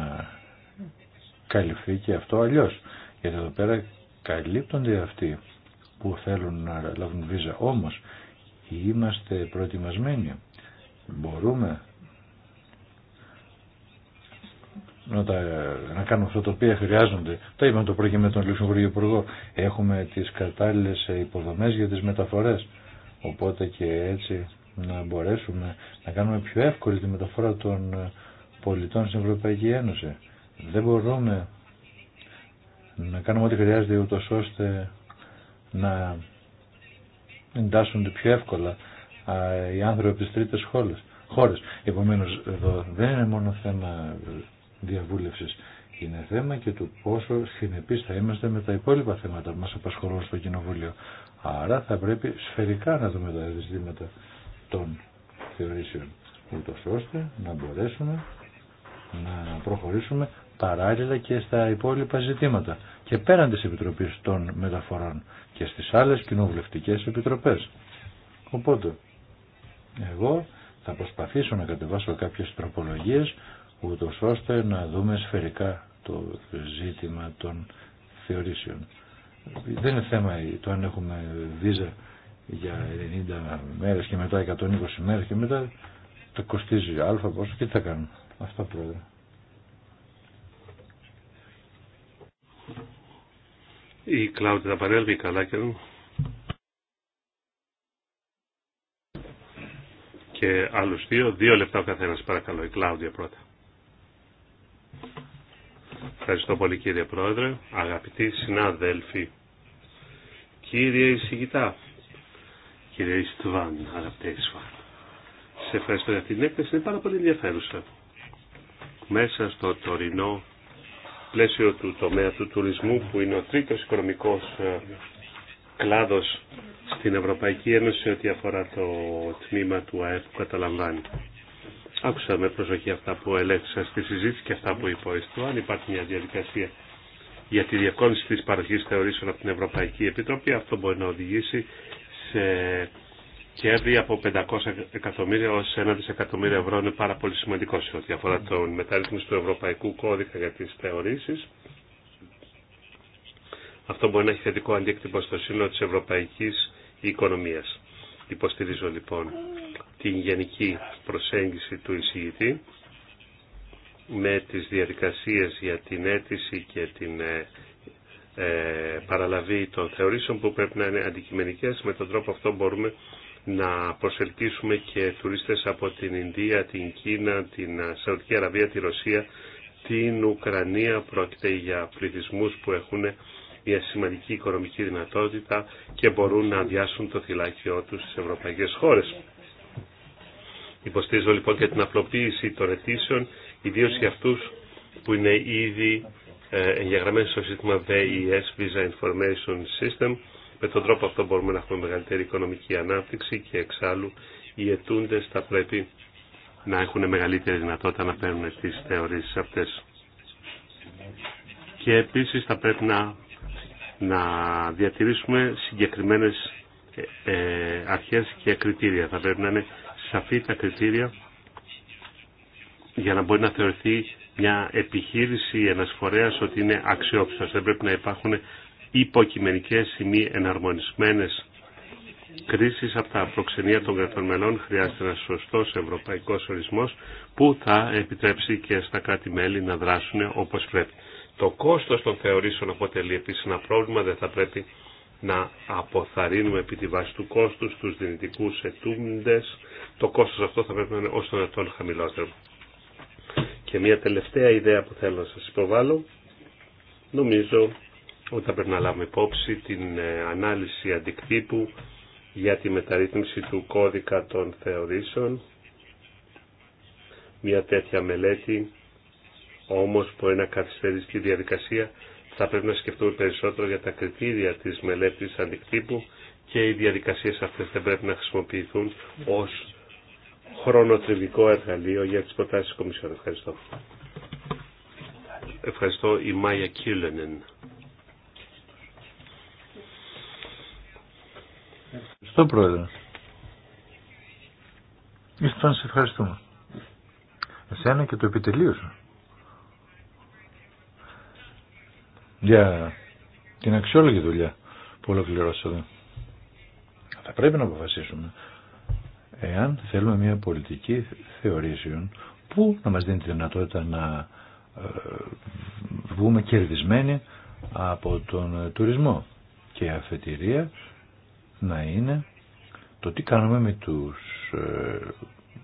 καλυφθεί και αυτό αλλιώς. Γιατί εδώ πέρα καλύπτονται αυτοί που θέλουν να λάβουν βίζα. Όμως είμαστε προετοιμασμένοι. Μπορούμε να, τα, να κάνουμε αυτό το οποίο χρειάζονται. Τα είπαμε το πρώτο με τον Λουξεμβουργό Υπουργό. Έχουμε τις κατάλληλες υποδομές για τις μεταφορές. Οπότε και έτσι να μπορέσουμε να κάνουμε πιο εύκολη τη μεταφορά των ε, πολιτών στην Ευρωπαϊκή Ένωση. Δεν μπορούμε να κάνουμε ό,τι χρειάζεται ούτω ώστε να εντάσσονται πιο εύκολα οι άνθρωποι στις τρίτες χώρες. χώρες. Επομένως εδώ δεν είναι μόνο θέμα διαβούλευσης, είναι θέμα και του πόσο συνεπείς θα είμαστε με τα υπόλοιπα θέματα που μας απασχολούν στο Κοινοβούλιο. Άρα θα πρέπει σφαιρικά να δούμε τα ζητήματα των θεωρήσεων ούτως ώστε να μπορέσουμε να προχωρήσουμε παράλληλα και στα υπόλοιπα ζητήματα και πέραν της Επιτροπής των Μεταφορών και στις άλλες κοινοβουλευτικές επιτροπές. Οπότε, εγώ θα προσπαθήσω να κατεβάσω κάποιες τροπολογίες ούτω ώστε να δούμε σφαιρικά το ζήτημα των θεωρήσεων. Δεν είναι θέμα το αν έχουμε βίζα για 90 μέρες και μετά 120 μέρες και μετά το κοστίζει αλφα πόσο και τι θα κάνουν. Αυτά πρόεδρε. Η Κλάουτ θα παρέλθει καλά και και άλλους δύο. Δύο λεπτά ο καθένας παρακαλώ. Η Κλάουδια πρώτα. Ευχαριστώ πολύ κύριε Πρόεδρε, αγαπητοί συνάδελφοι. Κύριε Ισηγητά, κύριε Ιστβάν, αγαπητέ Ιστβάν. Σε ευχαριστώ για την έκθεση, είναι πάρα πολύ ενδιαφέρουσα. Μέσα στο τωρινό πλαίσιο του τομέα του τουρισμού, που είναι ο τρίτος οικονομικό ε, κλάδος στην Ευρωπαϊκή Ένωση ό,τι αφορά το τμήμα του ΑΕΠ που καταλαμβάνει. Άκουσα με προσοχή αυτά που ελέγχθησα στη συζήτηση και αυτά που είπε ο υπάρχει μια διαδικασία για τη διακόνηση της παροχής θεωρήσεων από την Ευρωπαϊκή Επιτροπή, αυτό μπορεί να οδηγήσει και ε, κέρδη από 500 εκατομμύρια ως 1 δισεκατομμύριο ευρώ είναι πάρα πολύ σημαντικό σε ό,τι αφορά τον μεταρρύθμιση του Ευρωπαϊκού Κώδικα για τις θεωρήσεις. Αυτό μπορεί να έχει θετικό αντίκτυπο στο σύνολο της ευρωπαϊκής οικονομίας. Υποστηρίζω λοιπόν την γενική προσέγγιση του εισηγητή με τις διαδικασίες για την αίτηση και την ε, ε, παραλαβή των θεωρήσεων που πρέπει να είναι αντικειμενικές. Με τον τρόπο αυτό μπορούμε να προσελκύσουμε και τουρίστες από την Ινδία, την Κίνα, την ε, Σαουδική Αραβία, τη Ρωσία, την Ουκρανία. Πρόκειται για πληθυσμούς που έχουν μια σημαντική οικονομική δυνατότητα και μπορούν να αδειάσουν το θυλάκιό τους στις ευρωπαϊκές χώρες. Υποστήριζω λοιπόν και την απλοποίηση των αιτήσεων, ιδίως για αυτούς που είναι ήδη ε, εγγεγραμμένη στο σύστημα VES, Visa Information System. Με τον τρόπο αυτό μπορούμε να έχουμε μεγαλύτερη οικονομική ανάπτυξη και εξάλλου οι ετούντες θα πρέπει να έχουν μεγαλύτερη δυνατότητα να παίρνουν τις θεωρήσεις αυτές. Και επίσης θα πρέπει να, διατηρήσουμε συγκεκριμένες ε, ε, αρχές και κριτήρια. Θα πρέπει να είναι σαφή τα κριτήρια για να μπορεί να θεωρηθεί μια επιχείρηση, ένας φορέας ότι είναι αξιόπιστος. Δεν πρέπει να υπάρχουν υποκειμενικές ή μη εναρμονισμένες κρίσεις από τα προξενία των κρατών μελών. Χρειάζεται ένα σωστός ευρωπαϊκός ορισμός που θα επιτρέψει και στα κράτη-μέλη να δράσουν όπως πρέπει. Το κόστος των θεωρήσεων αποτελεί επίσης ένα πρόβλημα, δεν θα πρέπει να αποθαρρύνουμε επί τη βάση του κόστου τους δυνητικούς ετούμντες. Το κόστο αυτό θα πρέπει να είναι όσο να τον χαμηλότερο. Και μια τελευταία ιδέα που θέλω να σας υποβάλω, νομίζω ότι θα πρέπει να λάβουμε υπόψη την ε, ανάλυση αντικτύπου για τη μεταρρύθμιση του κώδικα των θεωρήσεων. Μια τέτοια μελέτη όμως που είναι καθυστερήσει διαδικασία. Θα πρέπει να σκεφτούμε περισσότερο για τα κριτήρια της μελέτης αντικτύπου και οι διαδικασίες αυτές δεν πρέπει να χρησιμοποιηθούν ως χρονοτριβικό εργαλείο για τις προτάσεις της Κομισιόν. Ευχαριστώ. Ευχαριστώ η Μάια Κίλενεν. Ευχαριστώ Πρόεδρε. Ήρθα να σε ευχαριστούμε. Εσένα και το επιτελείο σου. Για την αξιόλογη δουλειά που ολοκληρώσατε. Θα πρέπει να αποφασίσουμε εάν θέλουμε μια πολιτική θεωρήσεων που να μας δίνει τη δυνατότητα να ε, βγούμε κερδισμένοι από τον τουρισμό και η αφετηρία να είναι το τι κάνουμε με τους ε,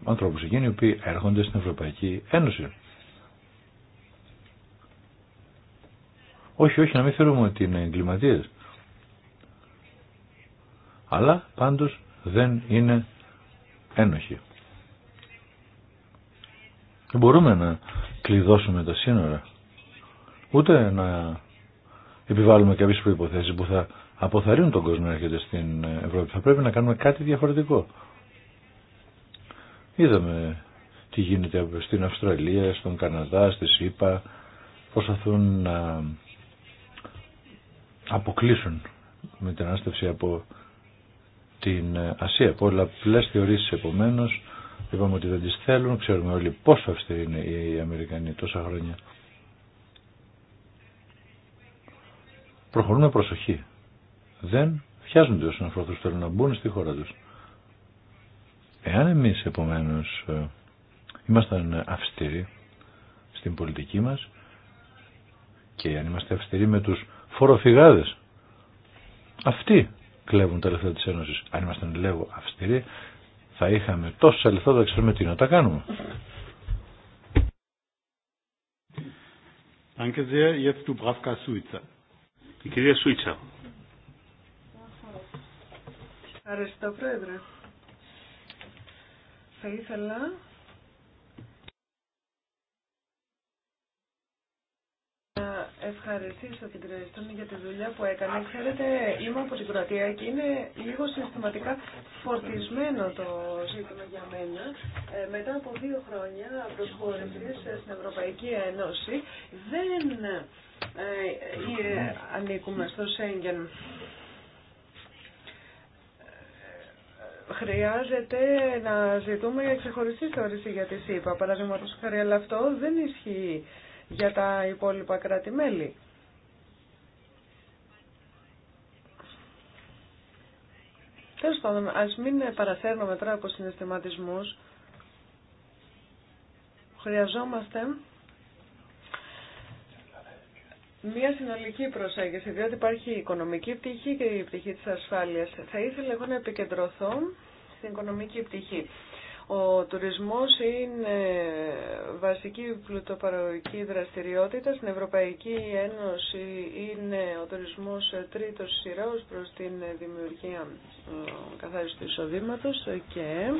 ανθρώπους εκείνοι οι οποίοι έρχονται στην Ευρωπαϊκή Ένωση. Όχι, όχι, να μην θεωρούμε ότι είναι εγκληματίες. Αλλά πάντως δεν είναι ένοχοι. Δεν μπορούμε να κλειδώσουμε τα σύνορα, ούτε να επιβάλλουμε κάποιες προϋποθέσεις που θα αποθαρρύνουν τον κόσμο να έρχεται στην Ευρώπη. Θα πρέπει να κάνουμε κάτι διαφορετικό. Είδαμε τι γίνεται στην Αυστραλία, στον Καναδά, στη ΣΥΠΑ, προσπαθούν να αποκλείσουν μετανάστευση από την Ασία. Πολλαπλέ θεωρήσει επομένω. Είπαμε ότι δεν τι θέλουν. Ξέρουμε όλοι πόσο αυστηροί είναι οι Αμερικανοί τόσα χρόνια. Προχωρούμε προσοχή. Δεν φτιάζονται όσοι ανθρώπου θέλουν να μπουν στη χώρα του. Εάν εμεί επομένω ε, ήμασταν αυστηροί στην πολιτική μα και αν είμαστε αυστηροί με του φοροφυγάδε αυτοί κλέβουν τα λεφτά τη Ένωση. Αν ήμασταν λίγο αυστηροί, θα είχαμε τόσα λεφτά, δεν ξέρουμε τι να τα κάνουμε. Danke sehr. Jetzt du Bravka Suiza. Die Kirche Suiza. Ευχαριστώ, Πρόεδρε. Θα ήθελα Να ευχαριστήσω την Τρέστον για τη δουλειά που έκανε. Ξέρετε, είμαι από την Κροατία και είναι λίγο συστηματικά φορτισμένο το ζήτημα για μένα. Ε, μετά από δύο χρόνια προσχώρησης στην Ευρωπαϊκή Ένωση δεν ε, ε, ανήκουμε στο Σέγγεν. χρειάζεται να ζητούμε ξεχωριστή θεώρηση για τη ΣΥΠΑ, παραδείγματος χάρη, αλλά αυτό δεν ισχύει για τα υπόλοιπα κράτη-μέλη. Τέλο πάντων, ας μην παραφέρνουμε τώρα από συναισθηματισμούς. Χρειαζόμαστε μια συνολική προσέγγιση, διότι υπάρχει η οικονομική πτυχή και η πτυχή της ασφάλειας. Θα ήθελα εγώ να επικεντρωθώ στην οικονομική πτυχή. Ο τουρισμός είναι βασική πλουτοπαραγωγική δραστηριότητα. Στην Ευρωπαϊκή Ένωση είναι ο τουρισμός τρίτος σειράς προς την δημιουργία ε, του εισοδήματος και...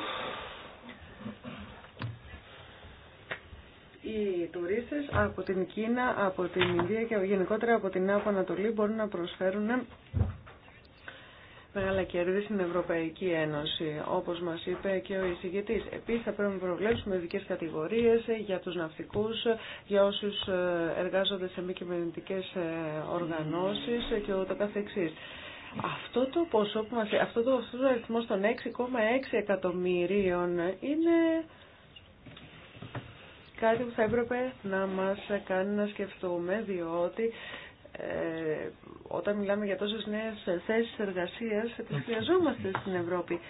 Οι τουρίστες από την Κίνα, από την Ινδία και γενικότερα από την Άπο Ανατολή μπορούν να προσφέρουν μεγάλα κέρδη στην Ευρωπαϊκή Ένωση, όπως μας είπε και ο εισηγητής. Επίσης θα πρέπει να προβλέψουμε ειδικέ κατηγορίες για τους ναυτικούς, για όσους ε, εργάζονται σε μη κυβερνητικέ ε, οργανώσεις και ούτω καθεξής. Αυτό το ποσό που αυτό αυτό το αριθμό των 6,6 εκατομμυρίων είναι κάτι που θα έπρεπε να μας κάνει να σκεφτούμε, διότι ε, όταν μιλάμε για τόσες νέες θέσεις εργασίας, τις χρειαζόμαστε στην Ευρώπη.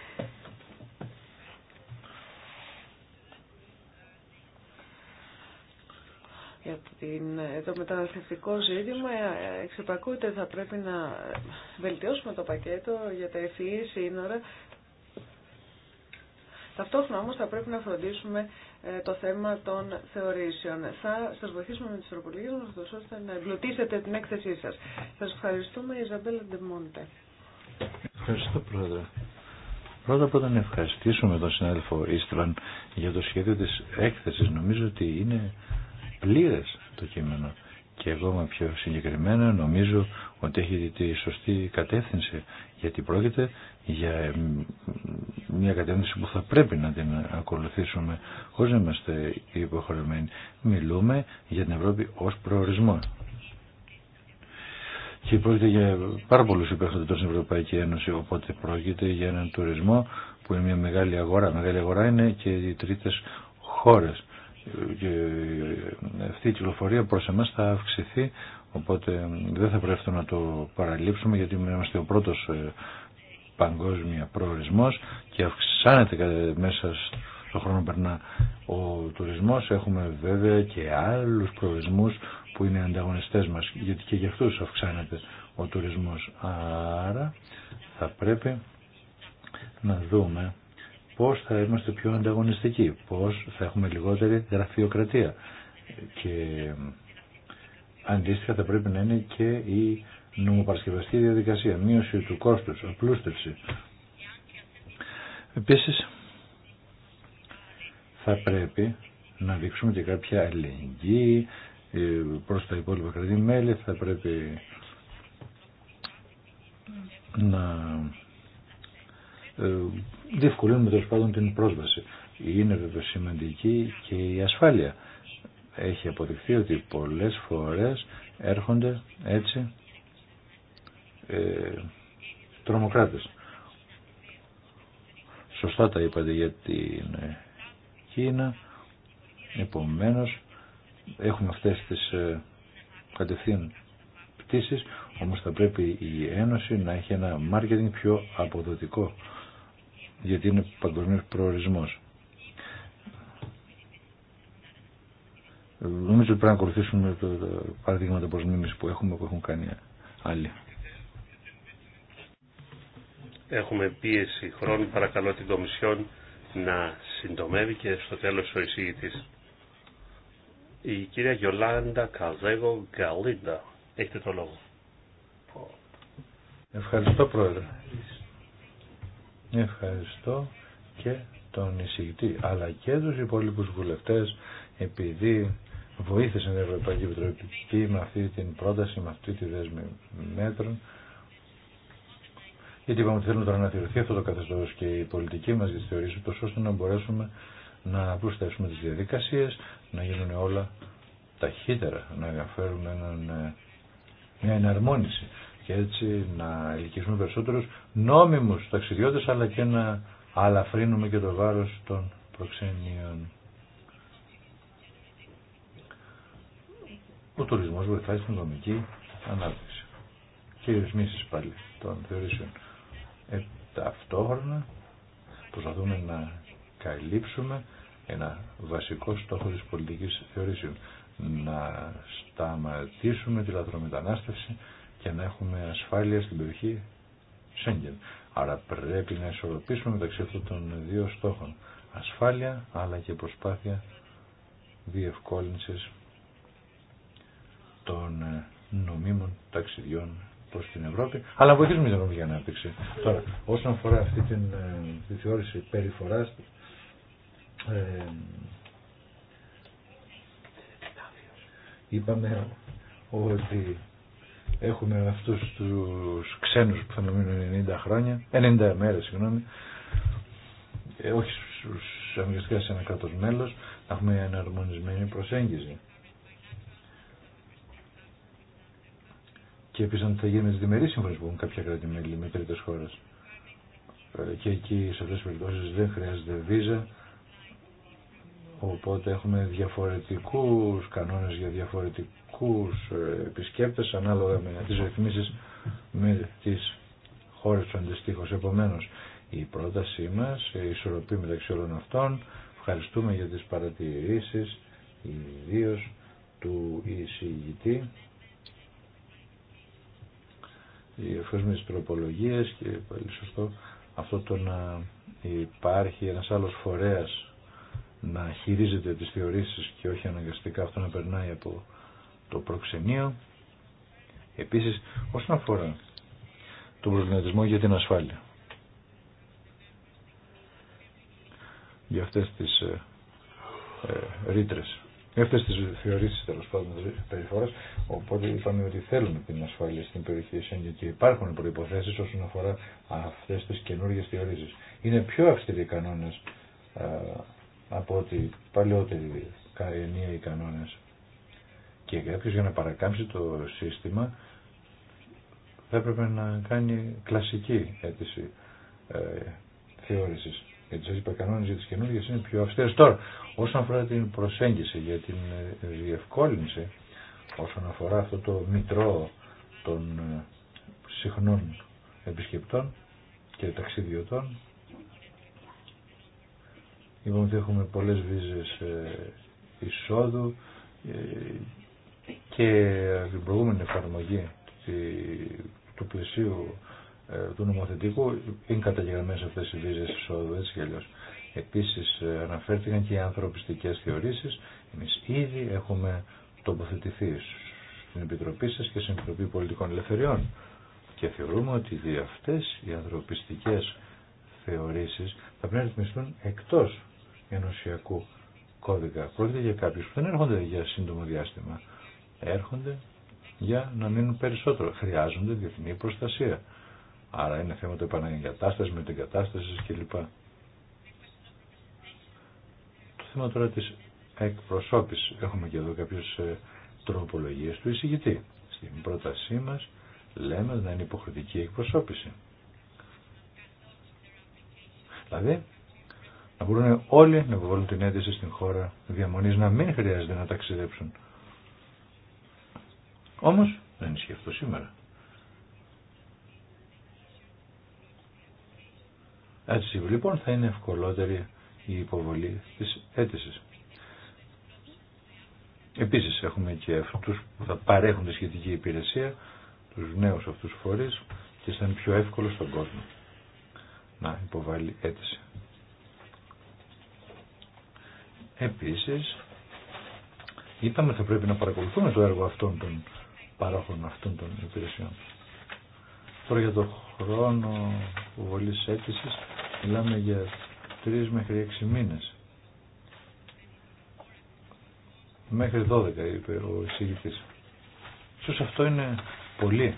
για την, το μεταναστευτικό ζήτημα ε, εξεπακούεται θα πρέπει να βελτιώσουμε το πακέτο για τα ευφυή σύνορα. Ταυτόχρονα όμως θα πρέπει να φροντίσουμε ε, το θέμα των θεωρήσεων. Θα σας βοηθήσουμε με τις τροπολογίες μας, ώστε να εμπλουτίσετε την έκθεσή σας. Σας ευχαριστούμε, Ιζαμπέλα Ντεμόντε. Ευχαριστώ, Πρόεδρε. Πρώτα όλα να ευχαριστήσουμε τον συνάδελφο Ίστραν για το σχέδιο της έκθεσης. Νομίζω ότι είναι πλήρες το κείμενο και εγώ, με πιο συγκεκριμένα νομίζω ότι έχει τη σωστή κατεύθυνση γιατί πρόκειται για ε, μια κατεύθυνση που θα πρέπει να την ακολουθήσουμε χωρίς να είμαστε υποχρεωμένοι. Μιλούμε για την Ευρώπη ως προορισμό. Και πρόκειται για πάρα πολλούς υπεύθυντες στην Ευρωπαϊκή Ένωση, οπότε πρόκειται για έναν τουρισμό που είναι μια μεγάλη αγορά. Μεγάλη αγορά είναι και οι τρίτες χώρες. Ε, και ε, αυτή η κυκλοφορία προς εμάς θα αυξηθεί Οπότε δεν θα πρέπει αυτό να το παραλείψουμε γιατί είμαστε ο πρώτος ε, παγκόσμια προορισμός και αυξάνεται μέσα στον χρόνο περνά ο τουρισμός. Έχουμε βέβαια και άλλους προορισμούς που είναι ανταγωνιστές μας γιατί και για αυτούς αυξάνεται ο τουρισμός. Άρα θα πρέπει να δούμε πώς θα είμαστε πιο ανταγωνιστικοί, πώς θα έχουμε λιγότερη γραφειοκρατία και Αντίστοιχα θα πρέπει να είναι και η νομοπαρασκευαστική διαδικασία, μείωση του κόστους, απλούστευση. Επίσης, θα πρέπει να δείξουμε και κάποια αλληλεγγύη ε, προς τα υπόλοιπα κρατή μέλη. θα πρέπει να ε, διευκολύνουμε τόσο πάντων την πρόσβαση. Είναι βέβαια σημαντική και η ασφάλεια έχει αποδειχθεί ότι πολλές φορές έρχονται έτσι ε, τρομοκράτες. Σωστά τα είπατε για την ε, Κίνα. Επομένως έχουμε αυτές τις ε, πτήσεις, όμως θα πρέπει η Ένωση να έχει ένα μάρκετινγκ πιο αποδοτικό, γιατί είναι παγκοσμίως προορισμός. Νομίζω ότι πρέπει να ακολουθήσουμε το, παραδείγματα παραδείγμα των που έχουμε, που έχουν κάνει άλλοι. Έχουμε πίεση χρόνου, παρακαλώ την Κομισιόν να συντομεύει και στο τέλος ο εισηγητής. Η κυρία Γιολάντα Καζέγο Γκαλίντα. Έχετε το λόγο. Ευχαριστώ πρόεδρε. Ευχαριστώ και τον εισηγητή αλλά και τους υπόλοιπους βουλευτές επειδή βοήθησε την Ευρωπαϊκή Επιτροπή με αυτή την πρόταση, με αυτή τη δέσμη μέτρων. Γιατί είπαμε ότι θέλουμε τώρα να θεωρηθεί αυτό το καθεστώ και η πολιτική μα για τι θεωρήσει, ώστε να μπορέσουμε να απλουστεύσουμε τι διαδικασίε, να γίνουν όλα ταχύτερα, να φέρουμε έναν, ε, μια εναρμόνιση και έτσι να ελκύσουμε περισσότερου νόμιμου ταξιδιώτε, αλλά και να αλαφρύνουμε και το βάρο των προξενείων. ο τουρισμό βοηθάει στην δομική ανάπτυξη και οι ρυθμίσει πάλι των θεωρήσεων. Ε, ταυτόχρονα προσπαθούμε να καλύψουμε ένα βασικό στόχο τη πολιτικής θεωρήσεων. Να σταματήσουμε τη λαθρομετανάστευση και να έχουμε ασφάλεια στην περιοχή Σέγγεν. Άρα πρέπει να ισορροπήσουμε μεταξύ αυτών των δύο στόχων. Ασφάλεια αλλά και προσπάθεια διευκόλυνσης νομίμων ταξιδιών προ την Ευρώπη, αλλά βοηθήσουμε την για ανάπτυξη. Τώρα, όσον αφορά αυτή την, ε, τη θεώρηση περιφορά, ε, είπαμε ότι έχουμε αυτούς τους ξένους που θα μείνουν 90 χρόνια, 90 μέρες συγγνώμη, ε, όχι στους αμυγιστικά σε ένα κράτος μέλος, να έχουμε εναρμονισμένη προσέγγιση. και επίση αν θα γίνουν τι διμερεί σύμφωνε που έχουν κάποια κράτη-μέλη με τρίτε χώρε. Ε, και εκεί σε αυτέ τι περιπτώσει δεν χρειάζεται βίζα. Οπότε έχουμε διαφορετικού κανόνε για διαφορετικού ε, επισκέπτε ανάλογα με τι ρυθμίσει με τι χώρε του αντιστοίχω. Επομένω, η πρότασή μα ισορροπεί μεταξύ όλων αυτών. Ευχαριστούμε για τι παρατηρήσει, ιδίω του εισηγητή Ευχαριστούμε τις τροπολογίε και πολύ σωστό αυτό το να υπάρχει ένας άλλος φορέας να χειρίζεται τις θεωρήσεις και όχι αναγκαστικά αυτό να περνάει από το προξενείο. Επίσης, όσον αφορά τον προβληματισμό για την ασφάλεια. Για αυτές τις ε, ε με αυτές τις θεωρήσεις τέλο πάντων περιφόρα, οπότε είπαμε ότι θέλουμε την ασφάλεια στην περιοχή Σέγγεν και υπάρχουν προϋποθέσεις όσον αφορά αυτές τις καινούργιε θεωρήσει. Είναι πιο αυστηροί οι κανόνες ε, από ότι παλαιότεροι ενία οι Και κάποιο για να παρακάμψει το σύστημα θα έπρεπε να κάνει κλασική αίτηση ε, γιατί σα είπα, οι κανόνε για τι καινούργιε είναι πιο αυστηρέ. Τώρα, όσον αφορά την προσέγγιση για την ε, διευκόλυνση, όσον αφορά αυτό το μητρό των ε, συχνών επισκεπτών και ταξιδιωτών, είπαμε ότι έχουμε πολλέ βίζε ε, εισόδου και την προηγούμενη εφαρμογή του πλαισίου ε, του νομοθετικού είναι καταγεγραμμένες αυτές οι βίζες εισόδου, έτσι κι αλλιώς. Επίσης ε, αναφέρθηκαν και οι ανθρωπιστικές θεωρήσεις. Εμείς ήδη έχουμε τοποθετηθεί στην Επιτροπή σα και στην Επιτροπή Πολιτικών Ελευθεριών και θεωρούμε ότι αυτές οι ανθρωπιστικές θεωρήσεις θα πρέπει να ρυθμιστούν εκτός ενωσιακού κώδικα. Πρόκειται για κάποιους που δεν έρχονται για σύντομο διάστημα. Έρχονται για να μείνουν περισσότερο. Χρειάζονται διεθνή προστασία. Άρα είναι θέμα το επαναγκατάσταση με την κατάσταση κλπ. Το θέμα τώρα της εκπροσώπηση. Έχουμε και εδώ κάποιες ε, τροπολογίες του εισηγητή. Στην πρότασή μας λέμε να είναι υποχρεωτική εκπροσώπηση. Δηλαδή, να μπορούν όλοι να βγάλουν την αίτηση στην χώρα διαμονής, να μην χρειάζεται να ταξιδέψουν. Όμως, δεν ισχύει αυτό σήμερα. Έτσι λοιπόν θα είναι ευκολότερη η υποβολή της αίτησης. Επίσης έχουμε και αυτούς που θα παρέχουν τη σχετική υπηρεσία, τους νέους αυτούς φορείς και θα είναι πιο εύκολο στον κόσμο να υποβάλει αίτηση. Επίσης, είπαμε θα πρέπει να παρακολουθούμε το έργο αυτών των παρόχων αυτών των υπηρεσιών. Τώρα για το χρόνο βολής αίτησης μιλάμε για τρεις μέχρι έξι μήνες. Μέχρι δώδεκα, είπε ο εισηγητής. Ίσως αυτό είναι πολύ,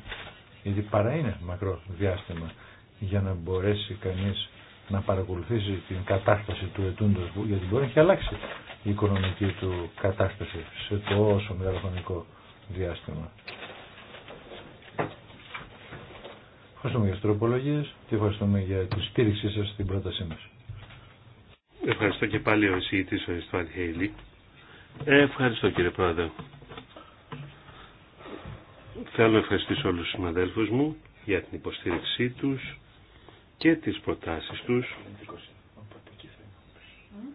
γιατί παρά είναι μακρό διάστημα για να μπορέσει κανείς να παρακολουθήσει την κατάσταση του ετούντος γιατί μπορεί να έχει αλλάξει η οικονομική του κατάσταση σε τόσο μεγάλο χρονικό διάστημα. Ευχαριστούμε για τι τροπολογίε και ευχαριστούμε για τη στήριξή σα στην πρότασή μας. Ευχαριστώ και πάλι ο εισηγητή ο Ιστβάν Χέιλι. Ευχαριστώ κύριε Πρόεδρε. Θέλω να ευχαριστήσω όλους τους συναδέλφου μου για την υποστήριξή τους και τις προτάσεις τους.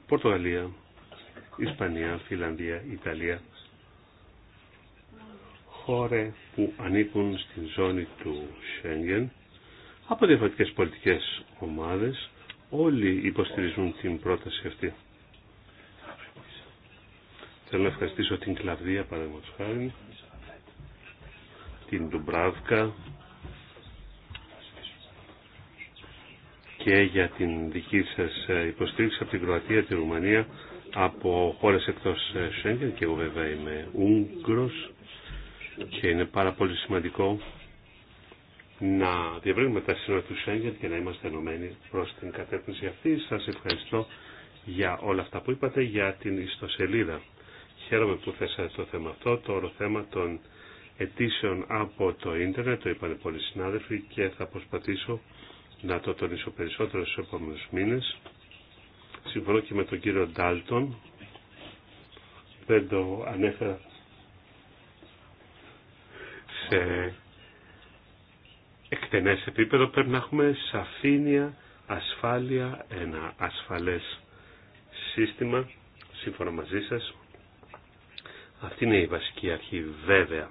Πορτογαλία, Ισπανία, Φιλανδία, Ιταλία. Χώρες που ανήκουν στην ζώνη του Σέγγεν από διαφορετικές πολιτικές ομάδες. Όλοι υποστηρίζουν την πρόταση αυτή. Θέλω να ευχαριστήσω την Κλαβδία παραδείγματος χάρη, την Ντουμπράβκα και για την δική σας υποστήριξη από την Κροατία, τη Ρουμανία, από χώρες εκτός Σέγγεν και εγώ βέβαια είμαι Ούγκρος και είναι πάρα πολύ σημαντικό να διευρύνουμε τα σύνορα του Σέγγεν και να είμαστε ενωμένοι προς την κατεύθυνση αυτή. Σας ευχαριστώ για όλα αυτά που είπατε, για την ιστοσελίδα. Χαίρομαι που θέσατε το θέμα αυτό, το όρο θέμα των αιτήσεων από το ίντερνετ, το είπαν πολλοί συνάδελφοι και θα προσπαθήσω να το τονίσω περισσότερο στους επόμενους μήνες. Συμφωνώ και με τον κύριο Ντάλτον, δεν το ανέφερα σε εκτενές επίπεδο πρέπει να έχουμε σαφήνεια, ασφάλεια, ένα ασφαλές σύστημα, σύμφωνα μαζί σας. Αυτή είναι η βασική αρχή, βέβαια.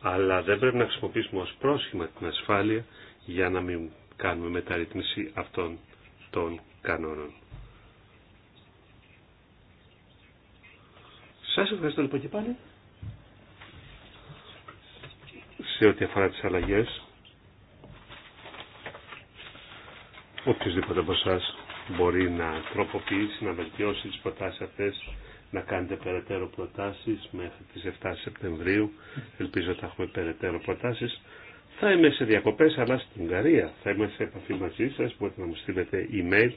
Αλλά δεν πρέπει να χρησιμοποιήσουμε ως πρόσχημα την ασφάλεια για να μην κάνουμε μεταρρύθμιση αυτών των κανόνων. Σας ευχαριστώ λοιπόν και πάλι. Σε ό,τι αφορά τις αλλαγές, οποιοδήποτε από εσά μπορεί να τροποποιήσει, να βελτιώσει τις προτάσεις αυτέ να κάνετε περαιτέρω προτάσεις μέχρι τις 7 Σεπτεμβρίου. Ελπίζω ότι θα έχουμε περαιτέρω προτάσεις. Θα είμαι σε διακοπές, αλλά στην Ουγγαρία θα είμαι σε επαφή μαζί σας. Μπορείτε να μου στείλετε email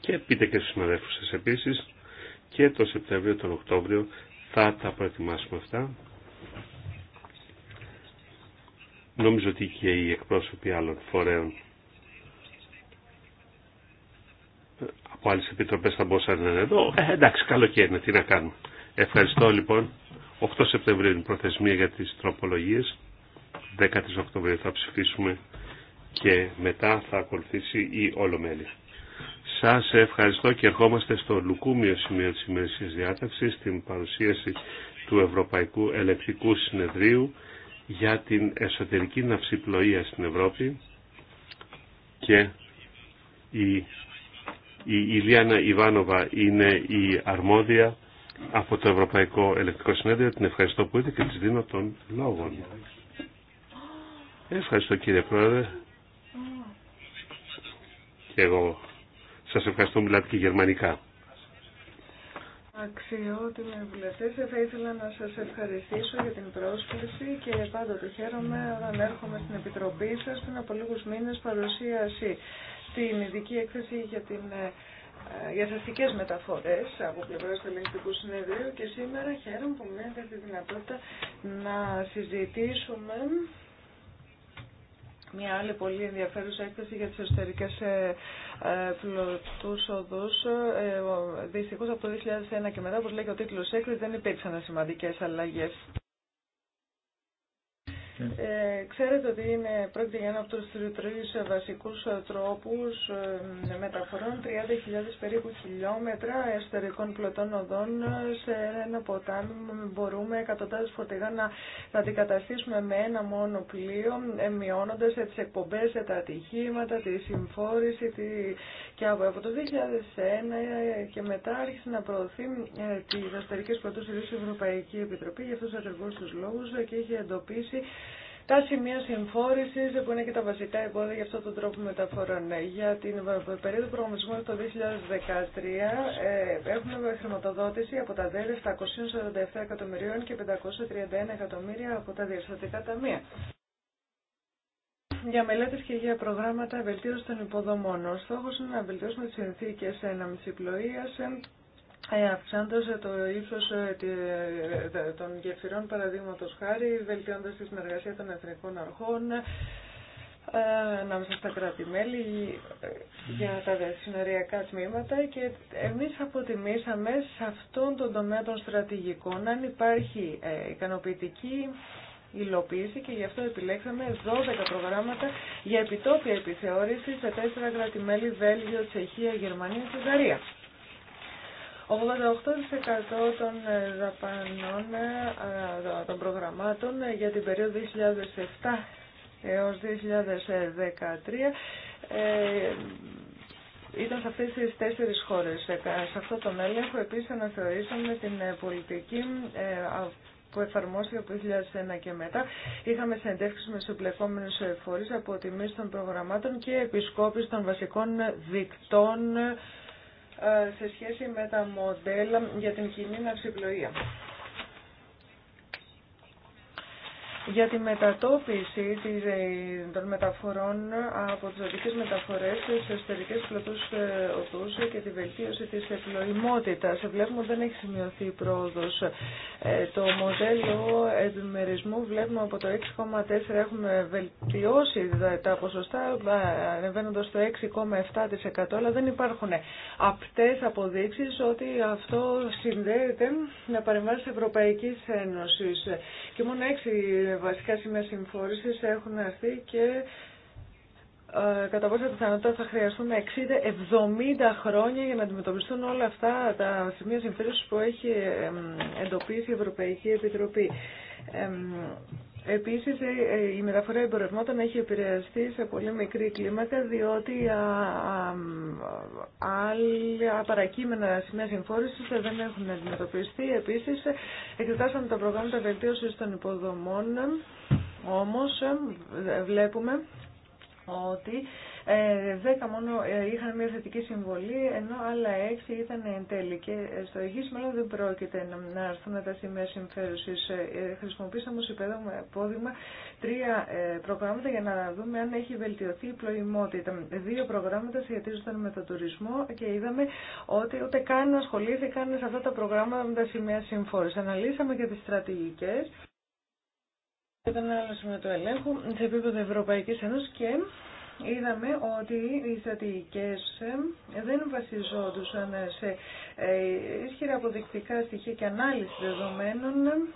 και πείτε και στου συναδέλφου σας Και το Σεπτέμβριο, τον Οκτώβριο θα τα προετοιμάσουμε αυτά. Νομίζω ότι και οι εκπρόσωποι άλλων φορέων από άλλες επιτροπές θα μπορούσαν να είναι εδώ. Ε, εντάξει, καλοκαίρι είναι, τι να κάνουμε. Ευχαριστώ λοιπόν. 8 Σεπτεμβρίου είναι προθεσμία για τις τροπολογίες. 10 Οκτωβρίου θα ψηφίσουμε και μετά θα ακολουθήσει η Ολομέλεια. Σας ευχαριστώ και ερχόμαστε στο λουκούμιο σημείο της ημερησίας διάταξης, την παρουσίαση του Ευρωπαϊκού Ελεκτικού Συνεδρίου για την εσωτερική ναυσιπλοεία στην Ευρώπη και η, η Ιβάνοβα είναι η αρμόδια από το Ευρωπαϊκό Ελεκτικό Συνέδριο. Την ευχαριστώ που είτε και της δίνω τον λόγο. Ευχαριστώ κύριε Πρόεδρε. Και εγώ σας ευχαριστώ, μιλάτε και γερμανικά. Αξιότιμοι βουλευτέ, θα ήθελα να σα ευχαριστήσω για την πρόσκληση και πάντοτε χαίρομαι όταν έρχομαι στην Επιτροπή σα. Πριν από λίγου μήνε παρουσίαση την ειδική έκθεση για την ε, για αστικές μεταφορές από πλευρά του Ελληνικού Συνεδρίου και σήμερα χαίρομαι που μου έδωσε τη δυνατότητα να συζητήσουμε μια άλλη πολύ ενδιαφέρουσα έκθεση για τις εσωτερικές ε, ε πλωτούς οδούς. Ε, δυστυχώς από το 2001 και μετά, όπως λέει και ο τίτλος έκθεση, δεν υπήρξαν σημαντικές αλλαγές. Ε, ξέρετε ότι είναι, πρόκειται για ένα από τους τρεις βασικούς τρόπους ε, μεταφορών, 30.000 περίπου χιλιόμετρα εσωτερικών πλωτών οδών ε, σε ένα ποτάμι μπορούμε εκατοντάδες φορτηγά να να αντικαταστήσουμε με ένα μόνο πλοίο, ε, μειώνοντας τις εκπομπές, ε, τα ατυχήματα, τη συμφόρηση τη, και από το 2001 και μετά άρχισε να προωθεί ε, τι δασταρική πρωτοσυλλογέ η Ευρωπαϊκή Επιτροπή για αυτού ακριβώς ακριβώ λόγους λόγου και έχει εντοπίσει τα σημεία συμφόρηση που είναι και τα βασικά εμπόδια για αυτόν τον τρόπο μεταφορών. Για την περίοδο προγραμματισμού το 2013 ε, έχουμε χρηματοδότηση από τα ΔΕΛΕ 747 εκατομμυρίων και 531 εκατομμύρια από τα διαστατικά ταμεία για μελέτες και για προγράμματα βελτίωση των υποδομών. Ο στόχος είναι να βελτιώσουμε τις συνθήκες αναμυσιπλοείας, ε, αυξάνοντας το ύψος ε, ε, των γεφυρών, παραδείγματος χάρη, βελτιώντας τη συνεργασία των εθνικών αρχών, ανάμεσα στα κράτη-μέλη για τα συνοριακά τμήματα και εμείς αποτιμήσαμε σε αυτόν τον τομέα των στρατηγικών αν υπάρχει ικανοποιητική και γι' αυτό επιλέξαμε 12 προγράμματα για επιτόπια επιθεώρηση σε 4 κράτη-μέλη, Βέλγιο, Τσεχία, Γερμανία και Ζαρία. 88% των ε, δαπανών ε, των προγραμμάτων ε, για την περίοδο 2007 έως 2013 ήταν σε αυτές τις τέσσερις χώρες. Σε αυτό το έλεγχο επίσης αναθεωρήσαμε την πολιτική που εφαρμόστηκε από το 2001 και μετά. Είχαμε συνεντεύξει με συμπλεκόμενου φορεί από τιμή των προγραμμάτων και επισκόπηση των βασικών δικτών ε, σε σχέση με τα μοντέλα για την κοινή ναυσιπλοεία. για τη μετατόπιση ε, των μεταφορών από τις οδικές μεταφορές στις εσωτερικές πλωτούς ε, οδούς και τη βελτίωση της επιλογιμότητας. Βλέπουμε ότι δεν έχει σημειωθεί πρόοδος. Ε, το μοντέλο επιμερισμού βλέπουμε από το 6,4 έχουμε βελτιώσει τα ποσοστά ανεβαίνοντα το 6,7% αλλά δεν υπάρχουν απτές αποδείξεις ότι αυτό συνδέεται με παρεμβάσεις Ευρωπαϊκής Ένωσης και μόνο 6 βασικά σημεία συμφόρηση έχουν αρθεί και ε, κατά πόσα πιθανότητα θα χρειαστούν 60-70 χρόνια για να αντιμετωπιστούν όλα αυτά τα σημεία συμφέρουσης που έχει εντοπίσει η Ευρωπαϊκή Επιτροπή. Επίσης ε, ε, η μεταφορά εμπορευμάτων έχει επηρεαστεί σε πολύ μικρή κλίμακα διότι άλλα παρακείμενα σημεία συμφόρησης δεν έχουν αντιμετωπιστεί. Επίσης εξετάσαμε τα προγράμματα βελτίωση των υποδομών όμως ε, βλέπουμε ότι ε, δέκα μόνο ε, είχαν μια θετική συμβολή, ενώ άλλα έξι ήταν εν τέλει. Και στο εγγύς μέλλον δεν πρόκειται να έρθουν τα σημεία συμφέρουσης. Ε, Χρησιμοποίησαμε ως υπόδειγμα τρία προγράμματα για να δούμε αν έχει βελτιωθεί η πλοημότητα. Δύο προγράμματα σχετίζονταν με τον τουρισμό και είδαμε ότι ούτε καν ασχολήθηκαν σε αυτά τα προγράμματα με τα σημεία συμφόρηση. Αναλύσαμε και τις στρατηγικές άλλο με το ελέγχο σε επίπεδο Ευρωπαϊκής Ένωσης και είδαμε ότι οι στρατηγικές ε, δεν βασιζόντουσαν σε ε, ισχυρά αποδεικτικά στοιχεία και ανάλυση δεδομένων,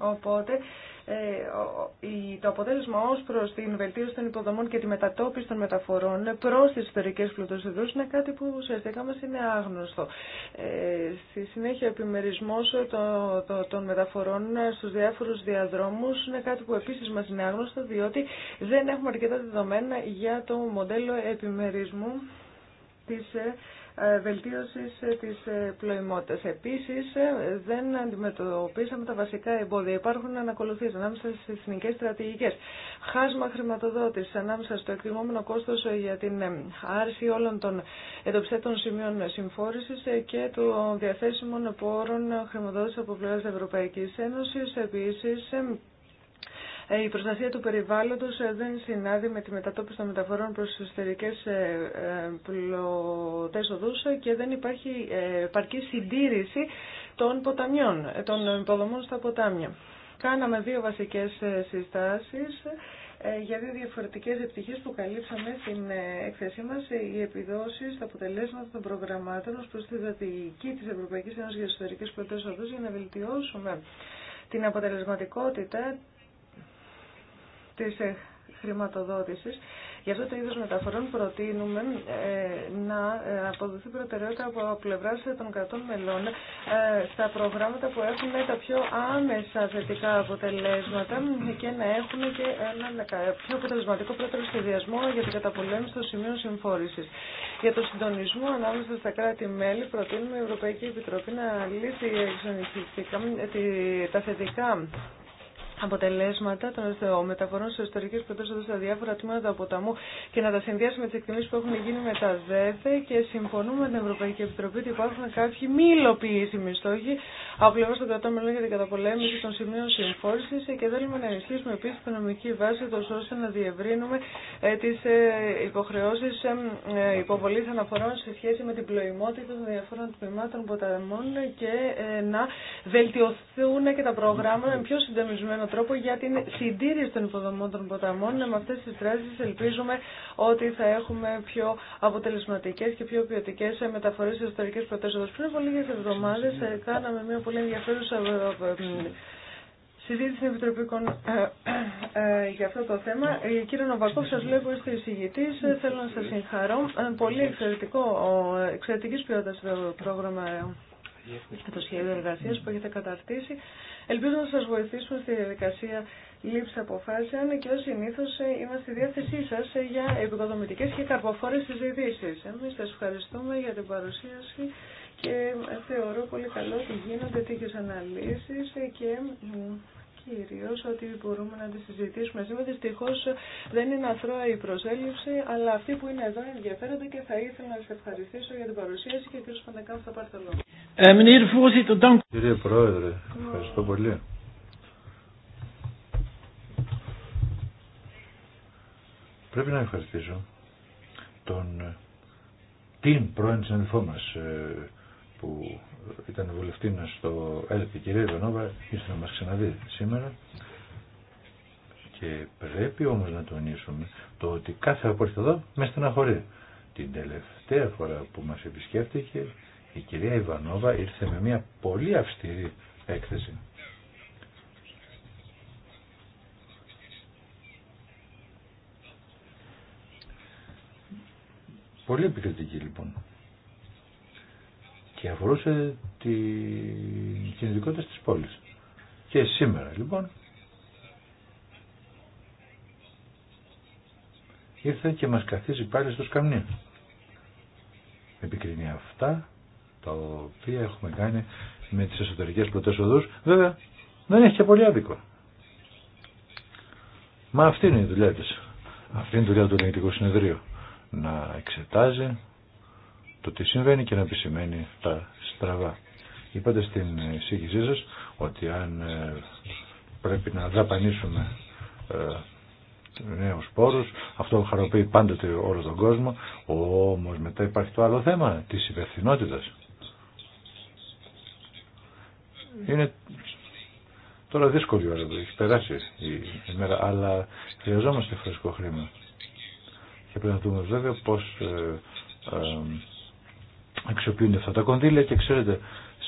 οπότε ε, το αποτέλεσμα ω προ την βελτίωση των υποδομών και τη μετατόπιση των μεταφορών προ τι εσωτερικέ πλουτοσυδρού είναι κάτι που ουσιαστικά μα είναι άγνωστο. Ε, στη συνέχεια, ο επιμερισμό των μεταφορών στου διάφορου διαδρόμου είναι κάτι που επίση μα είναι άγνωστο, διότι δεν έχουμε αρκετά δεδομένα για το μοντέλο επιμερισμού της ε, ε, βελτίωσης ε, της ε, πλοημότητας. Επίσης, δεν αντιμετωπίσαμε τα βασικά εμπόδια. Υπάρχουν ανακολουθήσει ανάμεσα στις εθνικέ στρατηγικές. Χάσμα χρηματοδότησης ανάμεσα στο εκτιμόμενο κόστος για την άρση όλων των εντοψέτων σημείων συμφόρησης και των διαθέσιμων πόρων χρηματοδότηση από πλευράς Ευρωπαϊκή Ένωση. Επίσης, ε, η προστασία του περιβάλλοντος ε, δεν συνάδει με τη μετατόπιση των μεταφορών προς εσωτερικές ε, πλωτές οδούς και δεν υπάρχει παρκή συντήρηση των ποταμιών, των υποδομών στα ποτάμια. Κάναμε δύο βασικές συστάσεις για δύο διαφορετικές επιτυχίες που καλύψαμε στην έκθεσή μας, οι επιδόσεις, τα αποτελέσματα των προγραμμάτων ως προς τη στρατηγική της Ευρωπαϊκής Ένωσης για εσωτερικές πλωτές οδούς για να βελτιώσουμε την αποτελεσματικότητα της ε, χρηματοδότησης. Για αυτό το είδο μεταφορών προτείνουμε ε, να ε, αποδοθεί προτεραιότητα από πλευρά των κρατών μελών στα προγράμματα που έχουν τα πιο άμεσα θετικά αποτελέσματα και να έχουν και ένα πιο αποτελεσματικό πρώτερο σχεδιασμό για την καταπολέμηση των σημείων συμφόρηση. Για το συντονισμό ανάμεσα στα κράτη-μέλη προτείνουμε η Ευρωπαϊκή Επιτροπή να λύσει τα θετικά αποτελέσματα των μεταφορών σε ιστορικέ πρωτεύουσε στα διάφορα τμήματα του ποταμού και να τα συνδυάσουμε με τι εκτιμήσει που έχουν γίνει με τα ΔΕΔΕ και συμφωνούμε με την Ευρωπαϊκή Επιτροπή ότι υπάρχουν κάποιοι μη υλοποιήσιμοι στόχοι από πλευρά των κρατών μελών για την καταπολέμηση των σημείων συμφόρηση και θέλουμε να ενισχύσουμε επίση την νομική βάση ώστε να διευρύνουμε ε, τι ε, υποχρεώσει ε, υποβολή αναφορών σε σχέση με την πλοημότητα των διαφόρων τμήματων ποταμών και να βελτιωθούν και τα προγράμματα με πιο συντονισμένο τρόπο για την συντήρηση των υποδομών των ποταμών. Ε, με αυτέ τι τράσει ελπίζουμε ότι θα έχουμε πιο αποτελεσματικέ και πιο ποιοτικέ ε, μεταφορέ στι ιστορικέ πρωτεύουσε. Πριν από λίγε εβδομάδε ε, κάναμε μια πολύ ενδιαφέρουσα συζήτηση στην Επιτροπή για αυτό το θέμα. κύριε Νοβακόφ, σα λέγω είστε εισηγητής. Θέλω να σα συγχαρώ. Πολύ εξαιρετικό, εξαιρετική ποιότητα το πρόγραμμα το σχέδιο εργασία που έχετε καταρτήσει. Ελπίζω να σα βοηθήσουμε στη διαδικασία λήψη αποφάσεων και ω συνήθω ε, είμαστε στη διάθεσή σα ε, για επικοδομητικέ και καρποφόρε συζητήσει. Εμεί σα ευχαριστούμε για την παρουσίαση και ε, θεωρώ πολύ καλό ότι γίνονται τέτοιε αναλύσει και κυρίω ότι μπορούμε να τη συζητήσουμε σήμερα. Δυστυχώ δεν είναι αθρώα η προσέλευση, αλλά αυτοί που είναι εδώ ενδιαφέρονται και θα ήθελα να σα ευχαριστήσω για την παρουσίαση και κύριο κύριος στο θα πάρει το λόγο. Ε, Κύριε Πρόεδρε, ευχαριστώ πολύ. Πρέπει να ευχαριστήσω τον ε, την πρώην μας ε, που ήταν μα στο ΕΛΠ, η κυρία Ιβανόβα, ήρθε να μα ξαναδεί σήμερα. Και πρέπει όμω να τονίσουμε το ότι κάθε από εδώ με στεναχωρεί. Την τελευταία φορά που μα επισκέφτηκε, η κυρία Ιβανόβα ήρθε με μια πολύ αυστηρή έκθεση. Πολύ επικριτική λοιπόν και αφορούσε την κινητικότητα της πόλης. Και σήμερα λοιπόν ήρθε και μας καθίζει πάλι στο σκαμνί. Επικρίνει αυτά τα οποία έχουμε κάνει με τις εσωτερικές πλωτές οδούς. Βέβαια δεν έχει και πολύ άδικο. Μα αυτή είναι η δουλειά της. Αυτή είναι η δουλειά του Ελληνικού Συνεδρίου. Να εξετάζει το τι συμβαίνει και να επισημαίνει τα στραβά. Είπατε στην εισήγησή σα ότι αν ε, πρέπει να δαπανίσουμε ε, νέους πόρους, αυτό χαροποιεί πάντοτε όλο τον κόσμο, όμως μετά υπάρχει το άλλο θέμα της υπευθυνότητας. Είναι τώρα δύσκολη ώρα που έχει περάσει η ημέρα, αλλά χρειαζόμαστε φρέσκο χρήμα. Και πρέπει να δούμε βέβαια πώς ε, αξιοποιούνται αυτά τα κονδύλια και ξέρετε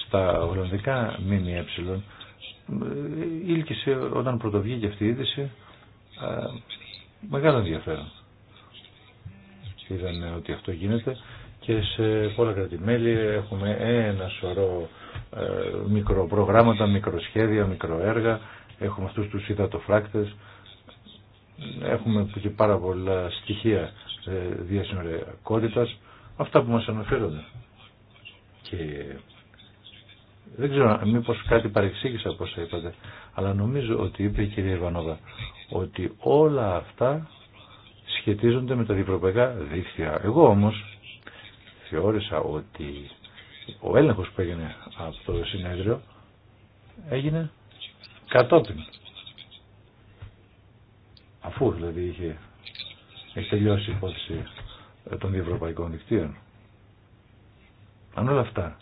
στα Ολλανδικά ΜΜΕ ήλκησε όταν πρωτοβγήκε αυτή η είδηση μεγάλο ενδιαφέρον. Είδαμε ότι αυτό γίνεται και σε πολλά κρατημέλη έχουμε ένα σωρό ε, μικροπρογράμματα, μικροσχέδια, μικροέργα, έχουμε αυτούς τους υδατοφράκτες, έχουμε και πάρα πολλά στοιχεία ε, διασυνοριακότητας, αυτά που μας αναφέρονται. Και δεν ξέρω μήπως κάτι παρεξήγησα όπως είπατε, αλλά νομίζω ότι είπε η κυρία Ιβανόβα ότι όλα αυτά σχετίζονται με τα διευρωπαϊκά δίκτυα. Εγώ όμως θεώρησα ότι ο έλεγχος που έγινε από το συνέδριο έγινε κατόπιν. Αφού δηλαδή είχε, έχει τελειώσει η υπόθεση των διευρωπαϊκών δικτύων. Αν όλα αυτά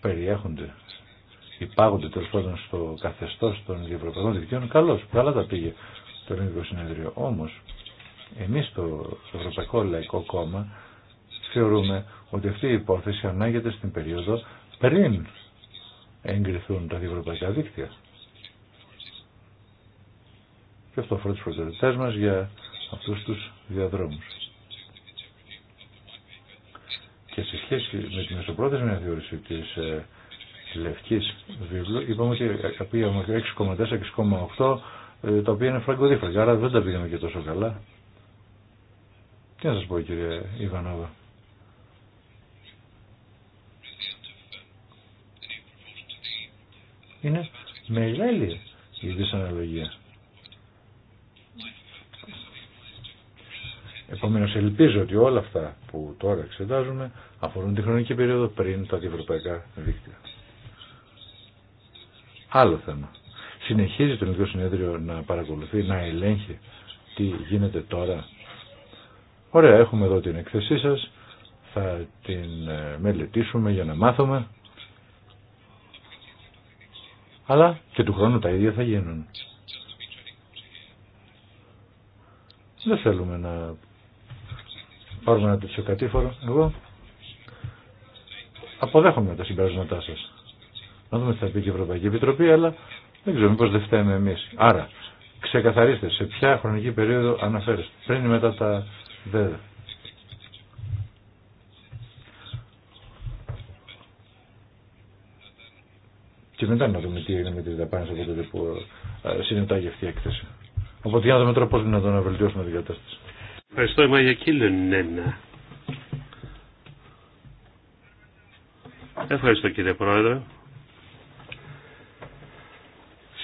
περιέχονται, υπάγονται τέλο πάντων στο καθεστώ των διευρωπαϊκών δικαιών, καλώ, καλά τα πήγε το Ελληνικό Συνέδριο. Όμω, εμεί στο Ευρωπαϊκό Λαϊκό Κόμμα θεωρούμε ότι αυτή η υπόθεση ανάγεται στην περίοδο πριν εγκριθούν τα διευρωπαϊκά δίκτυα. Και αυτό αφορά τι προτεραιότητέ μα για αυτού του διαδρόμου και σε σχέση με τη μεσοπρόθεσμη αναθεώρηση της ε, λευκη βιβλου Βίβλου είπαμε ότι πήγαμε 6,4-6,8 ε, τα οποία είναι φραγκοδίφραγκα, άρα δεν τα πήγαμε και τόσο καλά. Τι να σα πω κύριε Ιβανόβα. Είναι μεγάλη η δυσαναλογία Επομένως ελπίζω ότι όλα αυτά που τώρα εξετάζουμε αφορούν τη χρονική περίοδο πριν τα διευρωπαϊκά δίκτυα. Άλλο θέμα. Συνεχίζει το Ελληνικό Συνέδριο να παρακολουθεί, να ελέγχει τι γίνεται τώρα. Ωραία, έχουμε εδώ την εκθεσή σας, θα την ε, μελετήσουμε για να μάθουμε. Αλλά και του χρόνου τα ίδια θα γίνουν. Δεν θέλουμε να πάρουμε ένα τέτοιο κατήφορο. Εγώ αποδέχομαι τα συμπεράσματά σα. Να δούμε τι θα πει και η Ευρωπαϊκή Επιτροπή, αλλά δεν ξέρω πω δεν φταίμε εμεί. Άρα, ξεκαθαρίστε σε ποια χρονική περίοδο αναφέρεστε, πριν ή μετά τα δέδα. Και μετά να δούμε τι έγινε με τη δαπάνες από τότε που ε, συνετάγει αυτή η έκθεση. Οπότε για να δούμε τώρα πώς να τον βελτιώσουμε την κατάσταση. Ευχαριστώ, η Μάγια Κίλενεν. Ευχαριστώ κύριε Πρόεδρε.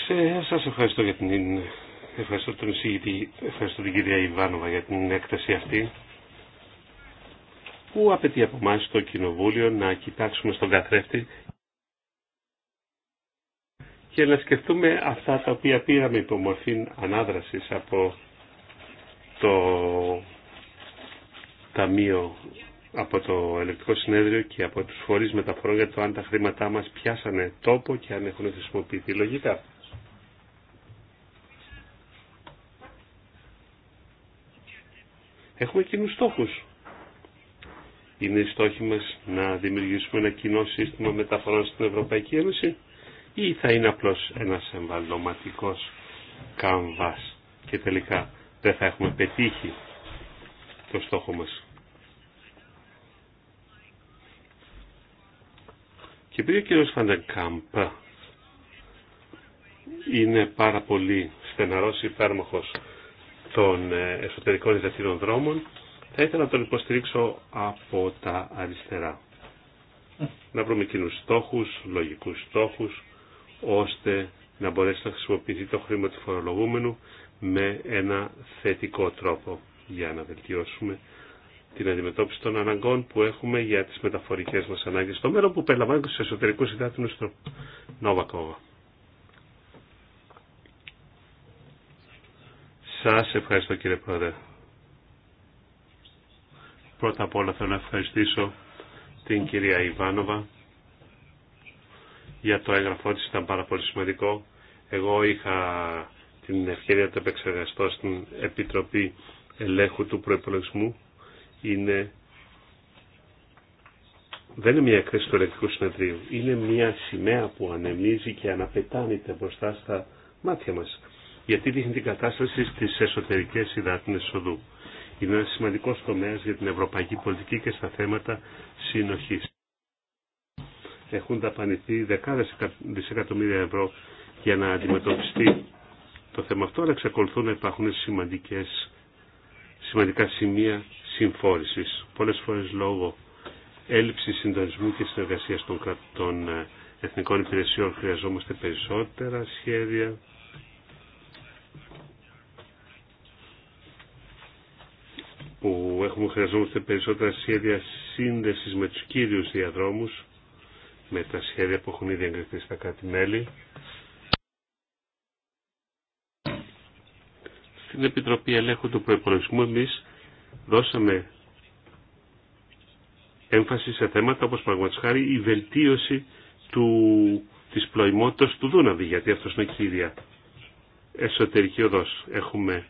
Σε, σας ευχαριστώ για την ευχαριστώ τον εισηγητή, ευχαριστώ την κυρία Ιβάνοβα για την έκταση αυτή που απαιτεί από εμά το Κοινοβούλιο να κοιτάξουμε στον καθρέφτη και να σκεφτούμε αυτά τα οποία πήραμε υπό μορφή ανάδρασης από το Ταμείο από το Ελεκτικό Συνέδριο και από τους φορείς μεταφορών για το αν τα χρήματά μας πιάσανε τόπο και αν έχουν χρησιμοποιηθεί λογικά. Έχουμε κοινούς στόχους. Είναι οι στόχοι μας να δημιουργήσουμε ένα κοινό σύστημα μεταφορών στην Ευρωπαϊκή Ένωση ή θα είναι απλώς ένας εμβαλωματικός καμβάς και τελικά δεν θα έχουμε πετύχει το στόχο μας. Και επειδή ο κύριος Φαντεκάμπ είναι πάρα πολύ στεναρός υπέρμαχος των ε, εσωτερικών ιδιαίτερων δρόμων, θα ήθελα να τον υποστηρίξω από τα αριστερά. Να βρούμε στόχους, λογικούς στόχους, ώστε να μπορέσει να χρησιμοποιηθεί το χρήμα του φορολογούμενου με ένα θετικό τρόπο για να βελτιώσουμε την αντιμετώπιση των αναγκών που έχουμε για τις μεταφορικές μας ανάγκες στο μέλλον που περιλαμβάνει τους εσωτερικούς υδάτινους του Κόβα. Σας ευχαριστώ κύριε Πρόεδρε. Πρώτα απ' όλα θέλω να ευχαριστήσω την κυρία Ιβάνοβα για το έγγραφό της, ήταν πάρα πολύ σημαντικό. Εγώ είχα την ευκαιρία του το επεξεργαστώ στην Επιτροπή Ελέγχου του Προϋπολογισμού είναι δεν είναι μια εκθέση του ελεκτικού συνεδρίου. Είναι μια σημαία που ανεμίζει και αναπετάνεται μπροστά στα μάτια μας. Γιατί δείχνει την κατάσταση στις εσωτερικές υδάτινες οδού. Είναι ένα σημαντικό τομέα για την ευρωπαϊκή πολιτική και στα θέματα συνοχής. Έχουν ταπανηθεί δεκάδες δισεκατομμύρια ευρώ για να αντιμετωπιστεί το θέμα αυτό, αλλά εξακολουθούν να υπάρχουν σημαντικές, σημαντικά σημεία συμφόρησης. Πολλές φορές λόγω έλλειψη συντονισμού και συνεργασίας των, των ε, εθνικών υπηρεσιών χρειαζόμαστε περισσότερα σχέδια. που έχουμε χρειαζόμαστε περισσότερα σχέδια σύνδεσης με τους κύριους διαδρόμους, με τα σχέδια που έχουν ήδη εγκριθεί στα κάτι μέλη στην Επιτροπή Ελέγχου του Προϋπολογισμού εμείς δώσαμε έμφαση σε θέματα όπως πραγματικά η βελτίωση του, της πλοημότητας του Δούναβη, γιατί αυτός είναι κύρια εσωτερική οδός. Έχουμε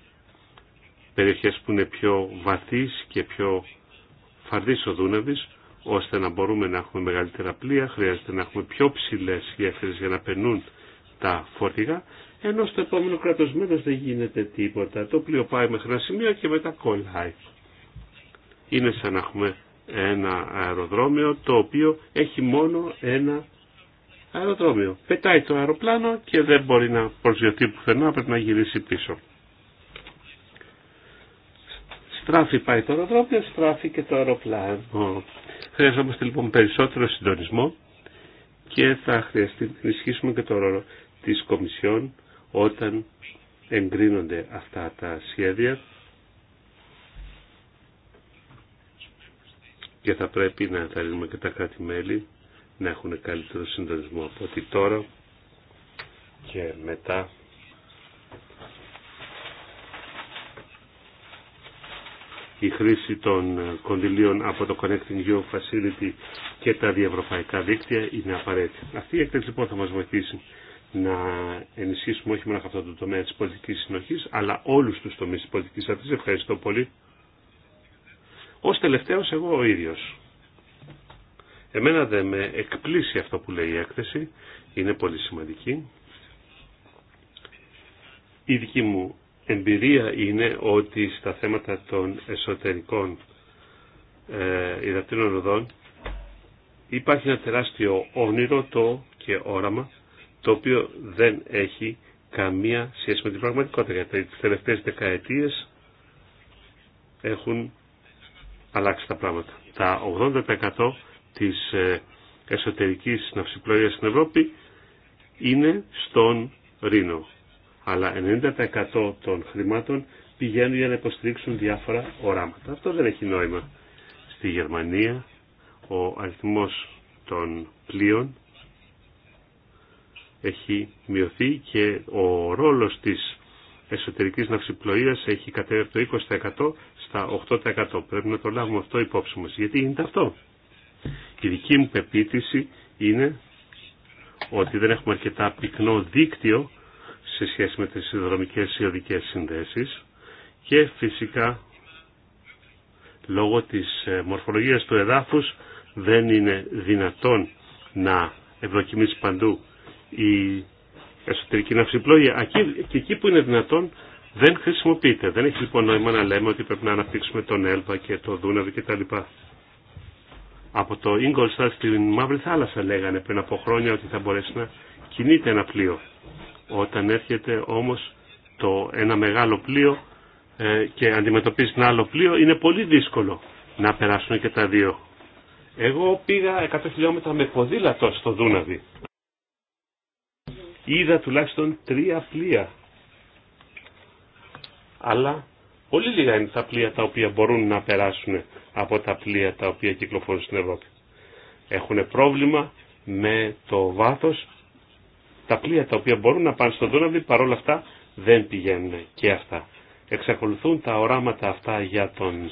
περιοχές που είναι πιο βαθύς και πιο φαρδής ο Δούναβης, ώστε να μπορούμε να έχουμε μεγαλύτερα πλοία, χρειάζεται να έχουμε πιο ψηλές γέφυρες για να περνούν τα φορτηγά ενώ στο επόμενο κράτος δεν γίνεται τίποτα. Το πλοίο πάει μέχρι ένα σημείο και μετά κολλάει. Είναι σαν να έχουμε ένα αεροδρόμιο το οποίο έχει μόνο ένα αεροδρόμιο. Πετάει το αεροπλάνο και δεν μπορεί να προσγειωθεί πουθενά, πρέπει να γυρίσει πίσω. Στράφει πάει το αεροδρόμιο, στράφει και το αεροπλάνο. Χρειαζόμαστε λοιπόν περισσότερο συντονισμό και θα χρειαστεί να ενισχύσουμε και το ρόλο της Κομισιόν όταν εγκρίνονται αυτά τα σχέδια και θα πρέπει να ενθαρρύνουμε και τα κράτη-μέλη να έχουν καλύτερο συντονισμό από ότι τώρα και μετά η χρήση των κονδυλίων από το Connecting Europe Facility και τα διευρωπαϊκά δίκτυα είναι απαραίτητη. Αυτή η έκθεση λοιπόν θα μας βοηθήσει να ενισχύσουμε όχι μόνο αυτό το τομέα της πολιτικής συνοχής, αλλά όλους τους τομείς της πολιτικής αυτής. Ευχαριστώ πολύ. Ως τελευταίος εγώ ο ίδιος. Εμένα δεν με εκπλήσει αυτό που λέει η έκθεση, είναι πολύ σημαντική. Η δική μου εμπειρία είναι ότι στα θέματα των εσωτερικών ε, υδατήρων οδών υπάρχει ένα τεράστιο όνειρο το και όραμα το οποίο δεν έχει καμία σχέση με την πραγματικότητα. Γιατί τις τελευταίες δεκαετίες έχουν αλλάξει τα πράγματα. Τα 80% της ε, εσωτερικής ναυσιπλοΐας στην Ευρώπη είναι στον Ρήνο. Αλλά 90% των χρημάτων πηγαίνουν για να υποστηρίξουν διάφορα οράματα. Αυτό δεν έχει νόημα. Στη Γερμανία ο αριθμός των πλοίων έχει μειωθεί και ο ρόλος της εσωτερικής ναυσιπλοείας έχει κατέβει το 20% στα 8%. Πρέπει να το λάβουμε αυτό υπόψη μας. Γιατί γίνεται αυτό. Η δική μου πεποίθηση είναι ότι δεν έχουμε αρκετά πυκνό δίκτυο σε σχέση με τις συνδρομικές ιωδικές συνδέσεις και φυσικά λόγω της ε, μορφολογίας του εδάφους δεν είναι δυνατόν να ευδοκιμήσει παντού η εσωτερική ναυσιπλοεία. Και εκεί που είναι δυνατόν δεν χρησιμοποιείται. Δεν έχει λοιπόν νόημα να λέμε ότι πρέπει να αναπτύξουμε τον Έλβα και το Δούναβι κτλ. Από το Ingolstadt στην Μαύρη Θάλασσα λέγανε πριν από χρόνια ότι θα μπορέσει να κινείται ένα πλοίο. Όταν έρχεται όμως το ένα μεγάλο πλοίο ε, και αντιμετωπίζει ένα άλλο πλοίο είναι πολύ δύσκολο να περάσουν και τα δύο. Εγώ πήγα 100 χιλιόμετρα με ποδήλατο στο Δούναβι είδα τουλάχιστον τρία πλοία. Αλλά πολύ λίγα είναι τα πλοία τα οποία μπορούν να περάσουν από τα πλοία τα οποία κυκλοφορούν στην Ευρώπη. Έχουν πρόβλημα με το βάθος. Τα πλοία τα οποία μπορούν να πάνε στον Δούναβη παρόλα αυτά δεν πηγαίνουν και αυτά. Εξακολουθούν τα οράματα αυτά για τον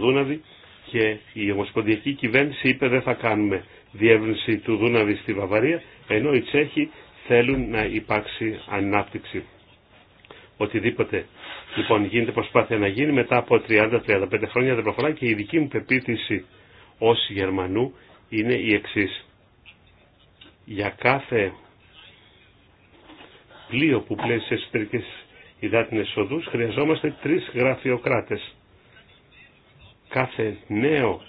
Δούναβη και η Ομοσπονδιακή Κυβέρνηση είπε δεν θα κάνουμε διεύρυνση του Δούναβη στη Βαβαρία, ενώ οι θέλουν να υπάρξει ανάπτυξη. Οτιδήποτε λοιπόν γίνεται προσπάθεια να γίνει μετά από 30-35 χρόνια δεν προχωράει και η δική μου πεποίθηση ως Γερμανού είναι η εξή. Για κάθε πλοίο που πλέει σε εσωτερικές υδάτινες οδούς χρειαζόμαστε τρεις γραφειοκράτες. Κάθε νέο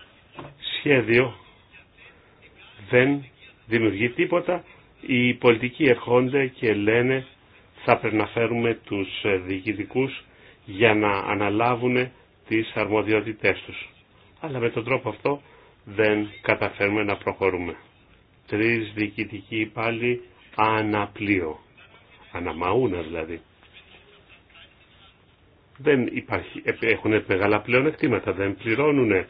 σχέδιο δεν δημιουργεί τίποτα οι πολιτικοί ερχόνται και λένε θα πρέπει να φέρουμε τους ε, διοικητικούς για να αναλάβουν τις αρμοδιότητές τους. Αλλά με τον τρόπο αυτό δεν καταφέρουμε να προχωρούμε. Τρεις διοικητικοί πάλι αναπλοίο. Αναμαούνα δηλαδή. Δεν υπάρχει, έχουν μεγάλα πλέον δεν πληρώνουν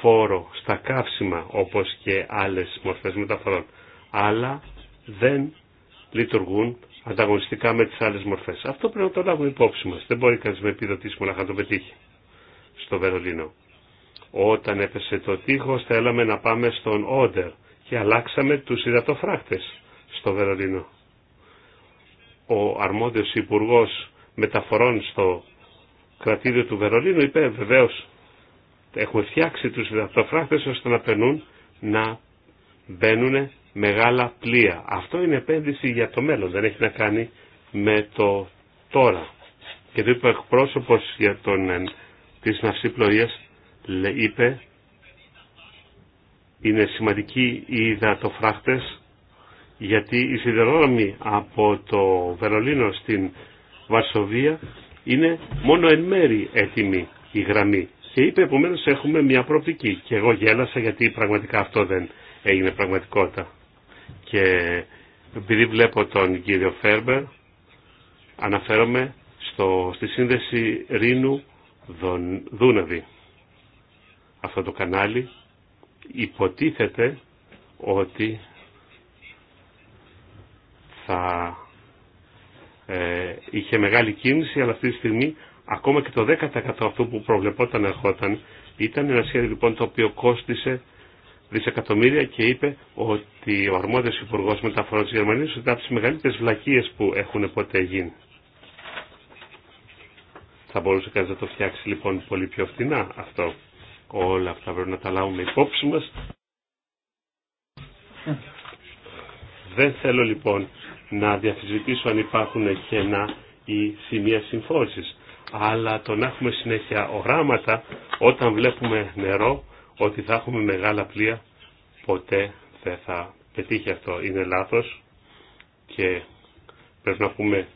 φόρο στα καύσιμα όπως και άλλες μορφές μεταφορών. Αλλά δεν λειτουργούν ανταγωνιστικά με τις άλλες μορφές. Αυτό πρέπει να το λάβουμε υπόψη μας. Δεν μπορεί κανείς με επιδοτήσει μόνο να το πετύχει στο Βερολίνο. Όταν έπεσε το τείχος θέλαμε να πάμε στον Όντερ και αλλάξαμε τους υδατοφράκτες στο Βερολίνο. Ο αρμόδιος Υπουργό μεταφορών στο κρατήριο του Βερολίνου είπε βεβαίω έχουμε φτιάξει τους υδατοφράκτες ώστε να περνούν να μπαίνουν μεγάλα πλοία. Αυτό είναι επένδυση για το μέλλον, δεν έχει να κάνει με το τώρα. Και το είπε ο εκπρόσωπο για τον, ε, της λε είπε είναι σημαντική η υδατοφράχτες γιατί οι σιδηρόδρομοι από το Βερολίνο στην Βαρσοβία είναι μόνο εν μέρη έτοιμη η γραμμή. Και είπε επομένως έχουμε μια προοπτική και εγώ γέλασα γιατί πραγματικά αυτό δεν έγινε πραγματικότητα και επειδή βλέπω τον κύριο Φέρμπερ αναφέρομαι στο, στη σύνδεση Ρήνου Δούναβη. Αυτό το κανάλι υποτίθεται ότι θα ε, είχε μεγάλη κίνηση, αλλά αυτή τη στιγμή ακόμα και το 10% αυτού που προβλεπόταν ερχόταν. Ήταν ένα σχέδιο λοιπόν το οποίο κόστισε δισεκατομμύρια και είπε ότι ο αρμόδιος υπουργός μεταφορών της Γερμανίας ήταν από τις μεγαλύτερες βλακίες που έχουν ποτέ γίνει. Θα μπορούσε κανείς να το φτιάξει λοιπόν πολύ πιο φθηνά αυτό. Όλα αυτά πρέπει να τα λάβουμε υπόψη μας. Δεν θέλω λοιπόν να διαφυσβητήσω αν υπάρχουν κενά ή σημεία συμφώσεις. Αλλά το να έχουμε συνέχεια οράματα όταν βλέπουμε νερό ότι θα έχουμε μεγάλα πλοία. Ποτέ δεν θα πετύχει αυτό. Είναι λάθος και πρέπει να πούμε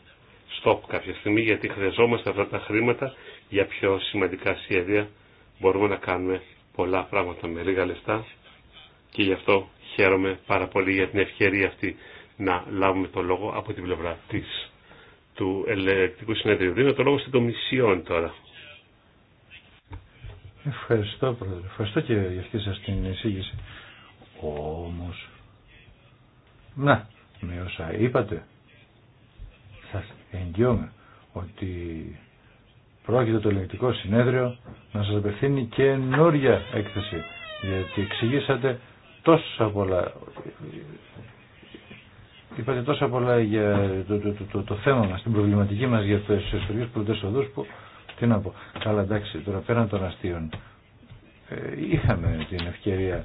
stop κάποια στιγμή γιατί χρειαζόμαστε αυτά τα χρήματα για πιο σημαντικά σχέδια. Μπορούμε να κάνουμε πολλά πράγματα με λίγα λεφτά και γι' αυτό χαίρομαι πάρα πολύ για την ευκαιρία αυτή να λάβουμε το λόγο από την πλευρά της του Ελεκτικού Συνεδρίου. Δίνω το λόγο στην Κομισιόν τώρα. Ευχαριστώ πρόεδρε. Ευχαριστώ και για αυτή σας την εισήγηση. Όμως, να, με όσα είπατε, σας εγγυώμαι ότι πρόκειται το ελεγκτικό συνέδριο να σας απευθύνει καινούρια έκθεση. Γιατί εξηγήσατε τόσα πολλά. Είπατε τόσα πολλά για το, το, το, θέμα μας, την προβληματική μας για το εσωτερικές πρωτές οδούς που τι να πω. Καλά εντάξει τώρα πέραν των αστείων. Ε, είχαμε την ευκαιρία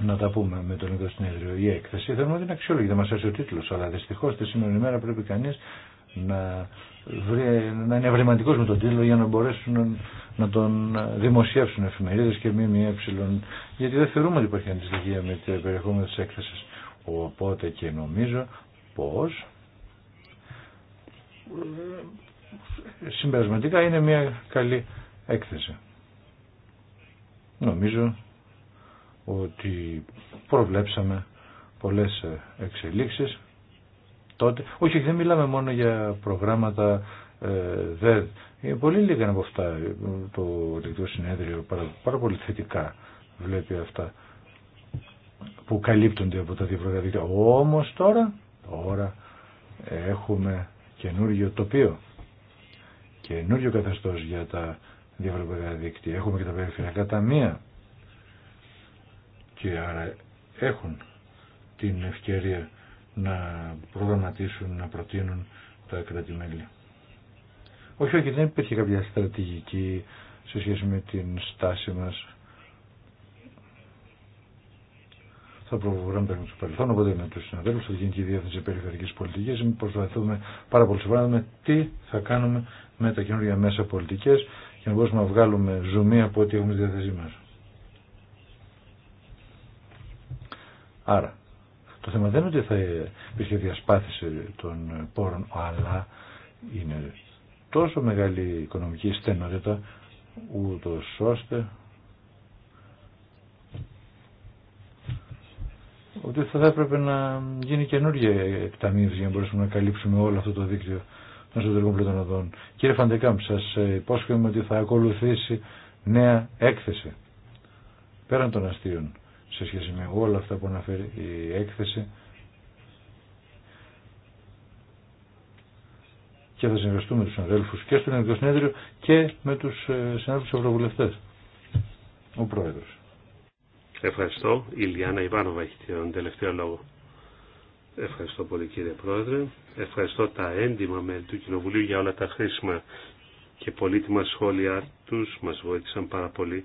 να τα πούμε με τον Συνέδριο η έκθεση. Θέλουμε ότι είναι αξιόλογη, δεν μα έρθει ο τίτλο, αλλά δυστυχώ τη σήμερα ημέρα πρέπει κανεί να, να είναι ευρηματικό με τον τίτλο για να μπορέσουν να τον δημοσιεύσουν εφημερίδε και ΜΜΕ. Γιατί δεν θεωρούμε ότι υπάρχει αντιστοιχία με το περιεχόμενο τη έκθεση. Οπότε και νομίζω πω συμπερασματικά είναι μια καλή έκθεση. Νομίζω ότι προβλέψαμε πολλές εξελίξεις τότε. Όχι, δεν μιλάμε μόνο για προγράμματα ε, ΔΕΔ. Είναι πολύ λίγα από αυτά το δικτυό Συνέδριο, πάρα, πολύ θετικά βλέπει αυτά που καλύπτονται από τα διευρωπαϊκά Όμως τώρα, τώρα έχουμε καινούργιο τοπίο καινούριο καθεστώς για τα διευρωπαϊκά δίκτυα. Έχουμε και τα περιφερειακά ταμεία και άρα έχουν την ευκαιρία να προγραμματίσουν, να προτείνουν τα κρατημέλη. Όχι, όχι, δεν υπήρχε κάποια στρατηγική σε σχέση με την στάση μας. Θα προβάλλουμε του παρελθόν, οπότε με του συναδέλφου, και Γενική Διεύθυνση Περιφερειακή Πολιτική, προσπαθούμε πάρα πολύ σοβαρά να δούμε τι θα κάνουμε με τα καινούργια μέσα πολιτικές και να μπορούμε να βγάλουμε ζουμί από ό,τι έχουμε στη διάθεσή Άρα, το θέμα δεν είναι ότι θα υπήρχε διασπάθηση των πόρων, αλλά είναι τόσο μεγάλη η οικονομική στενότητα, ούτω ώστε ότι θα έπρεπε να γίνει καινούργια εκταμίευση για να μπορέσουμε να καλύψουμε όλο αυτό το δίκτυο των εσωτερικών Κύριε Φαντεκάμπ, σας ε, υπόσχομαι ότι θα ακολουθήσει νέα έκθεση πέραν των αστείων σε σχέση με όλα αυτά που αναφέρει η έκθεση και θα συνεργαστούμε με τους συναδέλφους και στο Ελληνικό Συνέδριο και με τους ε, συνάδελφους ευρωβουλευτές. Ο Πρόεδρος. Ευχαριστώ. Η Λιάννα Ιβάνοβα έχει τον τελευταίο λόγο. Ευχαριστώ πολύ κύριε Πρόεδρε. Ευχαριστώ τα έντιμα μέλη του Κοινοβουλίου για όλα τα χρήσιμα και πολύτιμα σχόλια τους. Μας βοήθησαν πάρα πολύ.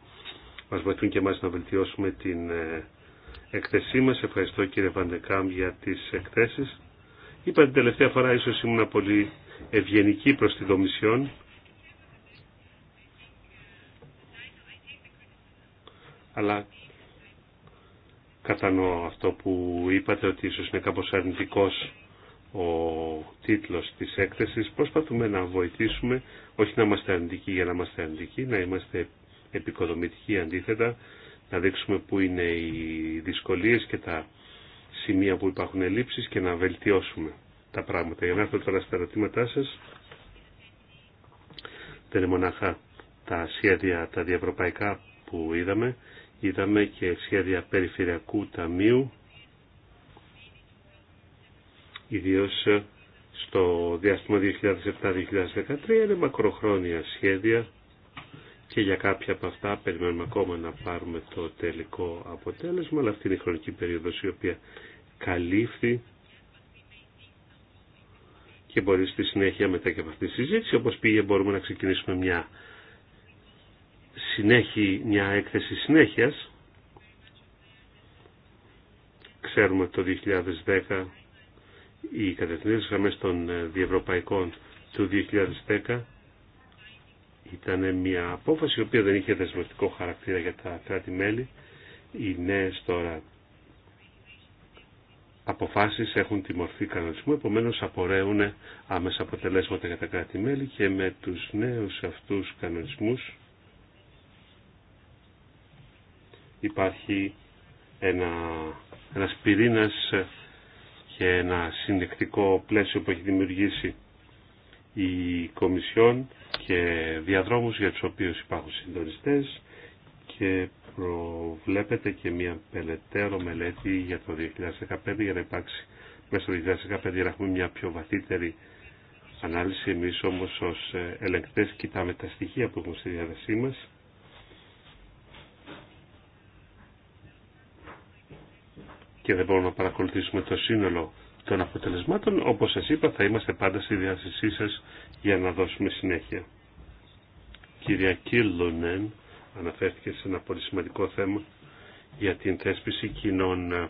Μας βοηθούν και μας να βελτιώσουμε την ε, εκθεσή μας. Ευχαριστώ κύριε Βαντεκάμ για τις εκθέσεις. Είπα την τελευταία φορά ίσως ήμουν πολύ ευγενική προς τη Δομησιόν. Αλλά κατανοώ αυτό που είπατε ότι ίσως είναι κάπως αρνητικός ο τίτλος της έκθεσης. Προσπαθούμε να βοηθήσουμε, όχι να είμαστε αρνητικοί για να είμαστε αρνητικοί, να είμαστε επικοδομητικοί αντίθετα, να δείξουμε πού είναι οι δυσκολίες και τα σημεία που υπάρχουν ελλείψεις και να βελτιώσουμε τα πράγματα. Για να έρθω τώρα στα ερωτήματά σας, δεν είναι μονάχα τα σχέδια τα διευρωπαϊκά που είδαμε, Είδαμε και σχέδια περιφερειακού ταμείου, ιδίως στο διάστημα 2007-2013, είναι μακροχρόνια σχέδια και για κάποια από αυτά περιμένουμε ακόμα να πάρουμε το τελικό αποτέλεσμα, αλλά αυτή είναι η χρονική περίοδος η οποία καλύφθη και μπορεί στη συνέχεια μετά και από αυτή τη συζήτηση, όπως πήγε μπορούμε να ξεκινήσουμε μια συνέχει, μια έκθεση συνέχειας. Ξέρουμε το 2010 οι κατευθυντές γραμμές των ε, διευρωπαϊκών του 2010 ήταν μια απόφαση η οποία δεν είχε δεσμευτικό χαρακτήρα για τα κράτη-μέλη. Οι νέες τώρα αποφάσεις έχουν τη μορφή κανονισμού, επομένως απορρέουν άμεσα αποτελέσματα για τα κράτη-μέλη και με τους νέους αυτούς κανονισμούς υπάρχει ένα, ένας πυρήνας και ένα συνεκτικό πλαίσιο που έχει δημιουργήσει η Κομισιόν και διαδρόμους για τους οποίους υπάρχουν συντονιστές και προβλέπεται και μια πελετέρω μελέτη για το 2015 για να υπάρξει μέσα στο 2015 να έχουμε μια πιο βαθύτερη ανάλυση. Εμείς όμως ως ελεγκτές κοιτάμε τα στοιχεία που έχουμε στη διάθεσή μας και δεν μπορούμε να παρακολουθήσουμε το σύνολο των αποτελεσμάτων, όπως σας είπα θα είμαστε πάντα στη διάθεσή σας για να δώσουμε συνέχεια. Κυρία Κίλλονεν αναφέρθηκε σε ένα πολύ σημαντικό θέμα για την θέσπιση κοινών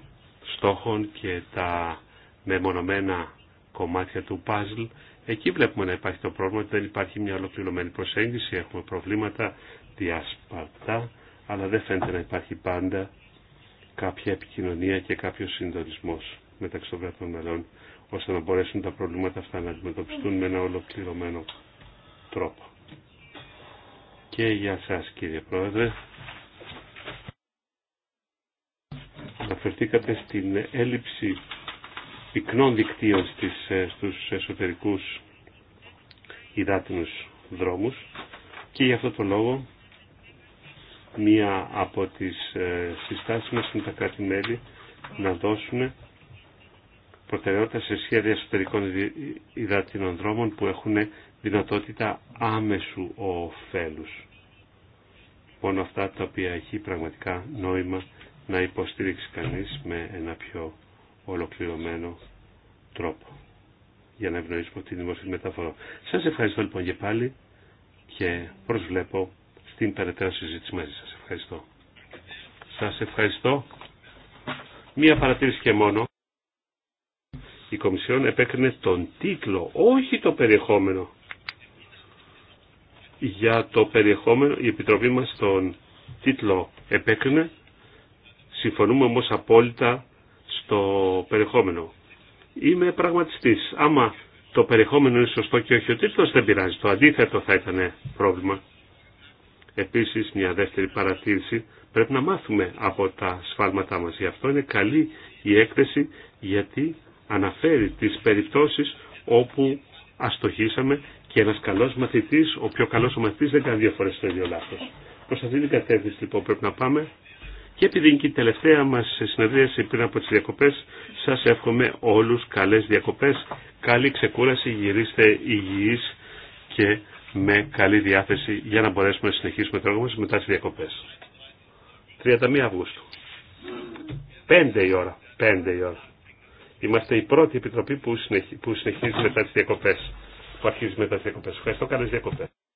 στόχων και τα μεμονωμένα κομμάτια του παζλ. Εκεί βλέπουμε να υπάρχει το πρόβλημα ότι δεν υπάρχει μια ολοκληρωμένη προσέγγιση, έχουμε προβλήματα διάσπαρτα, αλλά δεν φαίνεται να υπάρχει πάντα κάποια επικοινωνία και κάποιο συντονισμό μεταξύ των κρατών μελών, ώστε να μπορέσουν τα προβλήματα αυτά να αντιμετωπιστούν με ένα ολοκληρωμένο τρόπο. Και για σας κύριε Πρόεδρε, αναφερθήκατε στην έλλειψη πυκνών δικτύων στις, ε, στους εσωτερικούς υδάτινους δρόμους και γι' αυτό το λόγο μία από τις ε, συστάσεις μας είναι τα κράτη-μέλη να δώσουν προτεραιότητα σε σχέδια εσωτερικών υδατινών δρόμων που έχουν δυνατότητα άμεσου ωφέλους. Μόνο αυτά τα οποία έχει πραγματικά νόημα να υποστήριξει κανείς με ένα πιο ολοκληρωμένο τρόπο για να ευνοήσουμε την δημοσιογραφική μεταφορά. Σας ευχαριστώ λοιπόν και πάλι και προσβλέπω την περαιτέρω συζήτηση μαζί σας. Ευχαριστώ. Σας ευχαριστώ. Μία παρατήρηση και μόνο. Η Κομισιόν επέκρινε τον τίτλο, όχι το περιεχόμενο. Για το περιεχόμενο η Επιτροπή μας τον τίτλο επέκρινε. Συμφωνούμε όμως απόλυτα στο περιεχόμενο. Είμαι πραγματιστής. Άμα το περιεχόμενο είναι σωστό και όχι ο τίτλος δεν πειράζει. Το αντίθετο θα ήταν πρόβλημα. Επίσης, μια δεύτερη παρατήρηση, πρέπει να μάθουμε από τα σφάλματά μας. Γι' αυτό είναι καλή η έκθεση, γιατί αναφέρει τις περιπτώσεις όπου αστοχήσαμε και ένας καλός μαθητής, ο πιο καλός ο μαθητής δεν κάνει δύο φορές το ίδιο λάθος. Προς αυτή την κατεύθυνση λοιπόν πρέπει να πάμε. Και επειδή είναι και η τελευταία μας συνεδρίαση πριν από τις διακοπές, σας εύχομαι όλους καλές διακοπές, καλή ξεκούραση, γυρίστε υγιείς και με καλή διάθεση για να μπορέσουμε να συνεχίσουμε το έργο μας μετά τις διακοπές. 31 Αυγούστου. 5 η ώρα. 5 η ώρα. Είμαστε η πρώτη επιτροπή που, συνεχίζει μετά τις διακοπές. Που αρχίζει μετά τις διακοπές. Ευχαριστώ. Καλές διακοπές.